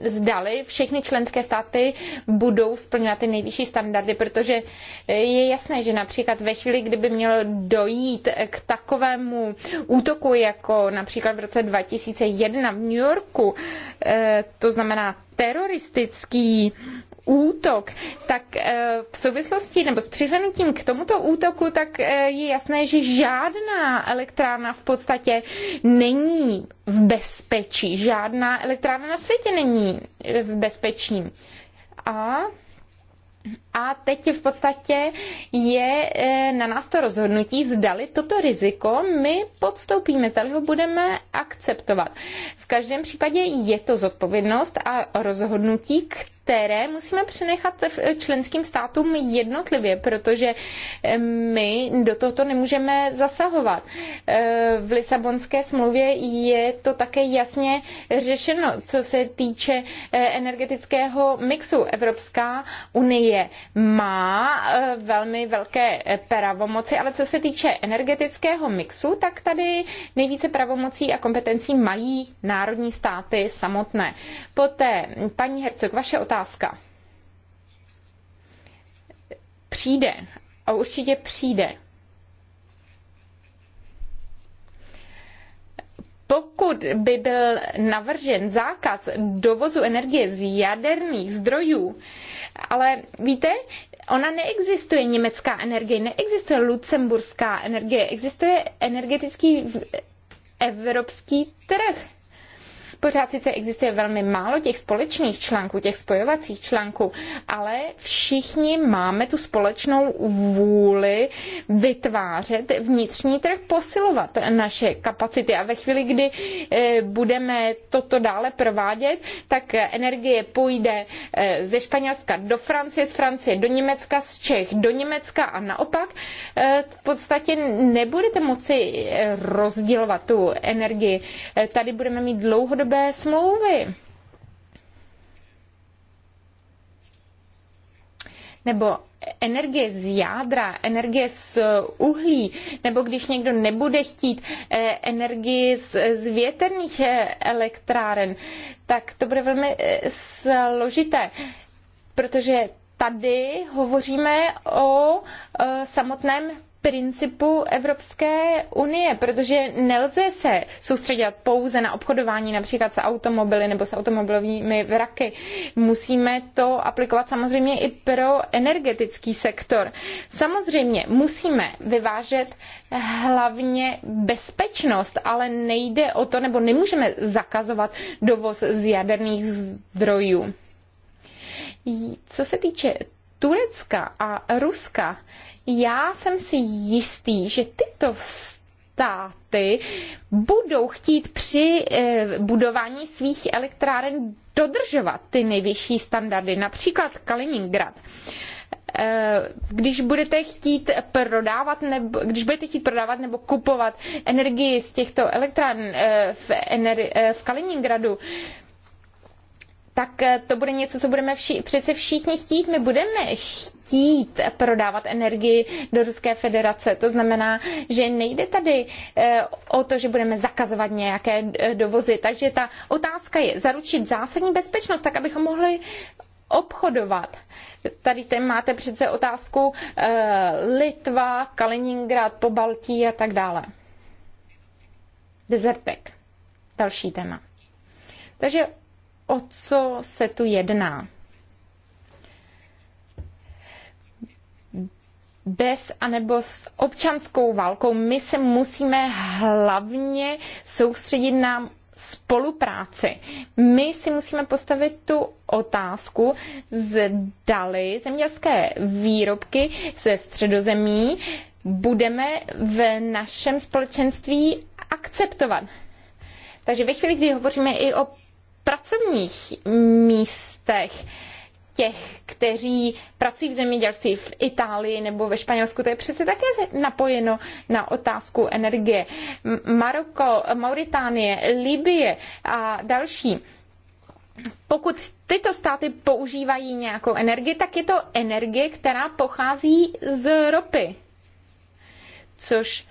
zdali všechny členské státy budou splňovat ty nejvyšší standardy, protože je jasné, že například ve chvíli, kdyby mělo dojít k takovému útoku, jako například v roce 2001 v New Yorku, eh, to znamená teroristický útok, tak eh, v souvislosti nebo s přihlednutím k tomuto útoku, tak eh, je jasné, že žádná elektrárna v podstatě není v bezpečí. Žádná elektrárna na světě není eh, v bezpečí. A a teď v podstatě je e, na nás to rozhodnutí, zdali toto riziko my podstoupíme, zdali ho budeme akceptovat. V každém případě je to zodpovědnost a rozhodnutí, které musíme přenechat e, členským státům jednotlivě, protože e, my do tohoto nemůžeme zasahovat. V Lisabonské smlouvě je to také jasně řešeno, co se týče energetického mixu. Evropská unie má eh, velmi velké eh, pravomoci, ale co se týče energetického mixu, tak tady nejvíce pravomocí a kompetencí mají národní státy samotné. Poté, paní Hercog, vaše otázka. Přijde, a určitě přijde pokud by byl navržen zákaz dovozu energie z jaderných zdrojů, ale víte, ona neexistuje německá energie, neexistuje lucemburská energie, existuje energetický evropský trh. Pořád sice existuje velmi málo těch společných článků, těch spojovacích článků, ale všichni máme tu společnou vůli vytvářet vnitřní trh, posilovat naše kapacity. A ve chvíli, kdy eh, budeme toto dále provádět, tak energie půjde eh, ze Španělska do Francie, z Francie do Německa, z Čech do Německa a naopak. Eh, v podstatě nebudete moci rozdělovat tu energii. Tady budeme mít dlouhodobě sebe smlouvy. Nebo energie z jádra, energie z uhlí, nebo když někdo nebude chtít eh, energii z, z větrných eh, elektráren, tak to bude velmi eh, složité, protože tady hovoříme o samotném principu Evropské unie, protože nelze se soustředit pouze na obchodování například s automobily nebo s automobilovými vraky. Musíme to aplikovat samozřejmě i pro energetický sektor. Samozřejmě musíme vyvážet hlavně bezpečnost, ale nejde o to, nebo nemůžeme zakazovat dovoz z jaderných zdrojů. Co se týče Turecka a Ruska, já jsem si jistý, že tyto státy budou chtít při eh, budování svých elektráren dodržovat ty nejvyšší standardy, například Kaliningrad eh, když budete chtít prodávat nebo, když budete chtít prodávat nebo kupovat energii z těchto elektráren eh, v, v Kaliningradu, tak eh, to bude něco, co budeme vši, přece všichni chtít. My budeme chtít prodávat energii do Ruské federace. To znamená, že nejde tady eh, o to, že budeme zakazovat nějaké eh, dovozy. Takže ta otázka je zaručit zásadní bezpečnost, tak abychom mohli obchodovat. Tady ten máte přece otázku Litva, Kaliningrad, Pobaltí a tak dále. Desertek. Další téma. Takže o co se tu jedná. bez anebo s občanskou válkou. My se musíme hlavně soustředit na spolupráci. My si musíme postavit tu otázku, zdali zemědělské výrobky ze středozemí budeme v našem společenství akceptovat. Takže ve chvíli, kdy hovoříme i o pracovních místech těch, kteří pracují v zemědělství v Itálii nebo ve Španělsku, to je přece také napojeno na otázku energie. Maroko, Mauritánie, Libie a další. Pokud tyto státy používají nějakou energii, tak je to energie, která pochází z ropy. Což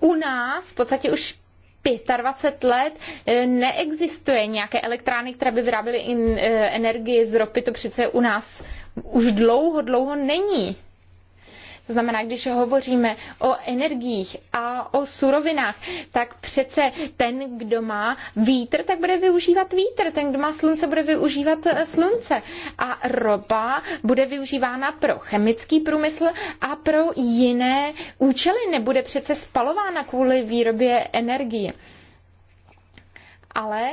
u nás v podstatě už 25 let eh, neexistuje nějaké elektrárny, které by vyráběly eh, energii z ropy. To přece u nás už dlouho, dlouho není. To znamená, když hovoříme o energiích a o surovinách, tak přece ten, kdo má vítr, tak bude využívat vítr, ten, kdo má slunce, bude využívat eh, slunce. A ropa bude využívána pro chemický průmysl a pro jiné účely. Nebude přece spalována kvůli výrobě energie. Ale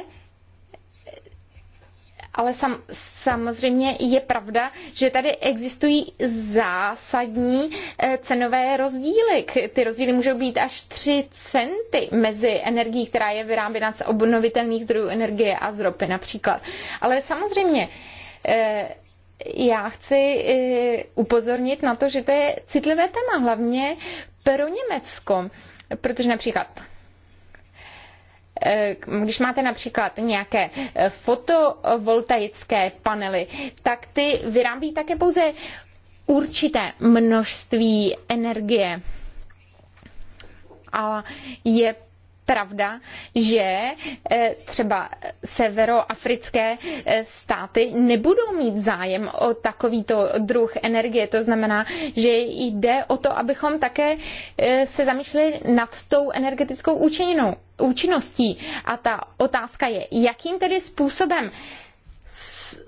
ale sam, samozřejmě je pravda, že tady existují zásadní eh, cenové rozdíly. Ty rozdíly můžou být až 3 centy mezi energií, která je vyráběna z obnovitelných zdrojů energie a z ropy například. Ale samozřejmě eh, já chci eh, upozornit na to, že to je citlivé téma, hlavně pro Německo, protože například Eh, když máte například nějaké eh, fotovoltaické panely, tak ty vyrábí také pouze určité množství energie. A je pravda, že eh, třeba severoafrické eh, státy nebudou mít zájem o takovýto druh energie. To znamená, že jde o to, abychom také eh, se zamýšleli nad tou energetickou účinnou účinností. A ta otázka je, jakým tedy způsobem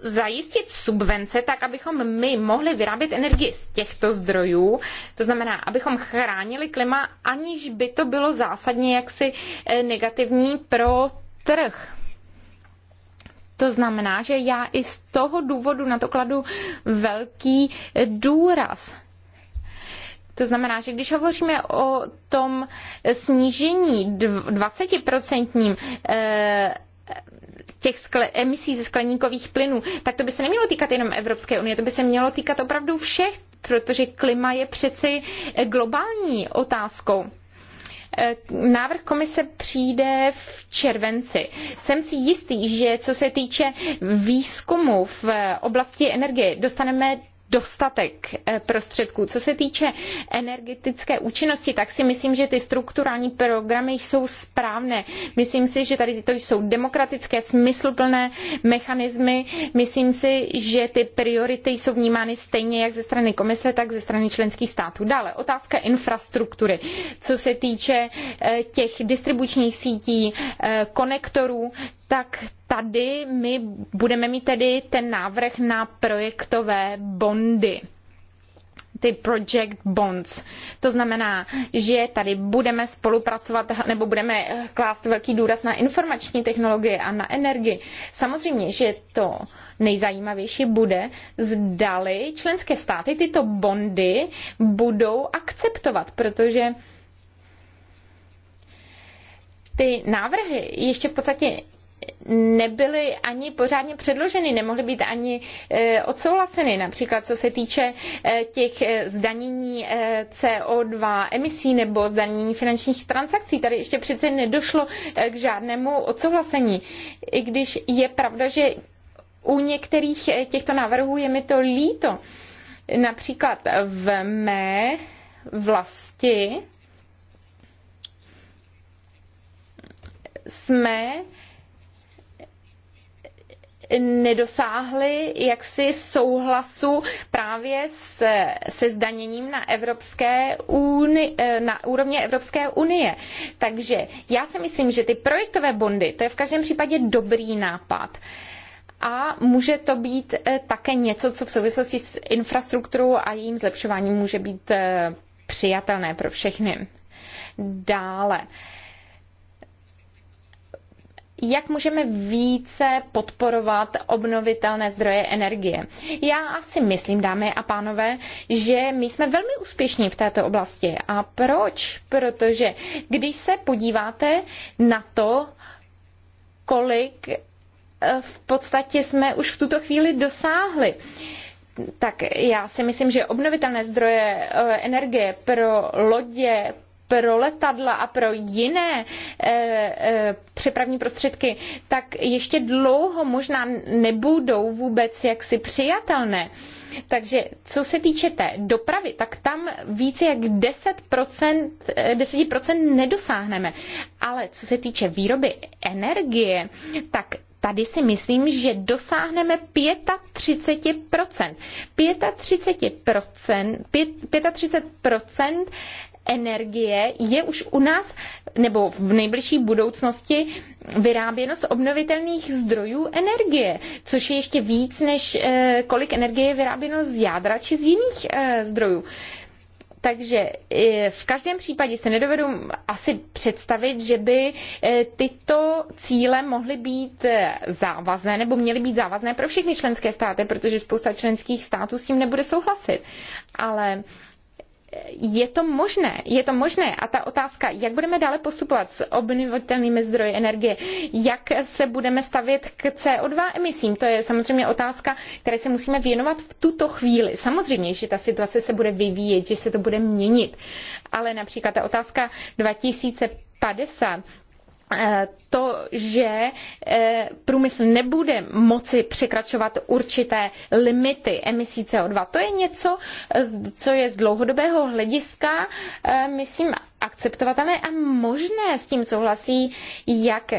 zajistit subvence tak, abychom my mohli vyrábět energii z těchto zdrojů, to znamená, abychom chránili klima, aniž by to bylo zásadně jaksi eh, negativní pro trh. To znamená, že já i z toho důvodu na to kladu velký eh, důraz. To znamená, že když hovoříme o tom snížení 20% těch skle, emisí ze skleníkových plynů, tak to by se nemělo týkat jenom Evropské unie, to by se mělo týkat opravdu všech, protože klima je přeci eh, globální otázkou. Eh, návrh komise přijde v červenci. Jsem si jistý, že co se týče výzkumu v oblasti energie, dostaneme dostatek eh, prostředků. Co se týče energetické účinnosti, tak si myslím, že ty strukturální programy jsou správné. Myslím si, že tady to jsou demokratické, smysluplné mechanismy. Myslím si, že ty priority jsou vnímány stejně jak ze strany komise, tak ze strany členských států. Dále otázka infrastruktury. Co se týče eh, těch distribučních sítí, eh, konektorů, tak tady my budeme mít tedy ten návrh na projektové bondy ty project bonds. To znamená, že tady budeme spolupracovat nebo budeme klást velký důraz na informační technologie a na energii. Samozřejmě, že to nejzajímavější bude, zdali členské státy tyto bondy budou akceptovat, protože ty návrhy ještě v podstatě nebyly ani pořádně předloženy, nemohly být ani e, odsouhlaseny, například co se týče e, těch e, zdanění CO2 emisí nebo zdanění finančních transakcí. Tady ještě přece nedošlo k žádnému odsouhlasení. I když je pravda, že u některých těchto návrhů je mi to líto. Například v mé vlasti jsme nedosáhly jaksi souhlasu právě s, se zdaněním na, Evropské uni, eh, na úrovně Evropské unie. Takže já si myslím, že ty projektové bondy, to je v každém případě dobrý nápad a může to být eh, také něco, co v souvislosti s infrastrukturou a jejím zlepšováním může být eh, přijatelné pro všechny. Dále jak můžeme více podporovat obnovitelné zdroje energie. Já asi myslím, dámy a pánové, že my jsme velmi úspěšní v této oblasti. A proč? Protože když se podíváte na to, kolik eh, v podstatě jsme už v tuto chvíli dosáhli. Tak já si myslím, že obnovitelné zdroje eh, energie pro lodě, pro letadla a pro jiné e, e, přepravní prostředky, tak ještě dlouho možná nebudou vůbec jaksi přijatelné. Takže co se týče té dopravy, tak tam více jak 10%, 10% eh, nedosáhneme. Ale co se týče výroby energie, tak tady si myslím, že dosáhneme 35%. 35%, 35% energie je už u nás nebo v nejbližší budoucnosti vyráběno z obnovitelných zdrojů energie, což je ještě víc, než eh, kolik energie je vyráběno z jádra či z jiných eh, zdrojů. Takže eh, v každém případě se nedovedu asi představit, že by tyto cíle mohly být závazné nebo měly být závazné pro všechny členské státy, protože spousta členských států s tím nebude souhlasit. Ale je to možné, je to možné. A ta otázka, jak budeme dále postupovat s obnovitelnými zdroji energie, jak se budeme stavět k CO2 emisím, to je samozřejmě otázka, které se musíme věnovat v tuto chvíli. Samozřejmě, že ta situace se bude vyvíjet, že se to bude měnit. Ale například ta otázka 2050, Eh, to, že eh, průmysl nebude moci překračovat určité limity emisí CO2. To je něco, co je z dlouhodobého hlediska, eh, myslím, akceptovatelné a možné. S tím souhlasí jak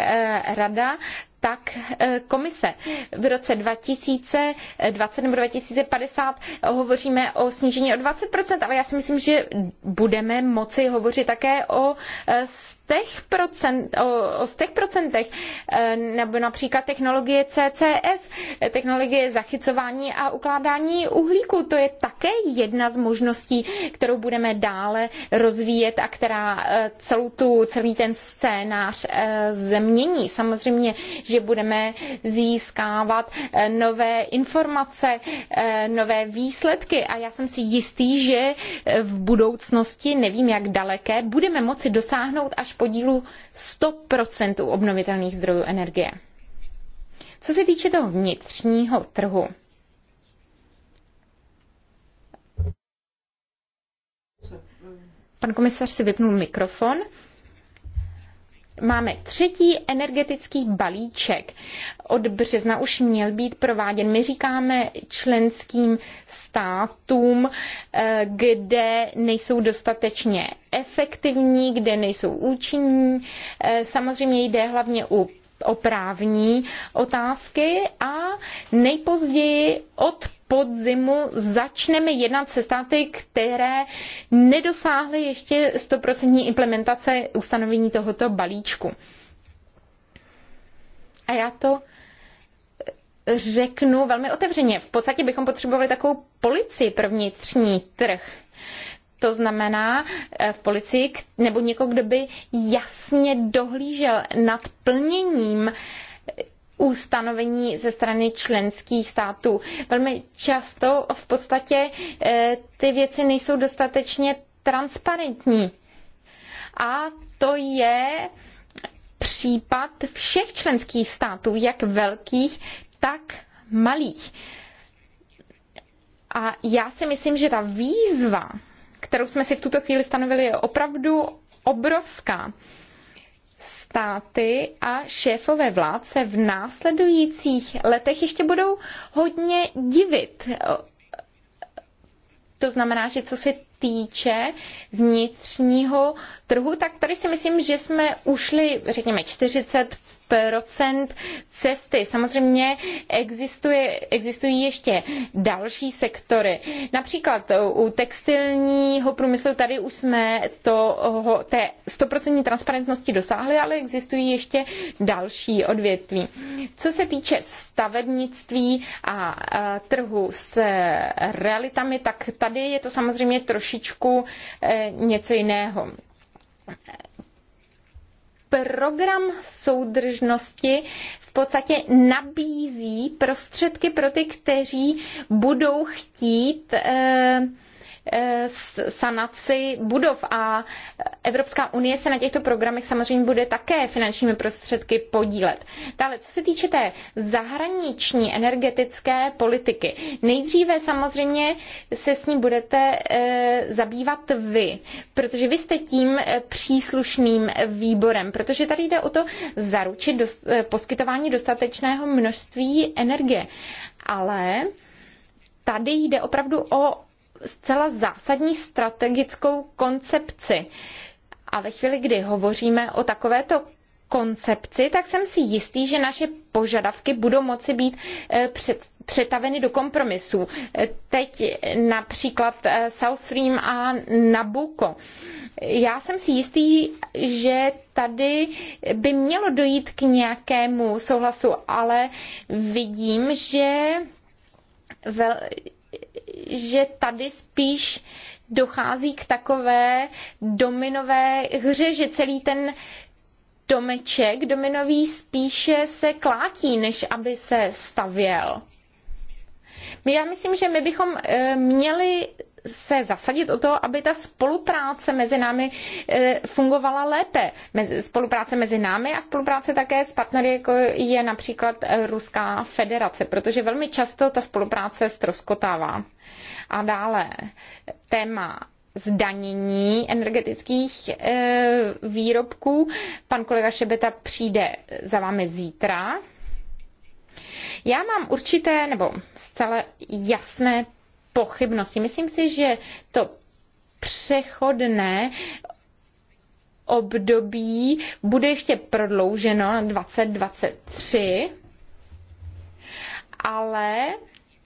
rada, tak komise. V roce 2020 nebo 2050 hovoříme o snížení o 20%, ale já si myslím, že budeme moci hovořit také o stech procent, o, o stech procentech, e, nebo například technologie CCS, e, technologie zachycování a ukládání uhlíku. To je také jedna z možností, kterou budeme dále rozvíjet a která e, celou tu, celý ten scénář změní. Samozřejmě, že budeme získávat nové informace, nové výsledky a já jsem si jistý, že v budoucnosti, nevím jak daleké, budeme moci dosáhnout až podílu 100% obnovitelných zdrojů energie. Co se týče toho vnitřního trhu, Pan komisař si vypnul mikrofon. Máme třetí energetický balíček. Od března už měl být prováděn. My říkáme členským státům, eh, kde nejsou dostatečně efektivní, kde nejsou účinní. Eh, samozřejmě jde hlavně u o právní otázky a nejpozději od podzimu začneme jednat se státy, které nedosáhly ještě 100% implementace ustanovení tohoto balíčku. A já to eh, řeknu velmi otevřeně. V podstatě bychom potřebovali takovou policii pro vnitřní trh to znamená eh, v policii nebo někoho, kdo by jasně dohlížel nad plněním eh, ustanovení ze strany členských států. Velmi často v podstatě eh, ty věci nejsou dostatečně transparentní. A to je případ všech členských států, jak velkých, tak malých. A já si myslím, že ta výzva, kterou jsme si v tuto chvíli stanovili, je opravdu obrovská. Státy a šéfové vlád se v následujících letech ještě budou hodně divit. To znamená, že co se týče vnitřního trhu, tak tady si myslím, že jsme ušli, řekněme, 40 cesty. Samozřejmě existuje, existují ještě další sektory. Například u textilního průmyslu tady už jsme toho, té stoprocentní transparentnosti dosáhli, ale existují ještě další odvětví. Co se týče stavebnictví a trhu s realitami, tak tady je to samozřejmě trošičku eh, něco jiného program soudržnosti v podstatě nabízí prostředky pro ty, kteří budou chtít eh, Eh, sanaci budov a Evropská unie se na těchto programech samozřejmě bude také finančními prostředky podílet. Dále, co se týče té zahraniční energetické politiky, nejdříve samozřejmě se s ní budete eh, zabývat vy, protože vy jste tím eh, příslušným výborem, protože tady jde o to zaručit dost, poskytování dostatečného množství energie. Ale tady jde opravdu o zcela zásadní strategickou koncepci. A ve chvíli, kdy hovoříme o takovéto koncepci, tak jsem si jistý, že naše požadavky budou moci být eh, před, přetaveny do kompromisů. Eh, teď například eh, South Stream a Nabucco. Já jsem si jistý, že tady by mělo dojít k nějakému souhlasu, ale vidím, že vel, že tady spíš dochází k takové dominové hře, že celý ten domeček dominový spíše se klátí, než aby se stavěl. Já myslím, že my bychom eh, měli se zasadit o to, aby ta spolupráce mezi námi e, fungovala lépe. Spolupráce mezi námi a spolupráce také s partnery, jako je například e, Ruská federace, protože velmi často ta spolupráce stroskotává. A dále téma zdanění energetických e, výrobků. Pan kolega Šebeta přijde za vámi zítra. Já mám určité nebo zcela jasné pochybnosti. Myslím si, že to přechodné období bude ještě prodlouženo na 2023, ale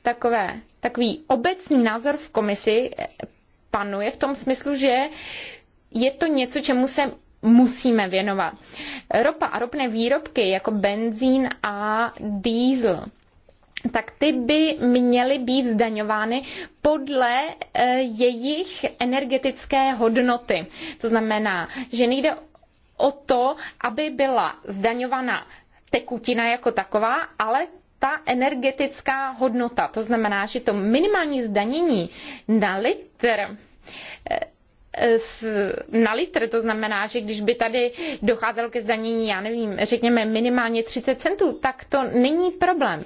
takové, takový obecný názor v komisi panuje v tom smyslu, že je to něco, čemu se musíme věnovat. Ropa a ropné výrobky jako benzín a diesel tak ty by měly být zdaňovány podle eh, jejich energetické hodnoty. To znamená, že nejde o to, aby byla zdaňovaná tekutina jako taková, ale ta energetická hodnota. To znamená, že to minimální zdanění na litr eh, eh, na litr, to znamená, že když by tady docházelo ke zdanění, já nevím, řekněme minimálně 30 centů, tak to není problém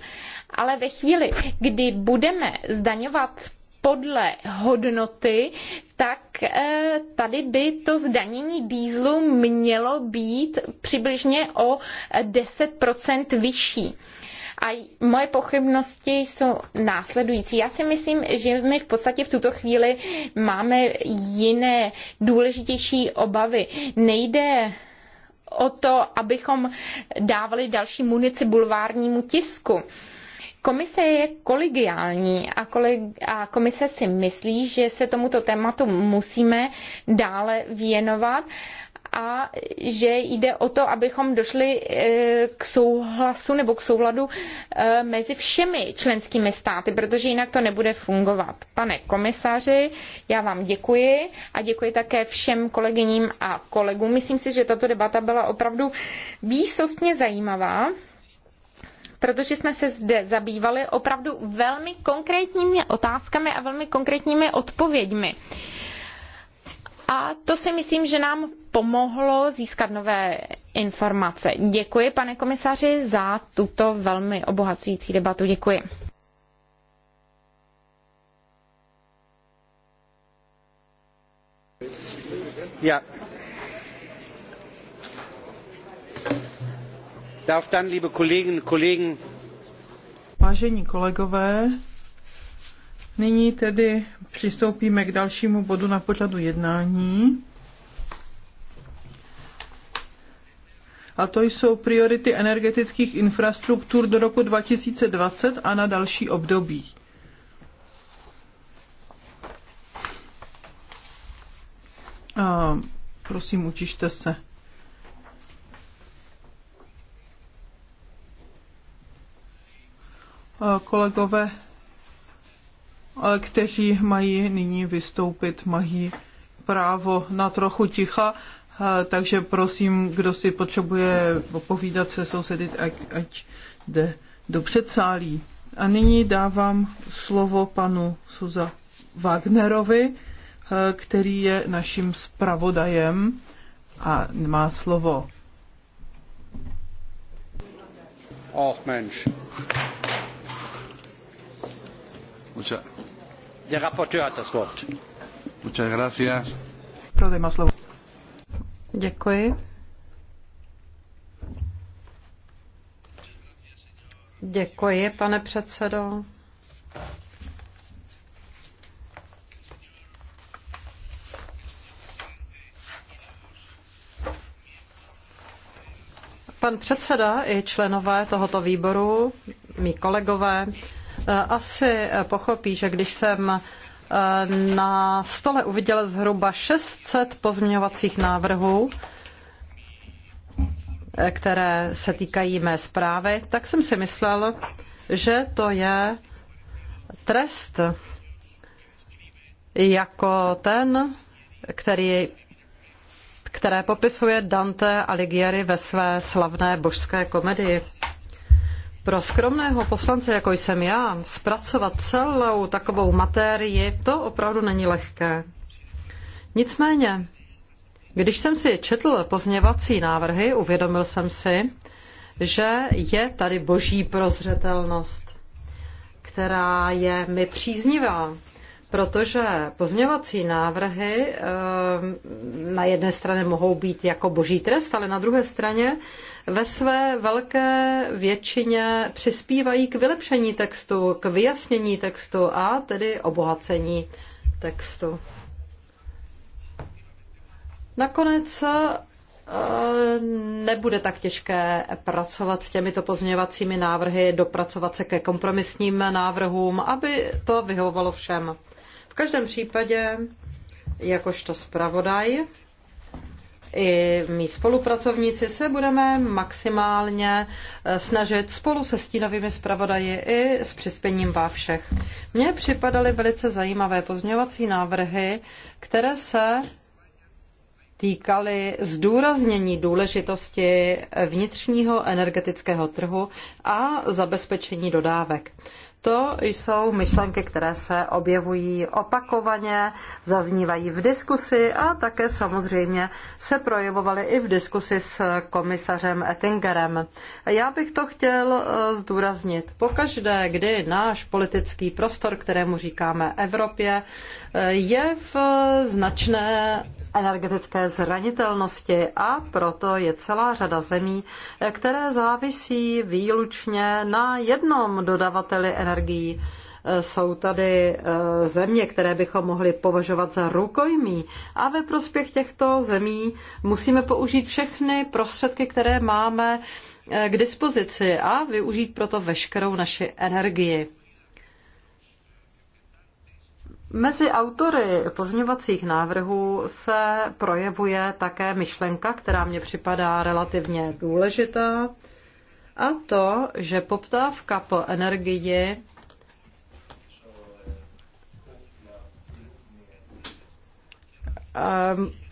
ale ve chvíli, kdy budeme zdaňovat podle hodnoty, tak eh, tady by to zdanění dýzlu mělo být přibližně o 10% vyšší. A moje pochybnosti jsou následující. Já si myslím, že my v podstatě v tuto chvíli máme jiné důležitější obavy. Nejde o to, abychom dávali další munici bulvárnímu tisku. Komise je kolegiální a, koleg, a komise si myslí, že se tomuto tématu musíme dále věnovat a že jde o to, abychom došli e, k souhlasu nebo k souladu e, mezi všemi členskými státy, protože jinak to nebude fungovat. Pane komisaři, já vám děkuji a děkuji také všem kolegyním a kolegům. Myslím si, že tato debata byla opravdu výsostně zajímavá protože jsme se zde zabývali opravdu velmi konkrétními otázkami a velmi konkrétními odpověďmi. A to si myslím, že nám pomohlo získat nové informace. Děkuji, pane komisaři, za tuto velmi obohacující debatu. Děkuji. Yeah. Vážení kolegové, nyní tedy přistoupíme k dalšímu bodu na pořadu jednání. A to jsou priority energetických infrastruktur do roku 2020 a na další období. A prosím, učište se. kolegové, kteří mají nyní vystoupit, mají právo na trochu ticha, takže prosím, kdo si potřebuje opovídat, se sousedy, ať, ať jde do předsálí. A nyní dávám slovo panu Suza Wagnerovi, který je naším zpravodajem a má slovo. Ach, Mensch. Děkuji. Děkuji, pane předsedo. Pan předseda i členové tohoto výboru, mý kolegové, Eh, asi pochopí, že když jsem eh, na stole uviděla zhruba 600 pozměňovacích návrhů, eh, které se týkají mé zprávy, tak jsem si myslel, že to je trest jako ten, který, které popisuje Dante Alighieri ve své slavné božské komedii pro skromného poslance, jako jsem já, zpracovat celou takovou matérii, to opravdu není lehké. Nicméně, když jsem si četl pozněvací návrhy, uvědomil jsem si, že je tady boží prozřetelnost, která je mi příznivá protože pozměvací návrhy eh, na jedné straně mohou být jako boží trest, ale na druhé straně ve své velké většině přispívají k vylepšení textu, k vyjasnění textu a tedy obohacení textu. Nakonec eh, nebude tak těžké pracovat s těmito pozměňovacími návrhy, dopracovat se ke kompromisním návrhům, aby to vyhovovalo všem. V každém případě, jakožto zpravodaj, i my spolupracovníci se budeme maximálně eh, snažit spolu se stínovými zpravodaji i s přispěním vás všech. Mně připadaly velice zajímavé pozměňovací návrhy, které se týkaly zdůraznění důležitosti vnitřního energetického trhu a zabezpečení dodávek. To jsou myšlenky, které se objevují opakovaně, zaznívají v diskusi a také samozřejmě se projevovaly i v diskusi s komisařem Ettingerem. Já bych to chtěl eh, zdůraznit. Pokaždé, kdy náš politický prostor, kterému říkáme Evropě, eh, je v eh, značné energetické zranitelnosti a proto je celá řada zemí, které závisí výlučně na jednom dodavateli energií. Jsou tady eh, země, které bychom mohli považovat za rukojmí a ve prospěch těchto zemí musíme použít všechny prostředky, které máme eh, k dispozici a využít proto veškerou naši energii. Mezi autory pozměňovacích návrhů se projevuje také myšlenka, která mě připadá relativně důležitá, a to, že poptávka po energii ehm,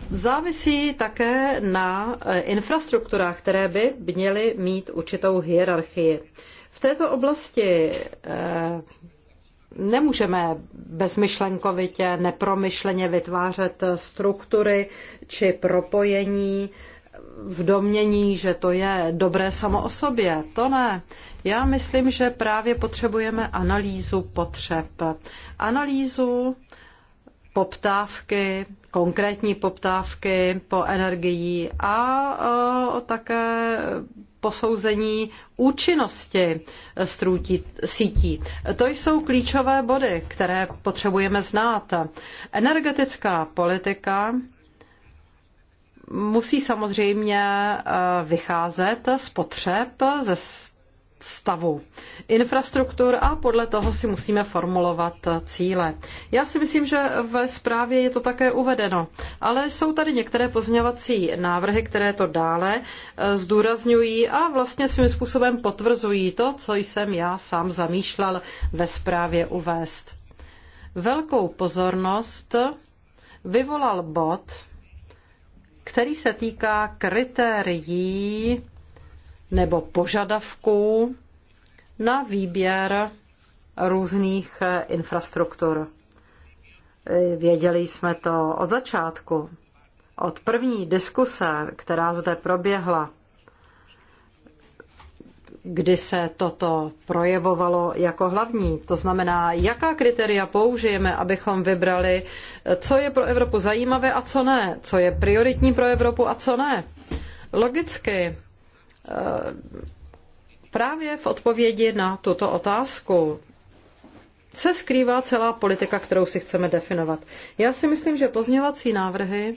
závisí také na e, infrastrukturách, které by měly mít určitou hierarchii. V této oblasti e, nemůžeme bezmyšlenkovitě, nepromyšleně vytvářet struktury či propojení v domění, že to je dobré samo o sobě. To ne. Já myslím, že právě potřebujeme analýzu potřeb. Analýzu poptávky, konkrétní poptávky po energii a e, také posouzení účinnosti eh, strůtí, sítí. To jsou klíčové body, které potřebujeme znát. Energetická politika musí samozřejmě eh, vycházet z potřeb, ze stavu infrastruktur a podle toho si musíme formulovat cíle. Já si myslím, že ve zprávě je to také uvedeno, ale jsou tady některé pozměňovací návrhy, které to dále eh, zdůrazňují a vlastně svým způsobem potvrzují to, co jsem já sám zamýšlel ve zprávě uvést. Velkou pozornost vyvolal bod, který se týká kritérií nebo požadavků na výběr různých eh, infrastruktur. Eh, věděli jsme to od začátku, od první diskuse, která zde proběhla, kdy se toto projevovalo jako hlavní. To znamená, jaká kritéria použijeme, abychom vybrali, eh, co je pro Evropu zajímavé a co ne, co je prioritní pro Evropu a co ne. Logicky Eh, právě v odpovědi na tuto otázku se skrývá celá politika, kterou si chceme definovat. Já si myslím, že pozněvací návrhy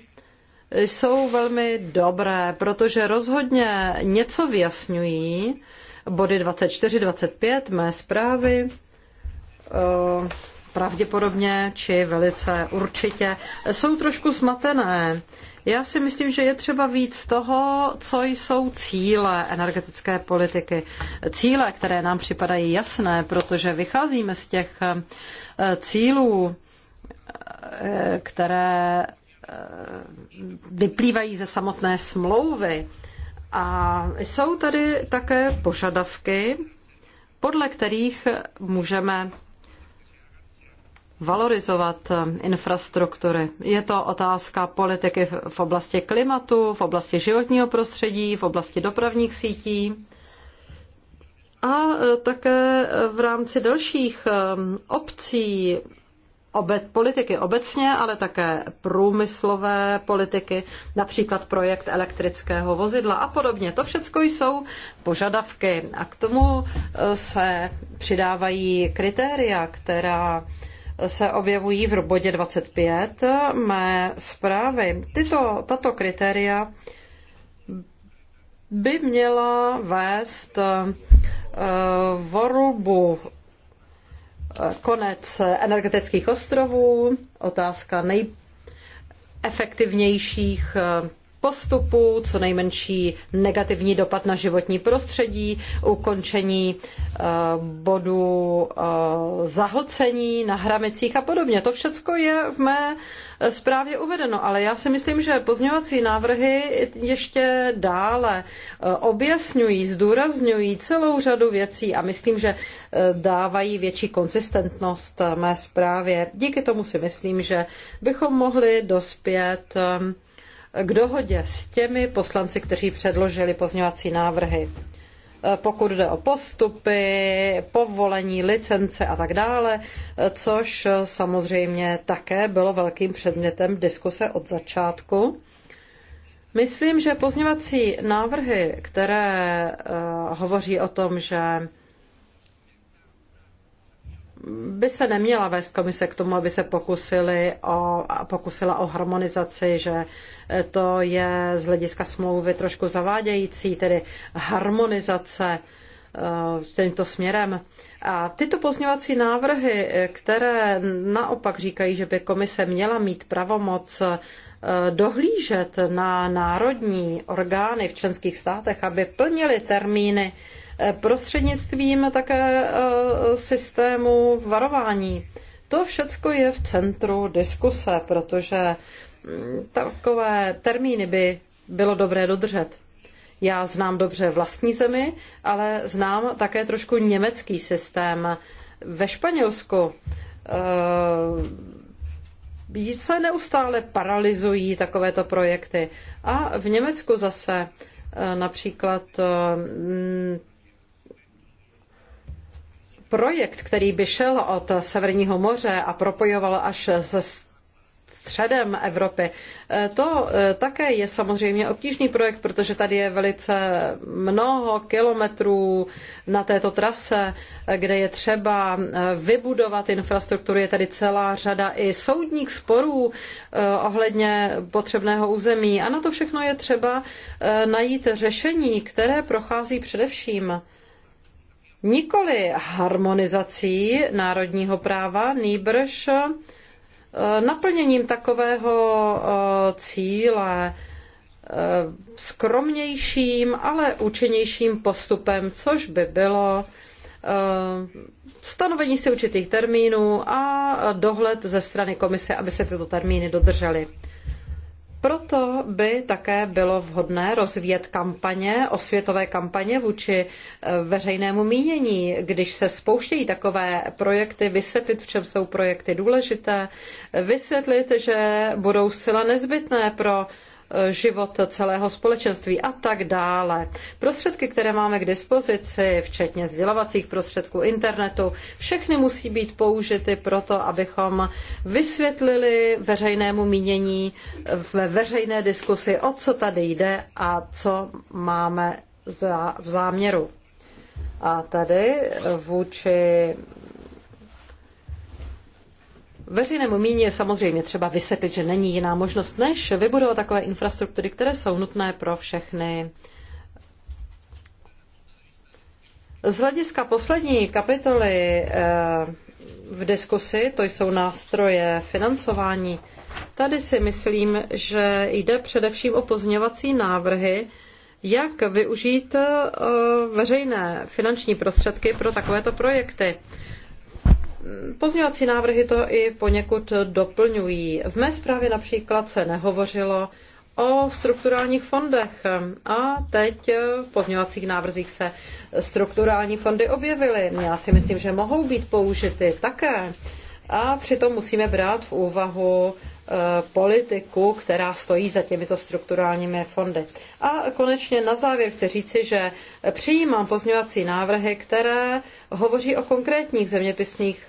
jsou velmi dobré, protože rozhodně něco vyjasňují. Body 24, 25 mé zprávy eh, pravděpodobně či velice určitě jsou trošku smatené. Já si myslím, že je třeba víc toho, co jsou cíle energetické politiky. Cíle, které nám připadají jasné, protože vycházíme z těch eh, cílů, eh, které eh, vyplývají ze samotné smlouvy. A jsou tady také požadavky, podle kterých můžeme valorizovat eh, infrastruktury. Je to otázka politiky v oblasti klimatu, v oblasti životního prostředí, v oblasti dopravních sítí a eh, také v rámci dalších eh, obcí obec, politiky obecně, ale také průmyslové politiky, například projekt elektrického vozidla a podobně. To všechno jsou požadavky a k tomu se přidávají kritéria, která se objevují v bodě 25 mé zprávy. Tyto, tato kritéria by měla vést uh, eh, volbu eh, konec energetických ostrovů, otázka nejefektivnějších eh, postupů, co nejmenší negativní dopad na životní prostředí, ukončení eh, bodu eh, zahlcení na hramicích a podobně. To všechno je v mé eh, zprávě uvedeno, ale já si myslím, že pozměvací návrhy ještě dále objasňují, zdůrazňují celou řadu věcí a myslím, že dávají větší konzistentnost mé zprávě. Díky tomu si myslím, že bychom mohli dospět k dohodě s těmi poslanci, kteří předložili pozňovací návrhy. E, pokud jde o postupy, povolení, licence a tak dále, e, což samozřejmě také bylo velkým předmětem diskuse od začátku. Myslím, že pozněvací návrhy, které e, hovoří o tom, že by se neměla vést komise k tomu, aby se pokusili o, pokusila o harmonizaci, že to je z hlediska smlouvy trošku zavádějící, tedy harmonizace eh, tímto směrem. A tyto pozněvací návrhy, které naopak říkají, že by komise měla mít pravomoc eh, dohlížet na národní orgány v členských státech, aby plnili termíny Eh, prostřednictvím také eh, systému varování. To všecko je v centru diskuse, protože mm, takové termíny by bylo dobré dodržet. Já znám dobře vlastní zemi, ale znám také trošku německý systém. Ve Španělsku eh, se neustále paralizují takovéto projekty. A v Německu zase například projekt, který by šel od Severního moře a propojoval až se středem Evropy. E, to e, také je samozřejmě obtížný projekt, protože tady je velice mnoho kilometrů na této trase, e, kde je třeba vybudovat infrastrukturu. Je tady celá řada i soudních sporů ohledně potřebného území a na to všechno je třeba najít řešení, které prochází především nikoli harmonizací národního práva, nýbrž eh, naplněním takového eh, cíle eh, skromnějším, ale účinnějším postupem, což by bylo stanovení si určitých termínů a dohled ze strany komise, aby se tyto termíny dodržely. Proto by také bylo vhodné rozvíjet kampaně, osvětové kampaně vůči eh, veřejnému mínění, když se spouštějí takové projekty, vysvětlit, v čem jsou projekty důležité, vysvětlit, že budou zcela nezbytné pro život celého společenství a tak dále. Prostředky, které máme k dispozici, včetně sdělovacích prostředků internetu, všechny musí být použity proto, abychom vysvětlili veřejnému mínění ve veřejné diskusi, o co tady jde a co máme za, v záměru. A tady vůči veřejnému míně samozřejmě třeba vysvětlit, že není jiná možnost, než vybudovat takové infrastruktury, které jsou nutné pro všechny. Z hlediska poslední kapitoly eh, v diskusi, to jsou nástroje financování, tady si myslím, že jde především o pozměňovací návrhy, jak využít eh, veřejné finanční prostředky pro takovéto projekty. Pozměňovací návrhy to i poněkud doplňují. V mé zprávě například se nehovořilo o strukturálních fondech a teď v pozměňovacích návrzích se strukturální fondy objevily. Já si myslím, že mohou být použity také. A přitom musíme brát v úvahu Eh, politiku, která stojí za těmito strukturálními fondy. A konečně na závěr chci říci, že přijímám pozměňovací návrhy, které hovoří o konkrétních zeměpisných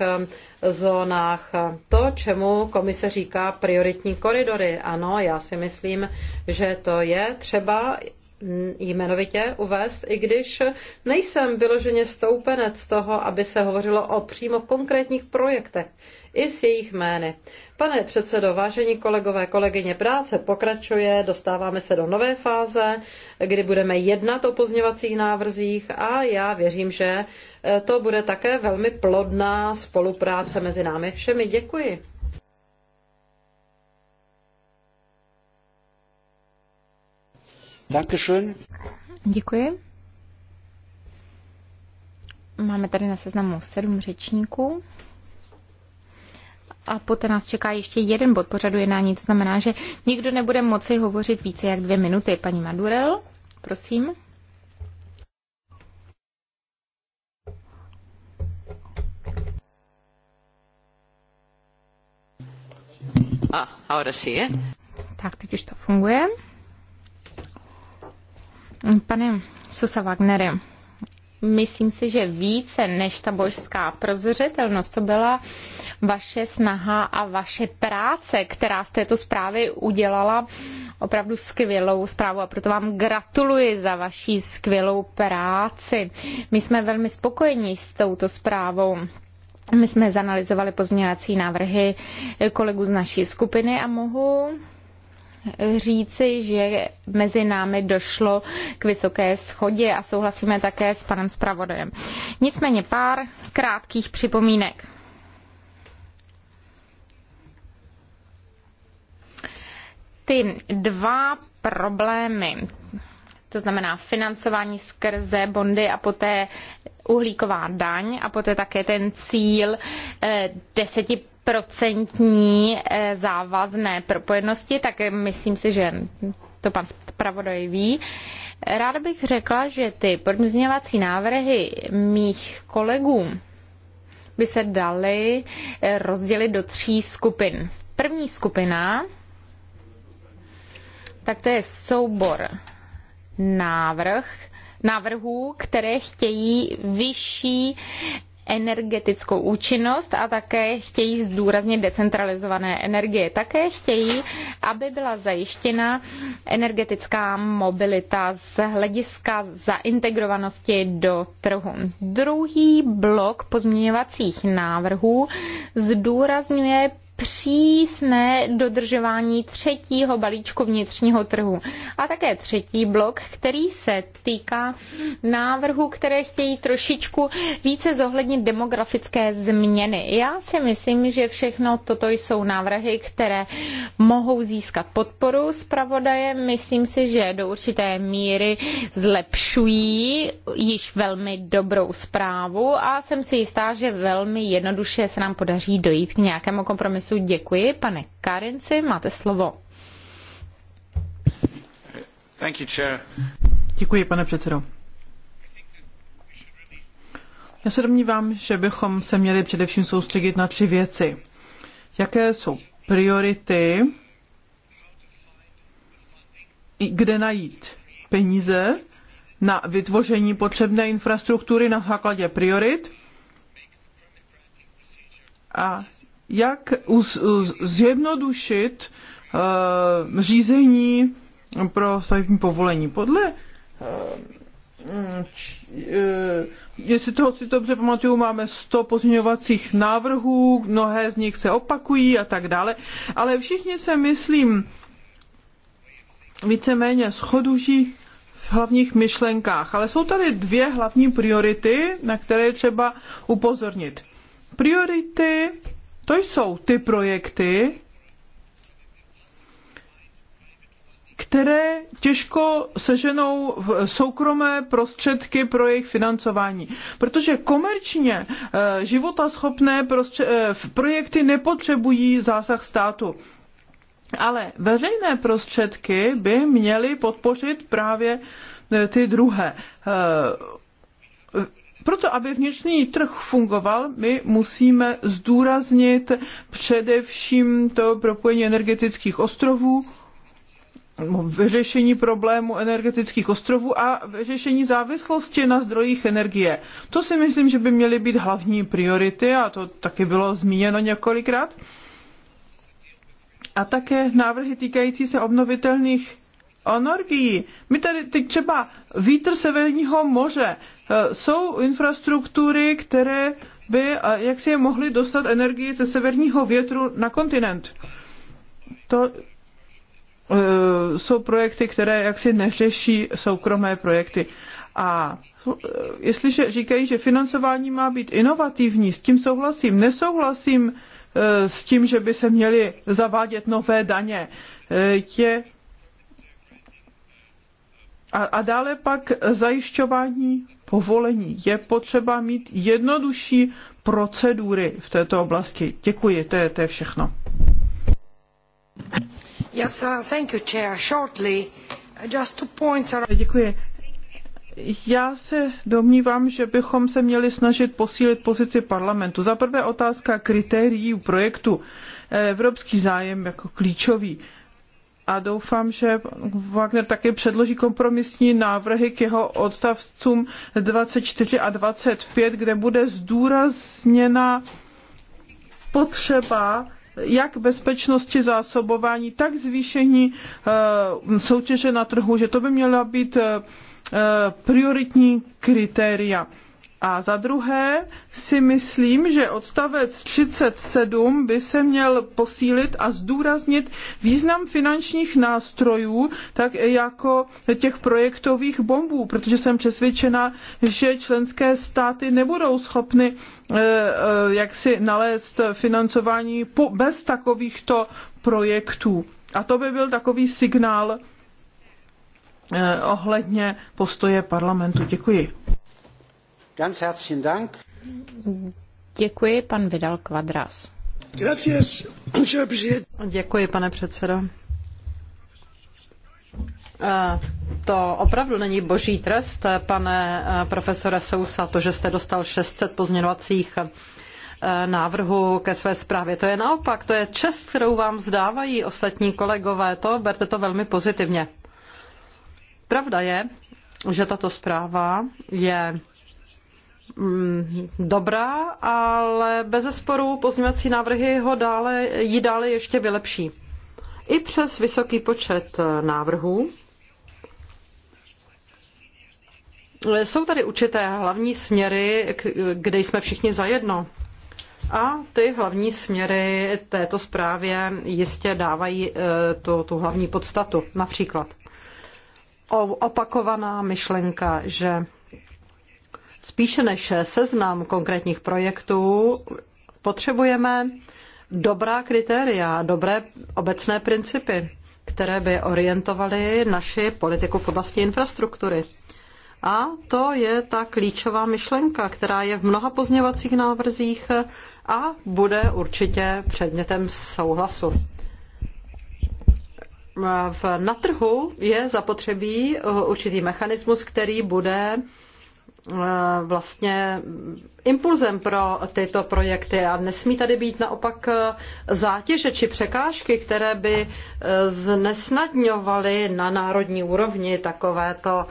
eh, zónách. To, čemu komise říká prioritní koridory. Ano, já si myslím, že to je třeba Mm, jmenovitě uvést, i když nejsem vyloženě stoupenec toho, aby se hovořilo o přímo konkrétních projektech i s jejich jmény. Pane předsedo, vážení kolegové, kolegyně, práce pokračuje, dostáváme se do nové fáze, kdy budeme jednat o pozněvacích návrzích a já věřím, že eh, to bude také velmi plodná spolupráce mezi námi všemi. Děkuji. Dankeschön. Děkuji. Máme tady na seznamu sedm řečníků. A poté nás čeká ještě jeden bod pořadu jednání, to znamená, že nikdo nebude moci hovořit více jak dvě minuty. Paní Madurel, prosím. Ah, ahora sí, eh? Tak, teď už to funguje. Pane Susa Wagnery, myslím si, že více než ta božská prozřetelnost, to byla vaše snaha a vaše práce, která z této zprávy udělala opravdu skvělou zprávu a proto vám gratuluji za vaší skvělou práci. My jsme velmi spokojení s touto zprávou. My jsme zanalizovali pozměňovací návrhy kolegů z naší skupiny a mohu říci, že mezi námi došlo k vysoké schodě a souhlasíme také s panem zpravodajem. Nicméně pár krátkých připomínek. Ty dva problémy, to znamená financování skrze bondy a poté uhlíková daň a poté také ten cíl eh, procentní eh, závazné propojenosti, tak myslím si, že to pan zpravodaj ví. Ráda bych řekla, že ty podmizňovací návrhy mých kolegů by se daly eh, rozdělit do tří skupin. První skupina, tak to je soubor návrh, návrhů, které chtějí vyšší energetickou účinnost a také chtějí zdůraznit decentralizované energie. Také chtějí, aby byla zajištěna energetická mobilita z hlediska zaintegrovanosti do trhu. Druhý blok pozměňovacích návrhů zdůrazňuje přísné dodržování třetího balíčku vnitřního trhu. A také třetí blok, který se týká návrhu, které chtějí trošičku více zohlednit demografické změny. Já si myslím, že všechno toto jsou návrhy, které mohou získat podporu pravodaje. Myslím si, že do určité míry zlepšují již velmi dobrou zprávu a jsem si jistá, že velmi jednoduše se nám podaří dojít k nějakému kompromisu kompromisu. Děkuji. Pane Karenci, máte slovo. Thank you, chair. Děkuji, pane předsedo. Já se domnívám, že bychom se měli především soustředit na tři věci. Jaké jsou priority, kde najít peníze na vytvoření potřebné infrastruktury na základě priorit a jak zjednodušit eh, řízení pro stavební povolení. Podle eh, eh, jestli toho si dobře pamatuju, máme 100 pozměňovacích návrhů, mnohé z nich se opakují a tak dále, ale všichni se, myslím, víceméně shodují v hlavních myšlenkách. Ale jsou tady dvě hlavní priority, na které je třeba upozornit. Priority to jsou ty projekty, které těžko seženou v soukromé prostředky pro jejich financování. Protože komerčně eh, životaschopné eh, projekty nepotřebují zásah státu. Ale veřejné prostředky by měly podpořit právě eh, ty druhé. Proto, aby vnitřní trh fungoval, my musíme zdůraznit především to propojení energetických ostrovů, vyřešení problému energetických ostrovů a vyřešení závislosti na zdrojích energie. To si myslím, že by měly být hlavní priority a to taky bylo zmíněno několikrát. A také návrhy týkající se obnovitelných energií. My tady teď třeba vítr severního moře. Eh, jsou infrastruktury, které by a jak si je mohly dostat energii ze severního větru na kontinent. To eh, jsou projekty, které jaksi neřeší soukromé projekty. A eh, jestliže říkají, že financování má být inovativní, s tím souhlasím. Nesouhlasím s tím, že by se měly zavádět nové daně. Je a, a dále pak zajišťování povolení. Je potřeba mít jednodušší procedury v této oblasti. Děkuji, to je, to je všechno. Yes, uh, thank you, Chair. Shortly, uh, just two points are... Děkuji. Já se domnívám, že bychom se měli snažit posílit pozici parlamentu. Za prvé otázka kritérií projektu. Eh, evropský zájem jako klíčový a doufám, že Wagner také předloží kompromisní návrhy k jeho odstavcům 24 a 25, kde bude zdůrazněna potřeba jak bezpečnosti zásobování, tak zvýšení eh, soutěže na trhu, že to by měla být eh, eh, prioritní kritéria. A za druhé si myslím, že odstavec 37 by se měl posílit a zdůraznit význam finančních nástrojů, tak jako těch projektových bombů, protože jsem přesvědčena, že členské státy nebudou schopny eh, eh, jak si nalézt financování bez takovýchto projektů. A to by byl takový signál eh, ohledně postoje parlamentu. Děkuji. Ganz herzlichen Dank. Děkuji, pan Vidal Quadras. Gracias, Děkuji, pane předsedo. Eh, to opravdu není boží trest, eh, pane eh, profesore Sousa, to, že jste dostal 600 pozměňovacích návrhu ke své zprávě. To je naopak, to je čest, kterou vám zdávají ostatní kolegové, to berte to velmi pozitivně. Pravda je, že tato zpráva je Mm, dobrá, ale bez zesporu pozměňovací návrhy ho dále, ji dále ještě vylepší. I přes vysoký počet návrhů jsou tady určité hlavní směry, kde jsme všichni zajedno. A ty hlavní směry této zprávě jistě dávají eh, tu, tu hlavní podstatu. Například opakovaná myšlenka, že spíše než seznam konkrétních projektů potřebujeme dobrá kritéria, dobré obecné principy, které by orientovaly naši politiku v oblasti infrastruktury. A to je ta klíčová myšlenka, která je v mnoha pozněvacích návrzích a bude určitě předmětem souhlasu. Na trhu je zapotřebí určitý mechanismus, který bude Eh, vlastně impulzem pro tyto projekty a nesmí tady být naopak eh, zátěže či překážky, které by eh, znesnadňovaly na národní úrovni takovéto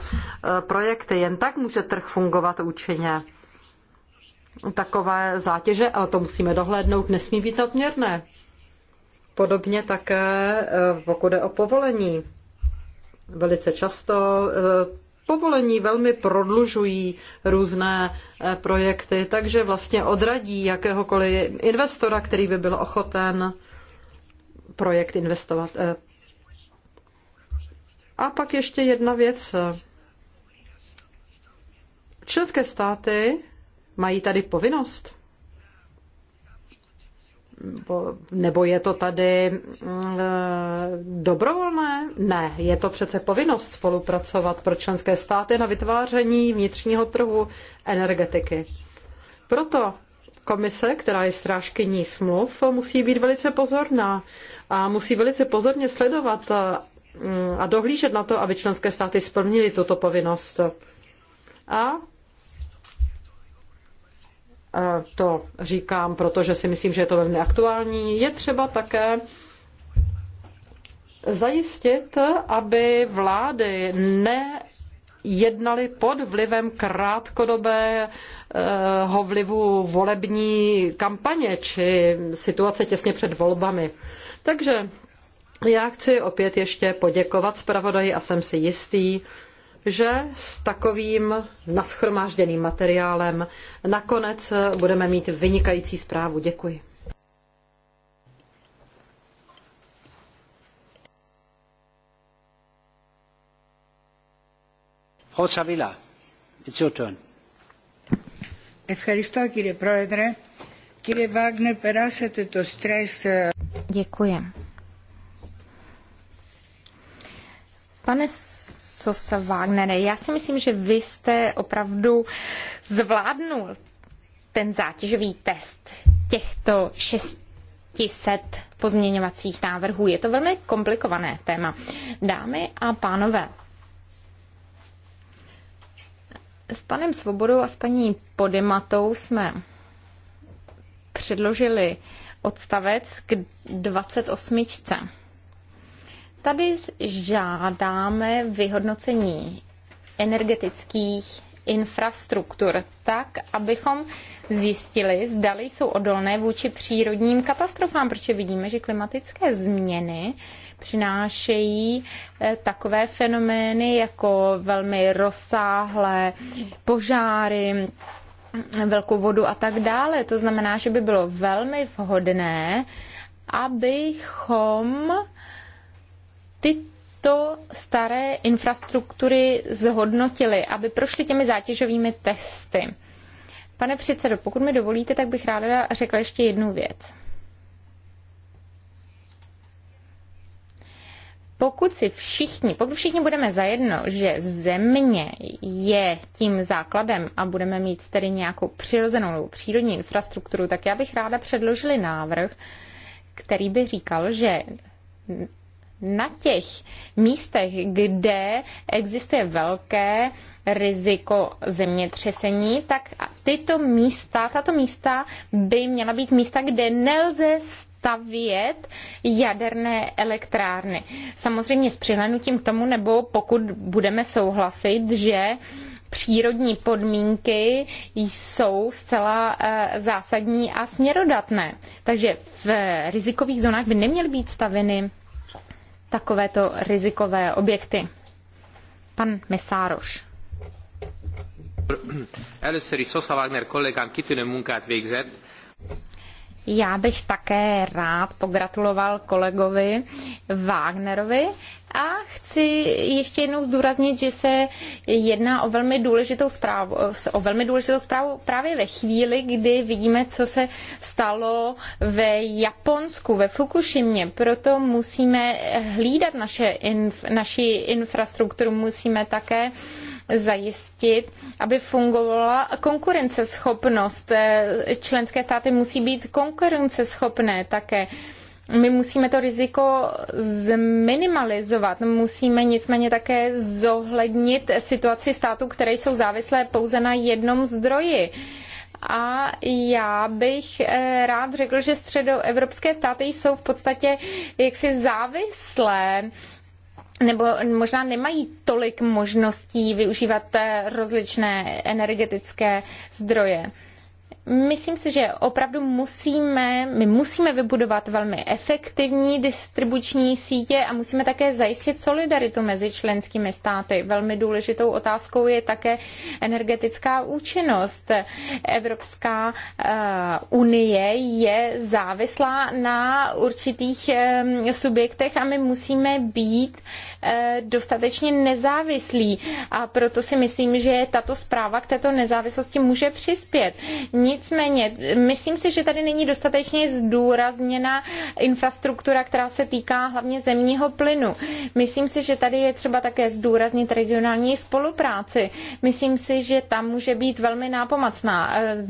projekty. Jen tak může trh fungovat účinně. Takové zátěže, ale to musíme dohlédnout, nesmí být nadměrné. Podobně také, pokud jde o povolení. Velice často povolení velmi prodlužují různé eh, projekty, takže vlastně odradí jakéhokoliv investora, který by byl ochoten projekt investovat. Eh. A pak ještě jedna věc. Členské státy mají tady povinnost nebo je to tady mm, eh, dobrovolné? Ne, je to přece povinnost spolupracovat pro členské státy na vytváření vnitřního trhu energetiky. Proto komise, která je strážkyní smluv, musí být velice pozorná a musí velice pozorně sledovat eh, a dohlížet na to, aby členské státy splnily tuto povinnost. A to říkám, protože si myslím, že je to velmi aktuální, je třeba také zajistit, aby vlády ne jednali pod vlivem krátkodobého eh, vlivu volební kampaně či situace těsně před volbami. Takže já chci opět ještě poděkovat zpravodaji a jsem si jistý, že s takovým naschromážděným materiálem nakonec budeme mít vynikající zprávu. Děkuji. Frau Savila, it's your turn. Ευχαριστώ κύριε Πρόεδρε. Κύριε Βάγνερ, περάσατε το στρες... Děkuji. Pane Josef Wagnere. Já si myslím, že vy jste opravdu zvládnul ten zátěžový test těchto 600 pozměňovacích návrhů. Je to velmi komplikované téma. Dámy a pánové, s panem Svobodou a s paní Podematou jsme předložili odstavec k 28. Tady žádáme vyhodnocení energetických infrastruktur tak, abychom zjistili, zdali jsou odolné vůči přírodním katastrofám, protože vidíme, že klimatické změny přinášejí eh, takové fenomény jako velmi rozsáhlé požáry, velkou vodu a tak dále. To znamená, že by bylo velmi vhodné, abychom tyto staré infrastruktury zhodnotili, aby prošly těmi zátěžovými testy. Pane předsedo, pokud mi dovolíte, tak bych ráda řekla ještě jednu věc. pokud si všichni, pokud všichni budeme zajedno, že země je tím základem a budeme mít tedy nějakou přirozenou nebo přírodní infrastrukturu, tak já bych ráda předložili návrh, který by říkal, že na těch místech, kde existuje velké riziko zemětřesení, tak tyto místa, tato místa by měla být místa, kde nelze stavět jaderné elektrárny. Samozřejmě s přihlednutím k tomu, nebo pokud budeme souhlasit, že přírodní podmínky jsou zcela eh, zásadní a směrodatné. Takže v rizikových zónách by neměly být staveny takovéto rizikové objekty. Pan Mesároš. Először is Sosa Wagner kollégám kitűnő munkát végzett. Já bych také rád pogratuloval kolegovi Wagnerovi a chci ještě jednou zdůraznit, že se jedná o velmi důležitou zprávu, o velmi důležitou zprávu právě ve chvíli, kdy vidíme, co se stalo ve Japonsku, ve Fukushimě. Proto musíme hlídat naše, naši infrastrukturu, musíme také uh, zajistit, aby fungovala konkurenceschopnost. Eh, členské státy musí být konkurenceschopné také. My musíme to riziko zminimalizovat, musíme nicméně také zohlednit situaci států, které jsou závislé pouze na jednom zdroji. A já bych eh, rád řekl, že středoevropské státy jsou v podstatě jaksi závislé nebo možná nemají tolik možností využívat eh, rozličné energetické zdroje. Myslím si, že opravdu musíme, my musíme vybudovat velmi efektivní distribuční sítě a musíme také zajistit solidaritu mezi členskými státy. Velmi důležitou otázkou je také energetická účinnost. Evropská eh, unie je závislá na určitých eh, subjektech a my musíme být uh, Eh, dostatečně nezávislí a proto si myslím, že tato zpráva k této nezávislosti může přispět. Nicméně, myslím si, že tady není dostatečně zdůrazněna infrastruktura, která se týká hlavně zemního plynu. Myslím si, že tady je třeba také zdůraznit regionální spolupráci. Myslím si, že tam může být velmi nápomacná. Eh,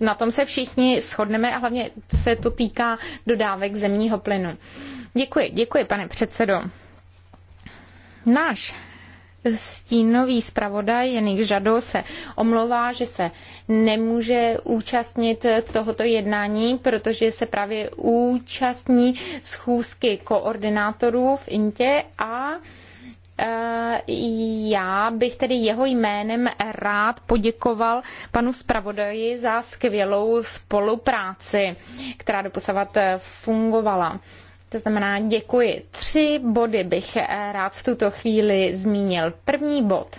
na tom se všichni shodneme a hlavně se to týká dodávek zemního plynu. Děkuji, děkuji, pane předsedo. Náš stínový zpravodaj Jenik Žado se omlouvá, že se nemůže účastnit tohoto jednání, protože se právě účastní schůzky koordinátorů v Intě a eh, já bych tedy jeho jménem rád poděkoval panu zpravodaji za skvělou spolupráci, která doposavat eh, fungovala. To znamená, děkuji. Tři body bych eh, rád v tuto chvíli zmínil. První bod.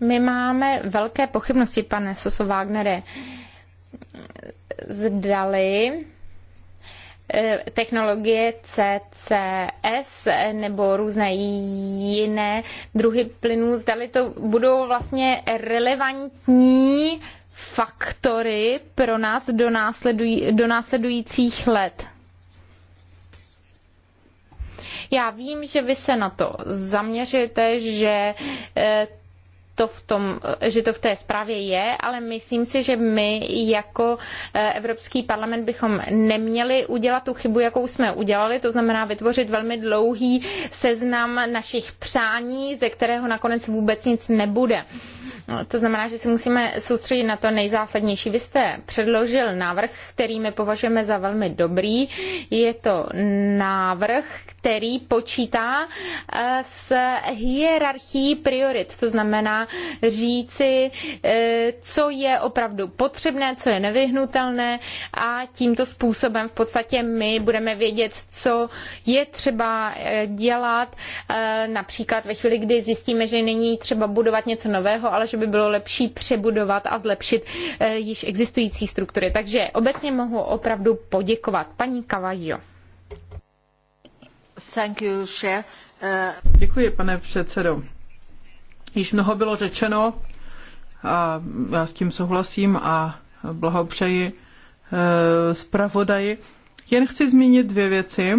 My máme velké pochybnosti, pane Soso Wagnere, zdali eh, technologie CCS nebo různé jiné druhy plynů, zdali to budou vlastně relevantní faktory pro nás do, následuj- do následujících let. Já vím, že vy se na to zaměříte, že eh, to v, tom, že to v té zprávě je, ale myslím si, že my jako e, Evropský parlament bychom neměli udělat tu chybu, jakou jsme udělali, to znamená vytvořit velmi dlouhý seznam našich přání, ze kterého nakonec vůbec nic nebude. No, to znamená, že si musíme soustředit na to nejzásadnější. Vy jste předložil návrh, který my považujeme za velmi dobrý. Je to návrh, který počítá e, s hierarchií priorit. To znamená, říci, eh, co je opravdu potřebné, co je nevyhnutelné a tímto způsobem v podstatě my budeme vědět, co je třeba eh, dělat, eh, například ve chvíli, kdy zjistíme, že není třeba budovat něco nového, ale že by bylo lepší přebudovat a zlepšit již existující struktury. Takže obecně mohu opravdu poděkovat. Paní Kavajo. Thank you, Děkuji, pane předsedo. Již mnoho bylo řečeno a já s tím souhlasím a blahopřeji eh, zpravodaji. Jen chci zmínit dvě věci,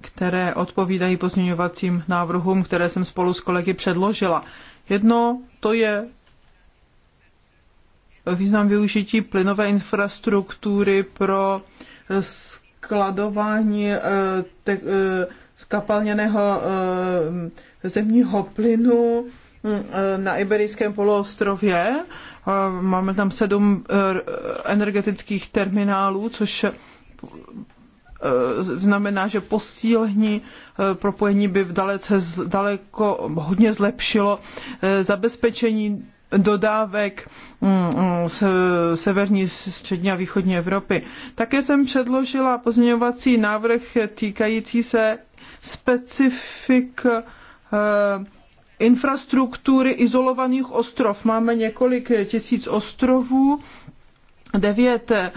které odpovídají pozměňovacím návrhům, které jsem spolu s kolegy předložila. Jedno to je význam využití plynové infrastruktury pro eh, skladování eh, te, skapalněného zemního plynu Mm, na Iberijském poloostrově. Máme tam sedm eh, energetických terminálů, což eh, znamená, že posílení eh, propojení by v dalece, daleko hodně zlepšilo zabezpečení dodávek z mm, mm, severní, střední a východní Evropy. Také jsem předložila pozměňovací návrh týkající se specifik infrastruktury izolovaných ostrov. Máme několik tisíc ostrovů, devět eh,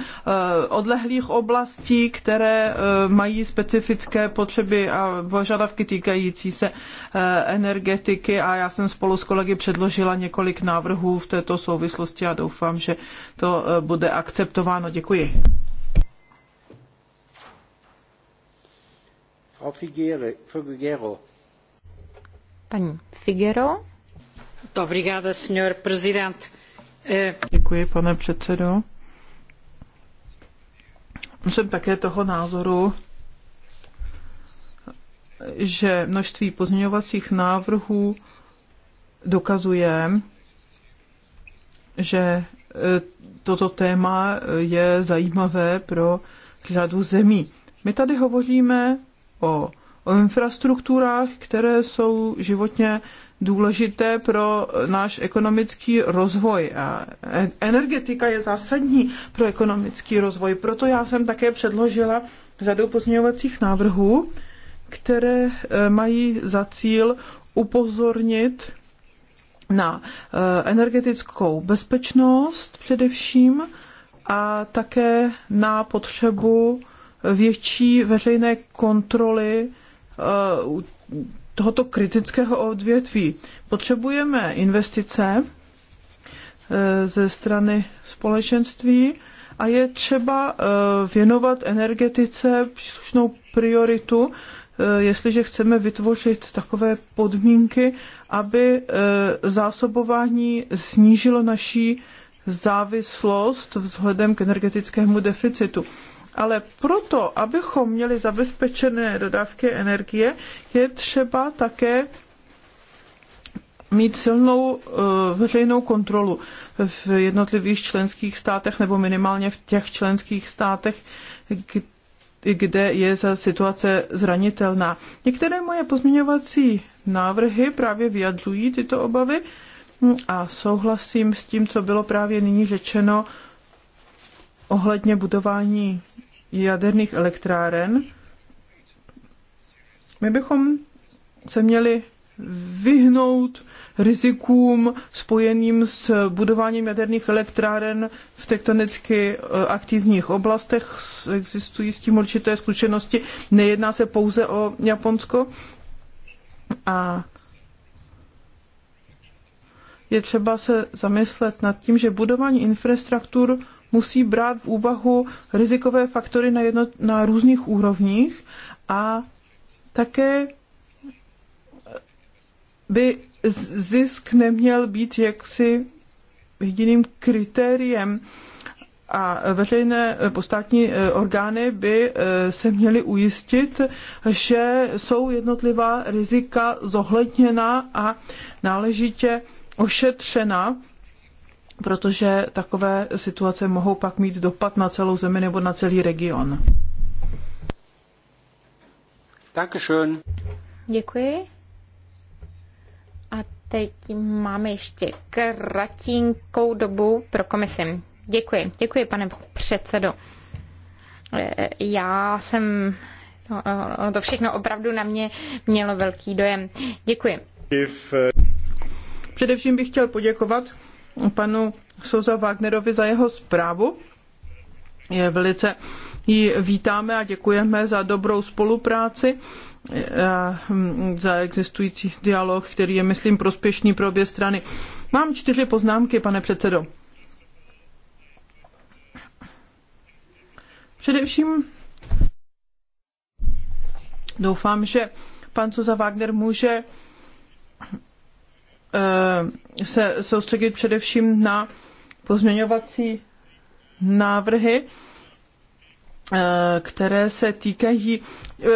odlehlých oblastí, které eh, mají specifické potřeby a požadavky týkající se eh, energetiky a já jsem spolu s kolegy předložila několik návrhů v této souvislosti a doufám, že to bude akceptováno. Děkuji. Frau Figuero. Paní Figuero. Obrigada, senhor prezident. Eh, Děkuji, pane předsedo. Jsem také toho názoru, že množství pozměňovacích návrhů dokazuje, že eh, toto téma eh, je zajímavé pro řadu zemí. My tady hovoříme o o infrastrukturách, které jsou životně důležité pro náš ekonomický rozvoj. A energetika je zásadní pro ekonomický rozvoj. Proto já jsem také předložila řadu pozměňovacích návrhů, které e, mají za cíl upozornit na e, energetickou bezpečnost především a také na potřebu větší veřejné kontroly Eh, tohoto kritického odvětví. Potřebujeme investice eh, ze strany společenství a je třeba eh, věnovat energetice příslušnou prioritu, jestliže chceme vytvořit takové podmínky, aby zásobování snížilo naší závislost vzhledem k energetickému deficitu. Ale proto, abychom měli zabezpečené dodávky energie, je třeba také mít silnou eh, veřejnou kontrolu v jednotlivých členských státech nebo minimálně v těch členských státech, kde je situace zranitelná. Některé moje pozměňovací návrhy právě vyjadřují tyto obavy a souhlasím s tím, co bylo právě nyní řečeno ohledně budování jaderných elektráren, my bychom se měli vyhnout rizikům spojeným s budováním jaderných elektráren v tektonicky eh, aktivních oblastech. Existují s tím určité zkušenosti. Nejedná se pouze o Japonsko. A je třeba se zamyslet nad tím, že budování infrastruktur musí brát v úvahu rizikové faktory na, jedno, na různých úrovních a také by zisk neměl být jaksi jediným kritériem a veřejné postátní eh, orgány by eh, se měly ujistit, že jsou jednotlivá rizika zohledněna a náležitě ošetřena protože takové situace mohou pak mít dopad na celou zemi nebo na celý region. Dankeschön. Děkuji. A teď máme ještě kratinkou dobu pro komisi. Děkuji, děkuji, pane předsedo. Já jsem, no, no, to všechno opravdu na mě mělo velký dojem. Děkuji. Především bych chtěl poděkovat panu Souza Wagnerovi za jeho zprávu. Je velice ji vítáme a děkujeme za dobrou spolupráci eh, hm, za existující dialog, který je, myslím, prospěšný pro obě strany. Mám čtyři poznámky, pane předsedo. Především doufám, že pan Suza Wagner může Eh, se soustředit především na pozměňovací návrhy, eh, které se týkají eh,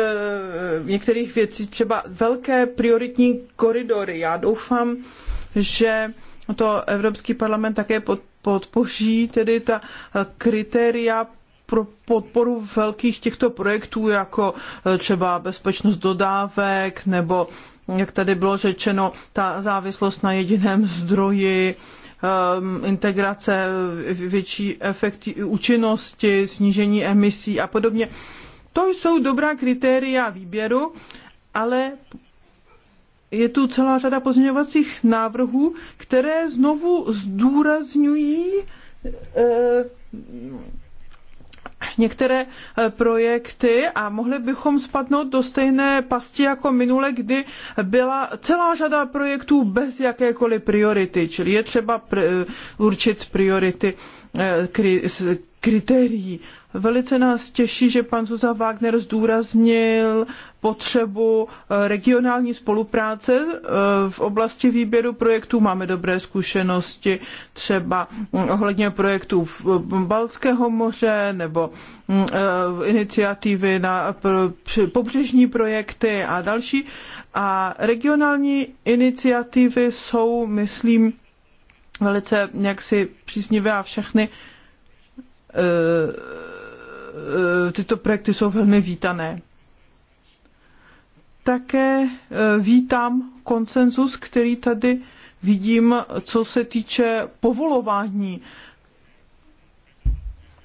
některých věcí, třeba velké prioritní koridory. Já doufám, že to Evropský parlament také podpoří tedy ta kritéria pro podporu velkých těchto projektů, jako třeba bezpečnost dodávek nebo jak tady bylo řečeno, ta závislost na jediném zdroji, ehm, integrace větší efekty, účinnosti, snížení emisí a podobně. To jsou dobrá kritéria výběru, ale je tu celá řada pozměňovacích návrhů, které znovu zdůrazňují eh, některé eh, projekty a mohli bychom spadnout do stejné pasti jako minule, kdy byla celá řada projektů bez jakékoliv priority, čili je třeba určit priority Eh, kritérií. Velice nás těší, že pan Zuza Wagner zdůraznil potřebu eh, regionální spolupráce eh, v oblasti výběru projektů. Máme dobré zkušenosti třeba hm, ohledně projektů v Balckého moře nebo hm, iniciativy na pobřežní projekty a další. A regionální iniciativy jsou, myslím, velice jaksi příznivé a všechny eh, eh, tyto projekty jsou velmi vítané. Také eh, vítám konsenzus, který tady vidím, co se týče povolování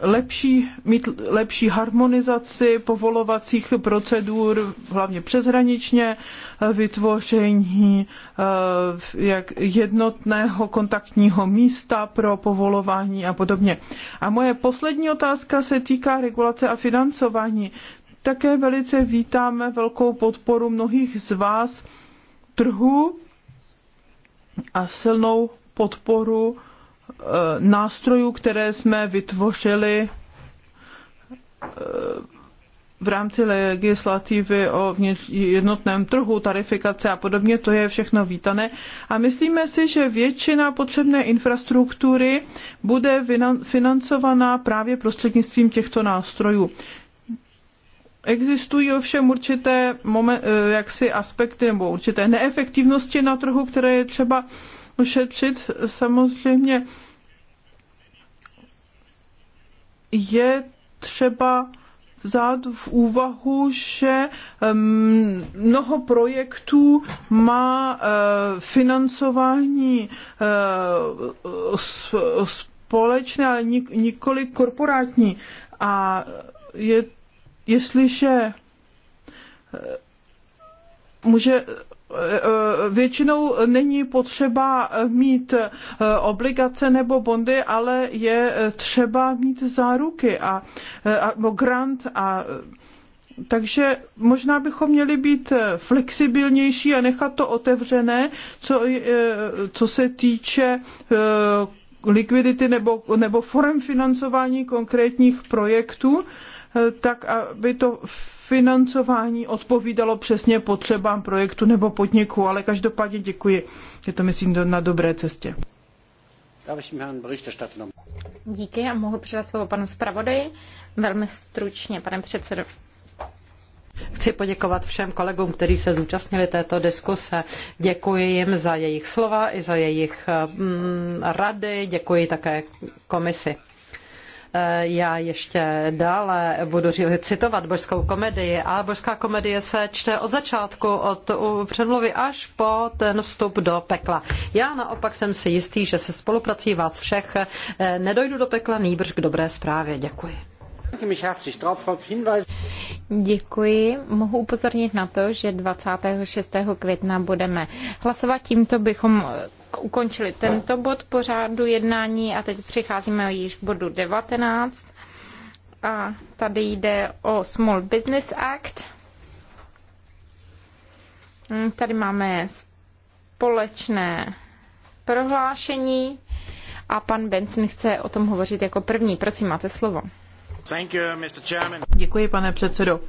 lepší, mít lepší harmonizaci povolovacích procedur, hlavně přeshraničně, eh, vytvoření eh, jak jednotného kontaktního místa pro povolování a podobně. A moje poslední otázka se týká regulace a financování. Také velice vítáme velkou podporu mnohých z vás trhu a silnou podporu Eh, nástrojů, které jsme vytvořili eh, v rámci legislativy o jednotném trhu, tarifikace a podobně, to je všechno vítané. A myslíme si, že většina potřebné infrastruktury bude financovaná právě prostřednictvím těchto nástrojů. Existují ovšem určité momen, eh, jaksi aspekty nebo určité neefektivnosti na trhu, které je třeba ušetřit. Samozřejmě je třeba vzát v úvahu, že mnoho projektů má e, financování e, společné, ale nikoli korporátní. A je, jestliže e, může většinou není potřeba mít eh, obligace nebo bondy, ale je eh, třeba mít záruky a, eh, a grant a takže možná bychom měli být flexibilnější a nechat to otevřené, co, co se týče likvidity nebo, nebo forem financování konkrétních projektů, tak aby to financování odpovídalo přesně potřebám projektu nebo podniku, ale každopádně děkuji. Je to, myslím, na dobré cestě. Díky a mohu předat slovo panu zpravodaji. Velmi stručně, pane předsedo. Chci poděkovat všem kolegům, kteří se zúčastnili této diskuse. Děkuji jim za jejich slova i za jejich mm, rady. Děkuji také komisi. Eh, já ještě dále budu citovat božskou komedii a božská komedie se čte od začátku, od předmluvy až po ten vstup do pekla. Já naopak jsem si jistý, že se spoluprací vás všech eh, nedojdu do pekla, nýbrž k dobré zprávě. Děkuji. Děkuji. Mohu upozornit na to, že 26. května budeme hlasovat. Tímto bychom ukončili tento bod pořádu jednání a teď přicházíme již k bodu 19. A tady jde o Small Business Act. Hm, tady máme společné prohlášení a pan Benson chce o tom hovořit jako první. Prosím, máte slovo. Děkuji, pane předsedo.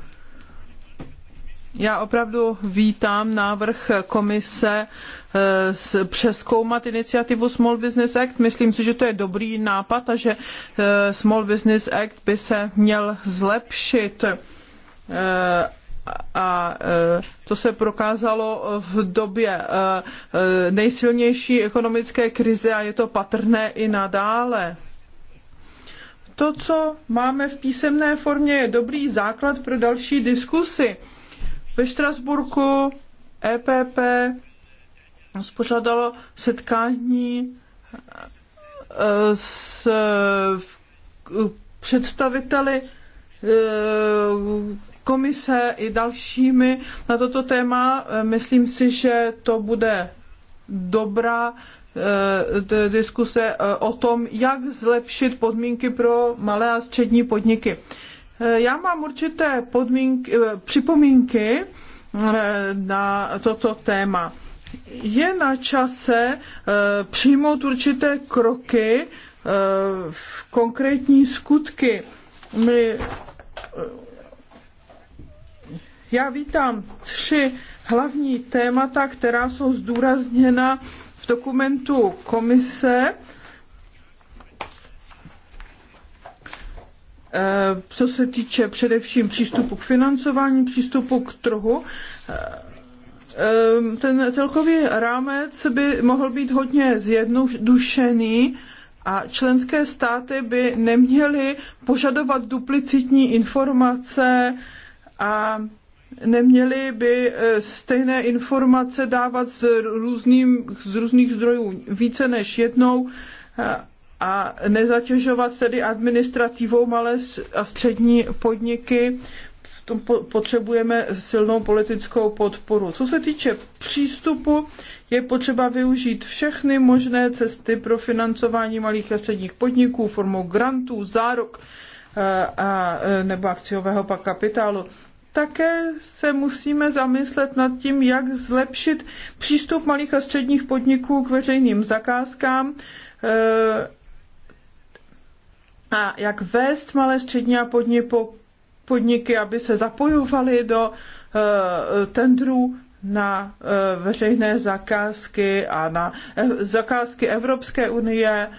Já opravdu vítám návrh komise eh, přeskoumat iniciativu Small Business Act. Myslím si, že to je dobrý nápad a že eh, Small Business Act by se měl zlepšit eh, a to se prokázalo v době nejsilnější ekonomické krize a je to patrné i nadále. To, co máme v písemné formě, je dobrý základ pro další diskusy ve Štrasburku EPP uspořádalo setkání eh, s představiteli eh, komise i dalšími na toto téma. Eh, myslím si, že to bude dobrá diskuse o tom, jak zlepšit podmínky pro malé a střední podniky. Já mám určité podmínky, eh, připomínky eh, na toto téma. Je na čase eh, přijmout určité kroky v konkrétní skutky. My, já vítám tři hlavní témata, která jsou zdůrazněna v dokumentu komise Eh, co se týče především přístupu k financování, přístupu k trhu. Eh, eh, ten celkový rámec by mohl být hodně zjednodušený a členské státy by neměly požadovat duplicitní informace a neměli by stejné informace dávat z, různým, z různých zdrojů více než jednou a nezatěžovat tedy administrativou malé a střední podniky. V tom potřebujeme silnou politickou podporu. Co se týče přístupu, je potřeba využít všechny možné cesty pro financování malých a středních podniků formou grantů, záruk eh, a, eh, nebo akciového kapitálu také se musíme zamyslet nad tím, jak zlepšit přístup malých a středních podniků k veřejným zakázkám eh, a jak vést malé střední a po, podniky, aby se zapojovaly do uh, eh, tendrů na uh, veřejné zakázky a na uh, zakázky Evropské unie.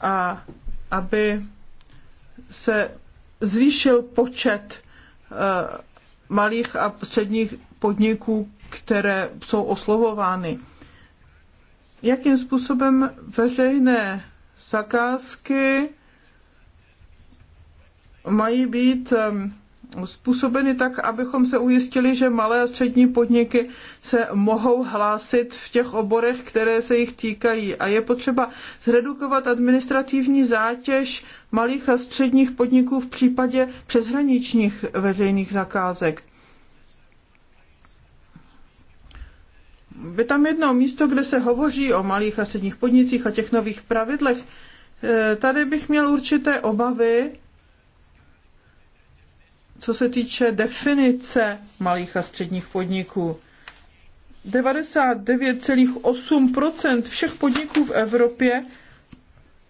A aby se zvýšil počet malých a středních podniků, které jsou oslovovány jakým způsobem veřejné zakázky mají být způsobeny tak, abychom se ujistili, že malé a střední podniky se mohou hlásit v těch oborech, které se jich týkají. A je potřeba zredukovat administrativní zátěž malých a středních podniků v případě přeshraničních veřejných zakázek. by tam jedno místo, kde se hovoří o malých a středních podnicích a těch nových pravidlech. Eh, tady bych měl určité obavy, co se týče definice malých a středních podniků. 99,8 všech podniků v Evropě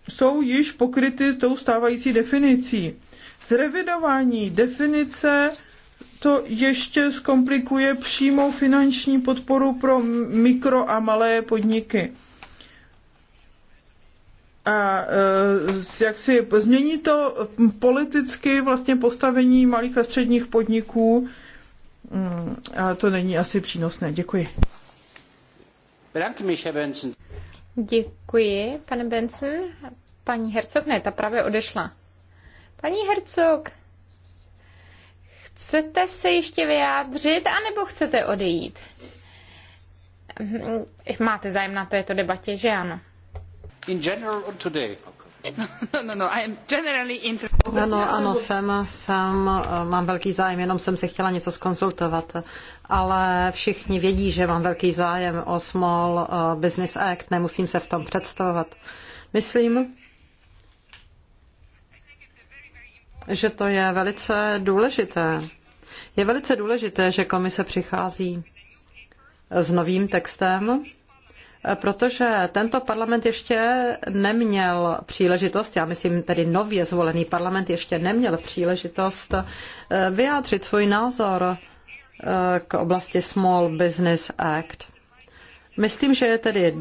jsou již pokryty tou stávající definicí. Zrevidování definice to ještě zkomplikuje přímou finanční podporu pro mikro a malé podniky. A eh, jak si změní to politicky vlastně postavení malých a středních podniků, hmm, a to není asi přínosné. Děkuji. Děkuji, pane Benson. Paní Hercog, ne, ta právě odešla. Paní Hercog, Chcete se ještě vyjádřit, anebo chcete odejít? Hm, máte zájem na této debatě, že ano? In general or today. No, no, no, I am generally interested. Ano, ano, jsem, jsem, eh, mám velký zájem, jenom jsem se chtěla něco skonsultovat. Ale všichni vědí, že mám velký zájem o Small eh, Business Act, nemusím se v tom představovat. Myslím, že to je velice důležité. Je velice důležité, že komise přichází s novým textem, protože tento parlament ještě neměl příležitost, já myslím tedy nově zvolený parlament ještě neměl příležitost eh, vyjádřit svůj názor eh, k oblasti Small Business Act. Myslím, že je tedy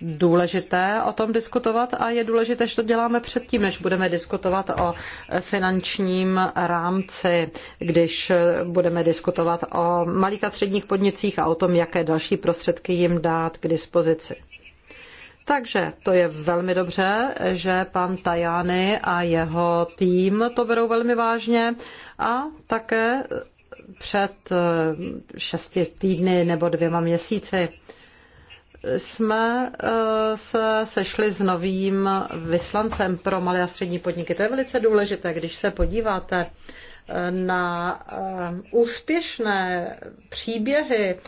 důležité o tom diskutovat a je důležité, že to děláme předtím, než budeme diskutovat o finančním rámci, když budeme diskutovat o malých a středních podnicích a o tom, jaké další prostředky jim dát k dispozici. Takže to je velmi dobře, že pan Tajany a jeho tým to berou velmi vážně a také před šesti týdny nebo dvěma měsíci jsme eh, se sešli s novým vyslancem pro malé a střední podniky. To je velice důležité, když se podíváte eh, na eh, úspěšné příběhy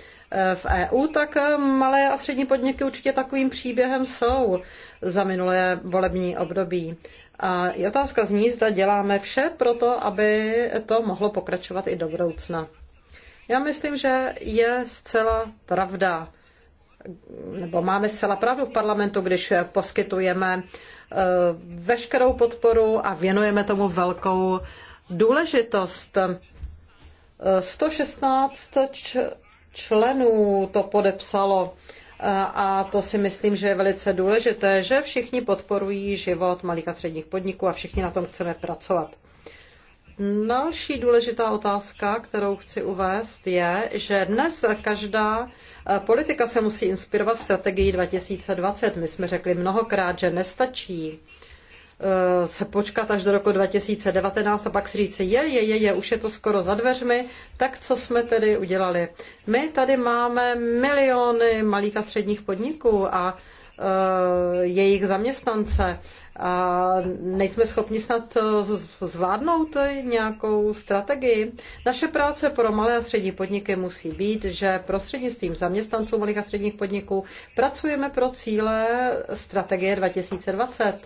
v EU, tak malé a střední podniky určitě takovým příběhem jsou za minulé volební období. A je otázka zní, zda děláme vše pro to, aby to mohlo pokračovat i do budoucna. Já myslím, že je zcela pravda, nebo máme zcela pravdu v parlamentu, když poskytujeme eh, veškerou podporu a věnujeme tomu velkou důležitost. 116 eh, členů to podepsalo eh, a to si myslím, že je velice důležité, že všichni podporují život malých a středních podniků a všichni na tom chceme pracovat. Další důležitá otázka, kterou chci uvést, je, že dnes každá eh, politika se musí inspirovat strategií 2020. My jsme řekli mnohokrát, že nestačí eh, se počkat až do roku 2019 a pak si říci, je, je, je, je, už je to skoro za dveřmi, tak co jsme tedy udělali? My tady máme miliony malých a středních podniků a eh, jejich zaměstnance a nejsme schopni snad eh, zvládnout eh, nějakou strategii. Naše práce pro malé a střední podniky musí být, že prostřednictvím zaměstnanců malých a středních podniků pracujeme pro cíle strategie 2020,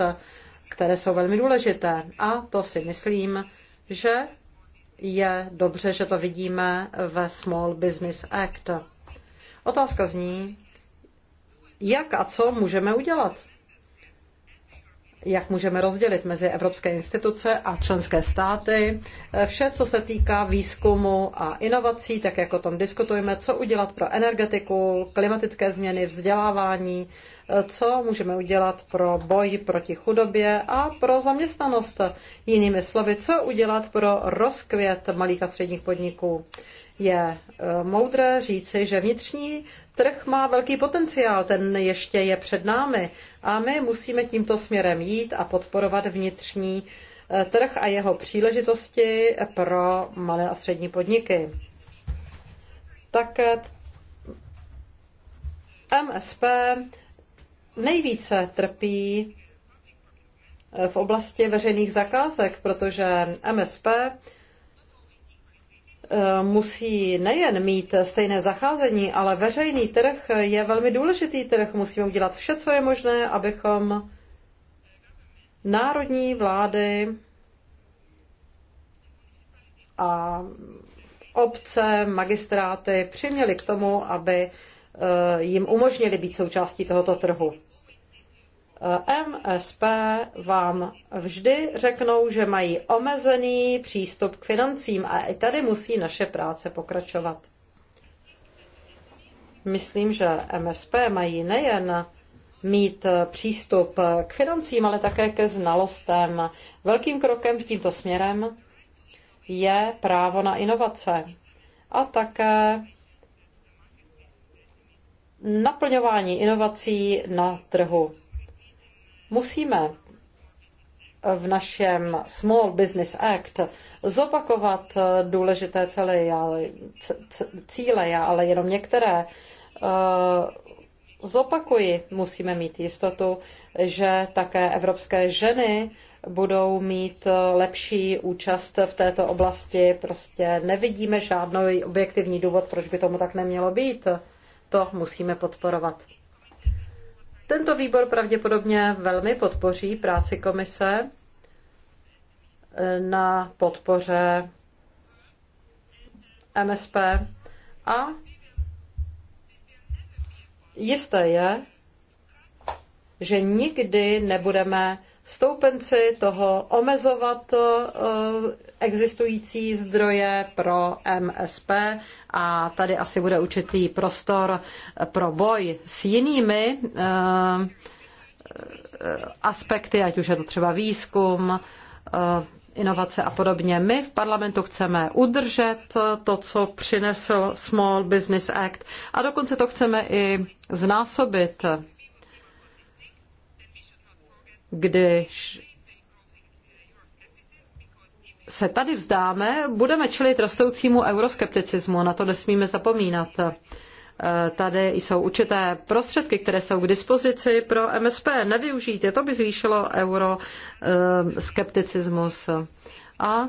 které jsou velmi důležité. A to si myslím, že je dobře, že to vidíme ve Small Business Act. Otázka zní, jak a co můžeme udělat? jak můžeme rozdělit mezi evropské instituce a členské státy. Vše, co se týká výzkumu a inovací, tak jak o tom diskutujeme, co udělat pro energetiku, klimatické změny, vzdělávání, co můžeme udělat pro boj proti chudobě a pro zaměstnanost. Jinými slovy, co udělat pro rozkvět malých a středních podniků. Je eh, moudré říci, že vnitřní Trh má velký potenciál, ten ještě je před námi a my musíme tímto směrem jít a podporovat vnitřní eh, trh a jeho příležitosti pro malé a střední podniky. Tak MSP nejvíce trpí eh, v oblasti veřejných zakázek, protože MSP Eh, musí nejen mít stejné zacházení, ale veřejný trh je velmi důležitý trh. Musíme udělat vše, co je možné, abychom národní vlády a obce, magistráty přiměli k tomu, aby eh, jim umožnili být součástí tohoto trhu. MSP vám vždy řeknou, že mají omezený přístup k financím a i tady musí naše práce pokračovat. Myslím, že MSP mají nejen mít přístup k financím, ale také ke znalostem. Velkým krokem v tímto směrem je právo na inovace a také naplňování inovací na trhu musíme v našem Small Business Act zopakovat důležité cely, cíle, já ale jenom některé eh, zopakuji. Musíme mít jistotu, že také evropské ženy budou mít lepší účast v této oblasti. Prostě nevidíme žádný objektivní důvod, proč by tomu tak nemělo být. To musíme podporovat. Tento výbor pravděpodobně velmi podpoří práci komise eh, na podpoře MSP a jisté je, že nikdy nebudeme stoupenci toho omezovat eh, existující zdroje pro MSP a tady asi bude určitý prostor pro boj s jinými eh, aspekty, ať už je to třeba výzkum, eh, inovace a podobně. My v parlamentu chceme udržet to, co přinesl Small Business Act a dokonce to chceme i znásobit, když se tady vzdáme, budeme čelit rostoucímu euroskepticismu, na to nesmíme zapomínat. E, tady jsou určité prostředky, které jsou k dispozici pro MSP. Nevyužít je, to by zvýšilo euroskepticismus. A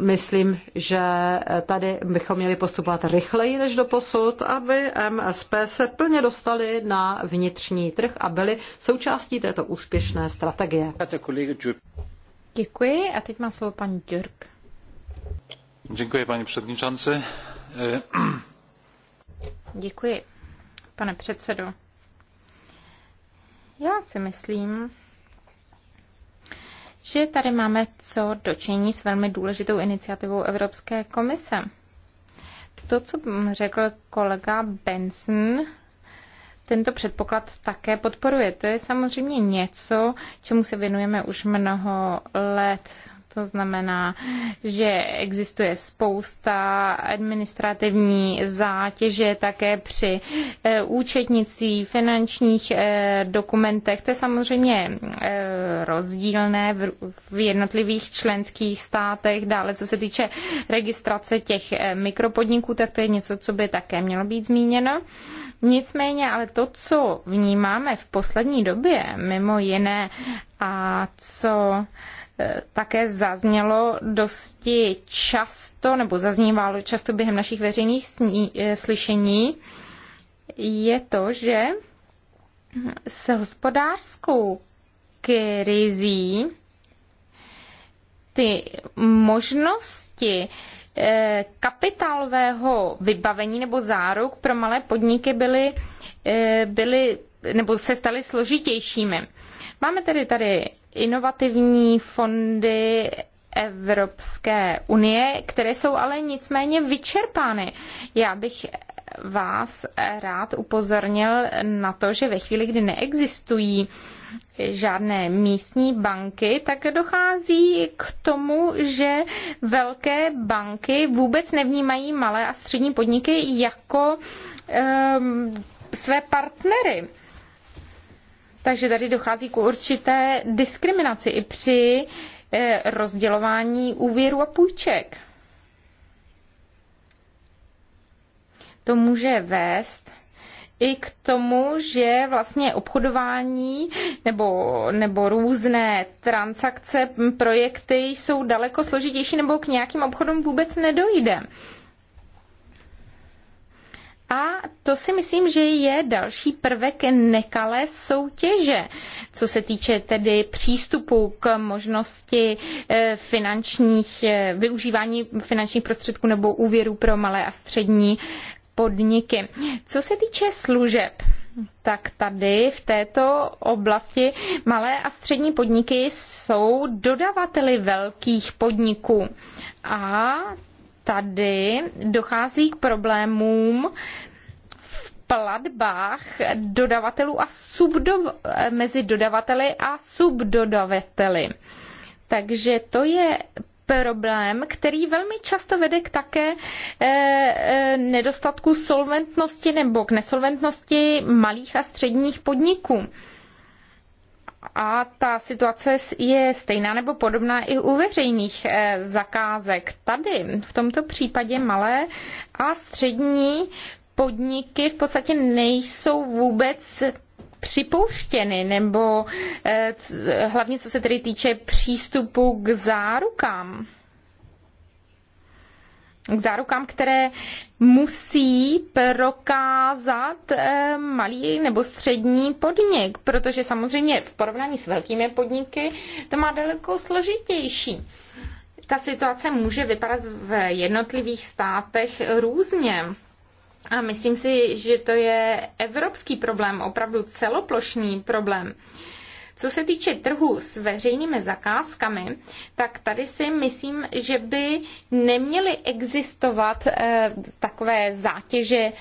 myslím, že tady bychom měli postupovat rychleji než do posud, aby MSP se plně dostali na vnitřní trh a byli součástí této úspěšné strategie. Děkuji a teď má slovo paní Dürk. Děkuji, paní předničanci. Eh, Děkuji, pane předsedo. Já si myslím, že tady máme co dočení s velmi důležitou iniciativou Evropské komise. To, co řekl kolega Benson, tento předpoklad také podporuje. To je samozřejmě něco, čemu se věnujeme už mnoho let. To znamená, že existuje spousta administrativní zátěže také při eh, účetnictví, finančních eh, dokumentech. To je samozřejmě eh, rozdílné v jednotlivých členských státech. Dále, co se týče registrace těch mikropodniků, tak to je něco, co by také mělo být zmíněno. Nicméně, ale to, co vnímáme v poslední době, mimo jiné, a co e, také zaznělo dosti často, nebo zaznívalo často během našich veřejných e, slyšení, je to, že s hospodářskou krizí ty možnosti, Eh, kapitálového vybavení nebo záruk pro malé podniky byly, eh, byly nebo se staly složitějšími. Máme tedy tady inovativní fondy Evropské unie, které jsou ale nicméně vyčerpány. Já bych vás rád upozornil na to, že ve chvíli, kdy neexistují žádné místní banky, tak dochází k tomu, že velké banky vůbec nevnímají malé a střední podniky jako um, své partnery. Takže tady dochází k určité diskriminaci i při eh, rozdělování úvěru a půjček. to může vést i k tomu, že vlastně obchodování nebo, nebo různé transakce, projekty jsou daleko složitější nebo k nějakým obchodům vůbec nedojde. A to si myslím, že je další prvek nekalé soutěže, co se týče tedy přístupu k možnosti e, finančních, e, využívání finančních prostředků nebo úvěrů pro malé a střední podniky. Co se týče služeb, tak tady v této oblasti malé a střední podniky jsou dodavateli velkých podniků. A tady dochází k problémům v platbách dodavatelů a subdo- mezi dodavateli a subdodavateli. Takže to je problém, který velmi často vede k také eh, eh, nedostatku solventnosti nebo k nesolventnosti malých a středních podniků. A ta situace je stejná nebo podobná i u veřejných eh, zakázek. Tady v tomto případě malé a střední podniky v podstatě nejsou vůbec připouštěny, nebo eh, hlavně co se tedy týče přístupu k zárukám. K zárukám, které musí prokázat eh, malý nebo střední podnik, protože samozřejmě v porovnání s velkými podniky to má daleko složitější. Ta situace může vypadat v jednotlivých státech různě. A myslím si, že to je evropský problém, opravdu celoplošný problém. Co se týče trhu s veřejnými zakázkami, tak tady si myslím, že by neměly existovat eh, takové zátěže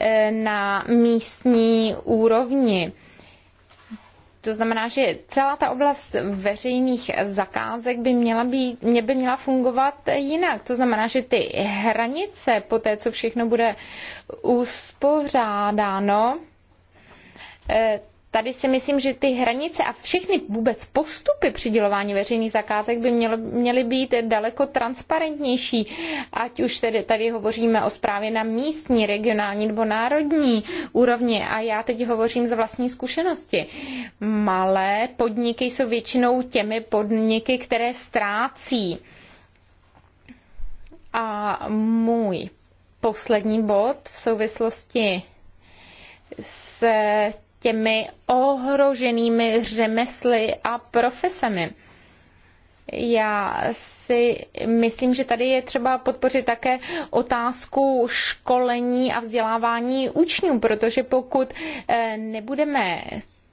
eh, na místní úrovni. Eh, to znamená, že celá ta oblast veřejných zakázek by měla, být, mě by měla fungovat jinak. To znamená, že ty hranice po té, co všechno bude uspořádáno, eh, tady si myslím, že ty hranice a všechny vůbec postupy přidělování veřejných zakázek by mělo, měly být daleko transparentnější, ať už tedy tady hovoříme o správě na místní, regionální nebo národní úrovni a já teď hovořím z vlastní zkušenosti. Malé podniky jsou většinou těmi podniky, které ztrácí. A můj poslední bod v souvislosti s těmi ohroženými řemesly a profesemi. Já si myslím, že tady je třeba podpořit také otázku školení a vzdělávání učňů, protože pokud eh, nebudeme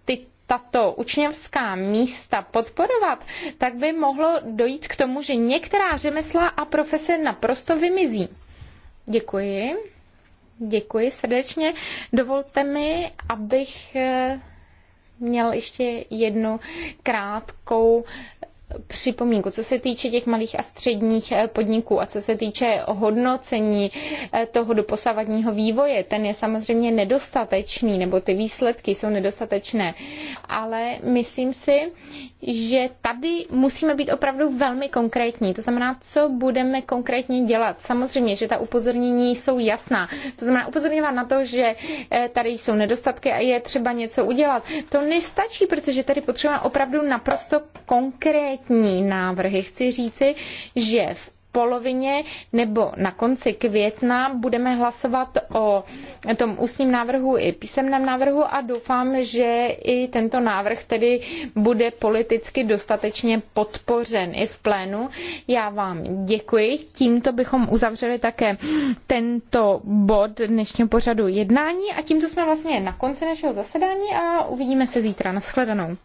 ty tato učňovská místa podporovat, tak by mohlo dojít k tomu, že některá řemesla a profese naprosto vymizí. Děkuji. Děkuji srdečně. Dovolte mi, abych měl ještě jednu krátkou připomínku. Co se týče těch malých a středních eh, podniků a co se týče hodnocení eh, toho doposavadního vývoje, ten je samozřejmě nedostatečný, nebo ty výsledky jsou nedostatečné. Ale myslím si, že tady musíme být opravdu velmi konkrétní. To znamená, co budeme konkrétně dělat. Samozřejmě, že ta upozornění jsou jasná. To znamená upozorňovat na to, že eh, tady jsou nedostatky a je třeba něco udělat. To nestačí, protože tady potřebujeme opravdu naprosto konkrétní konkrétní návrhy. Chci říci, že v polovině nebo na konci května budeme hlasovat o tom ústním návrhu i písemném návrhu a doufám, že i tento návrh tedy bude politicky dostatečně podpořen i v plénu. Já vám děkuji. Tímto bychom uzavřeli také tento bod dnešního pořadu jednání a tímto jsme vlastně na konci našeho zasedání a uvidíme se zítra. Naschledanou.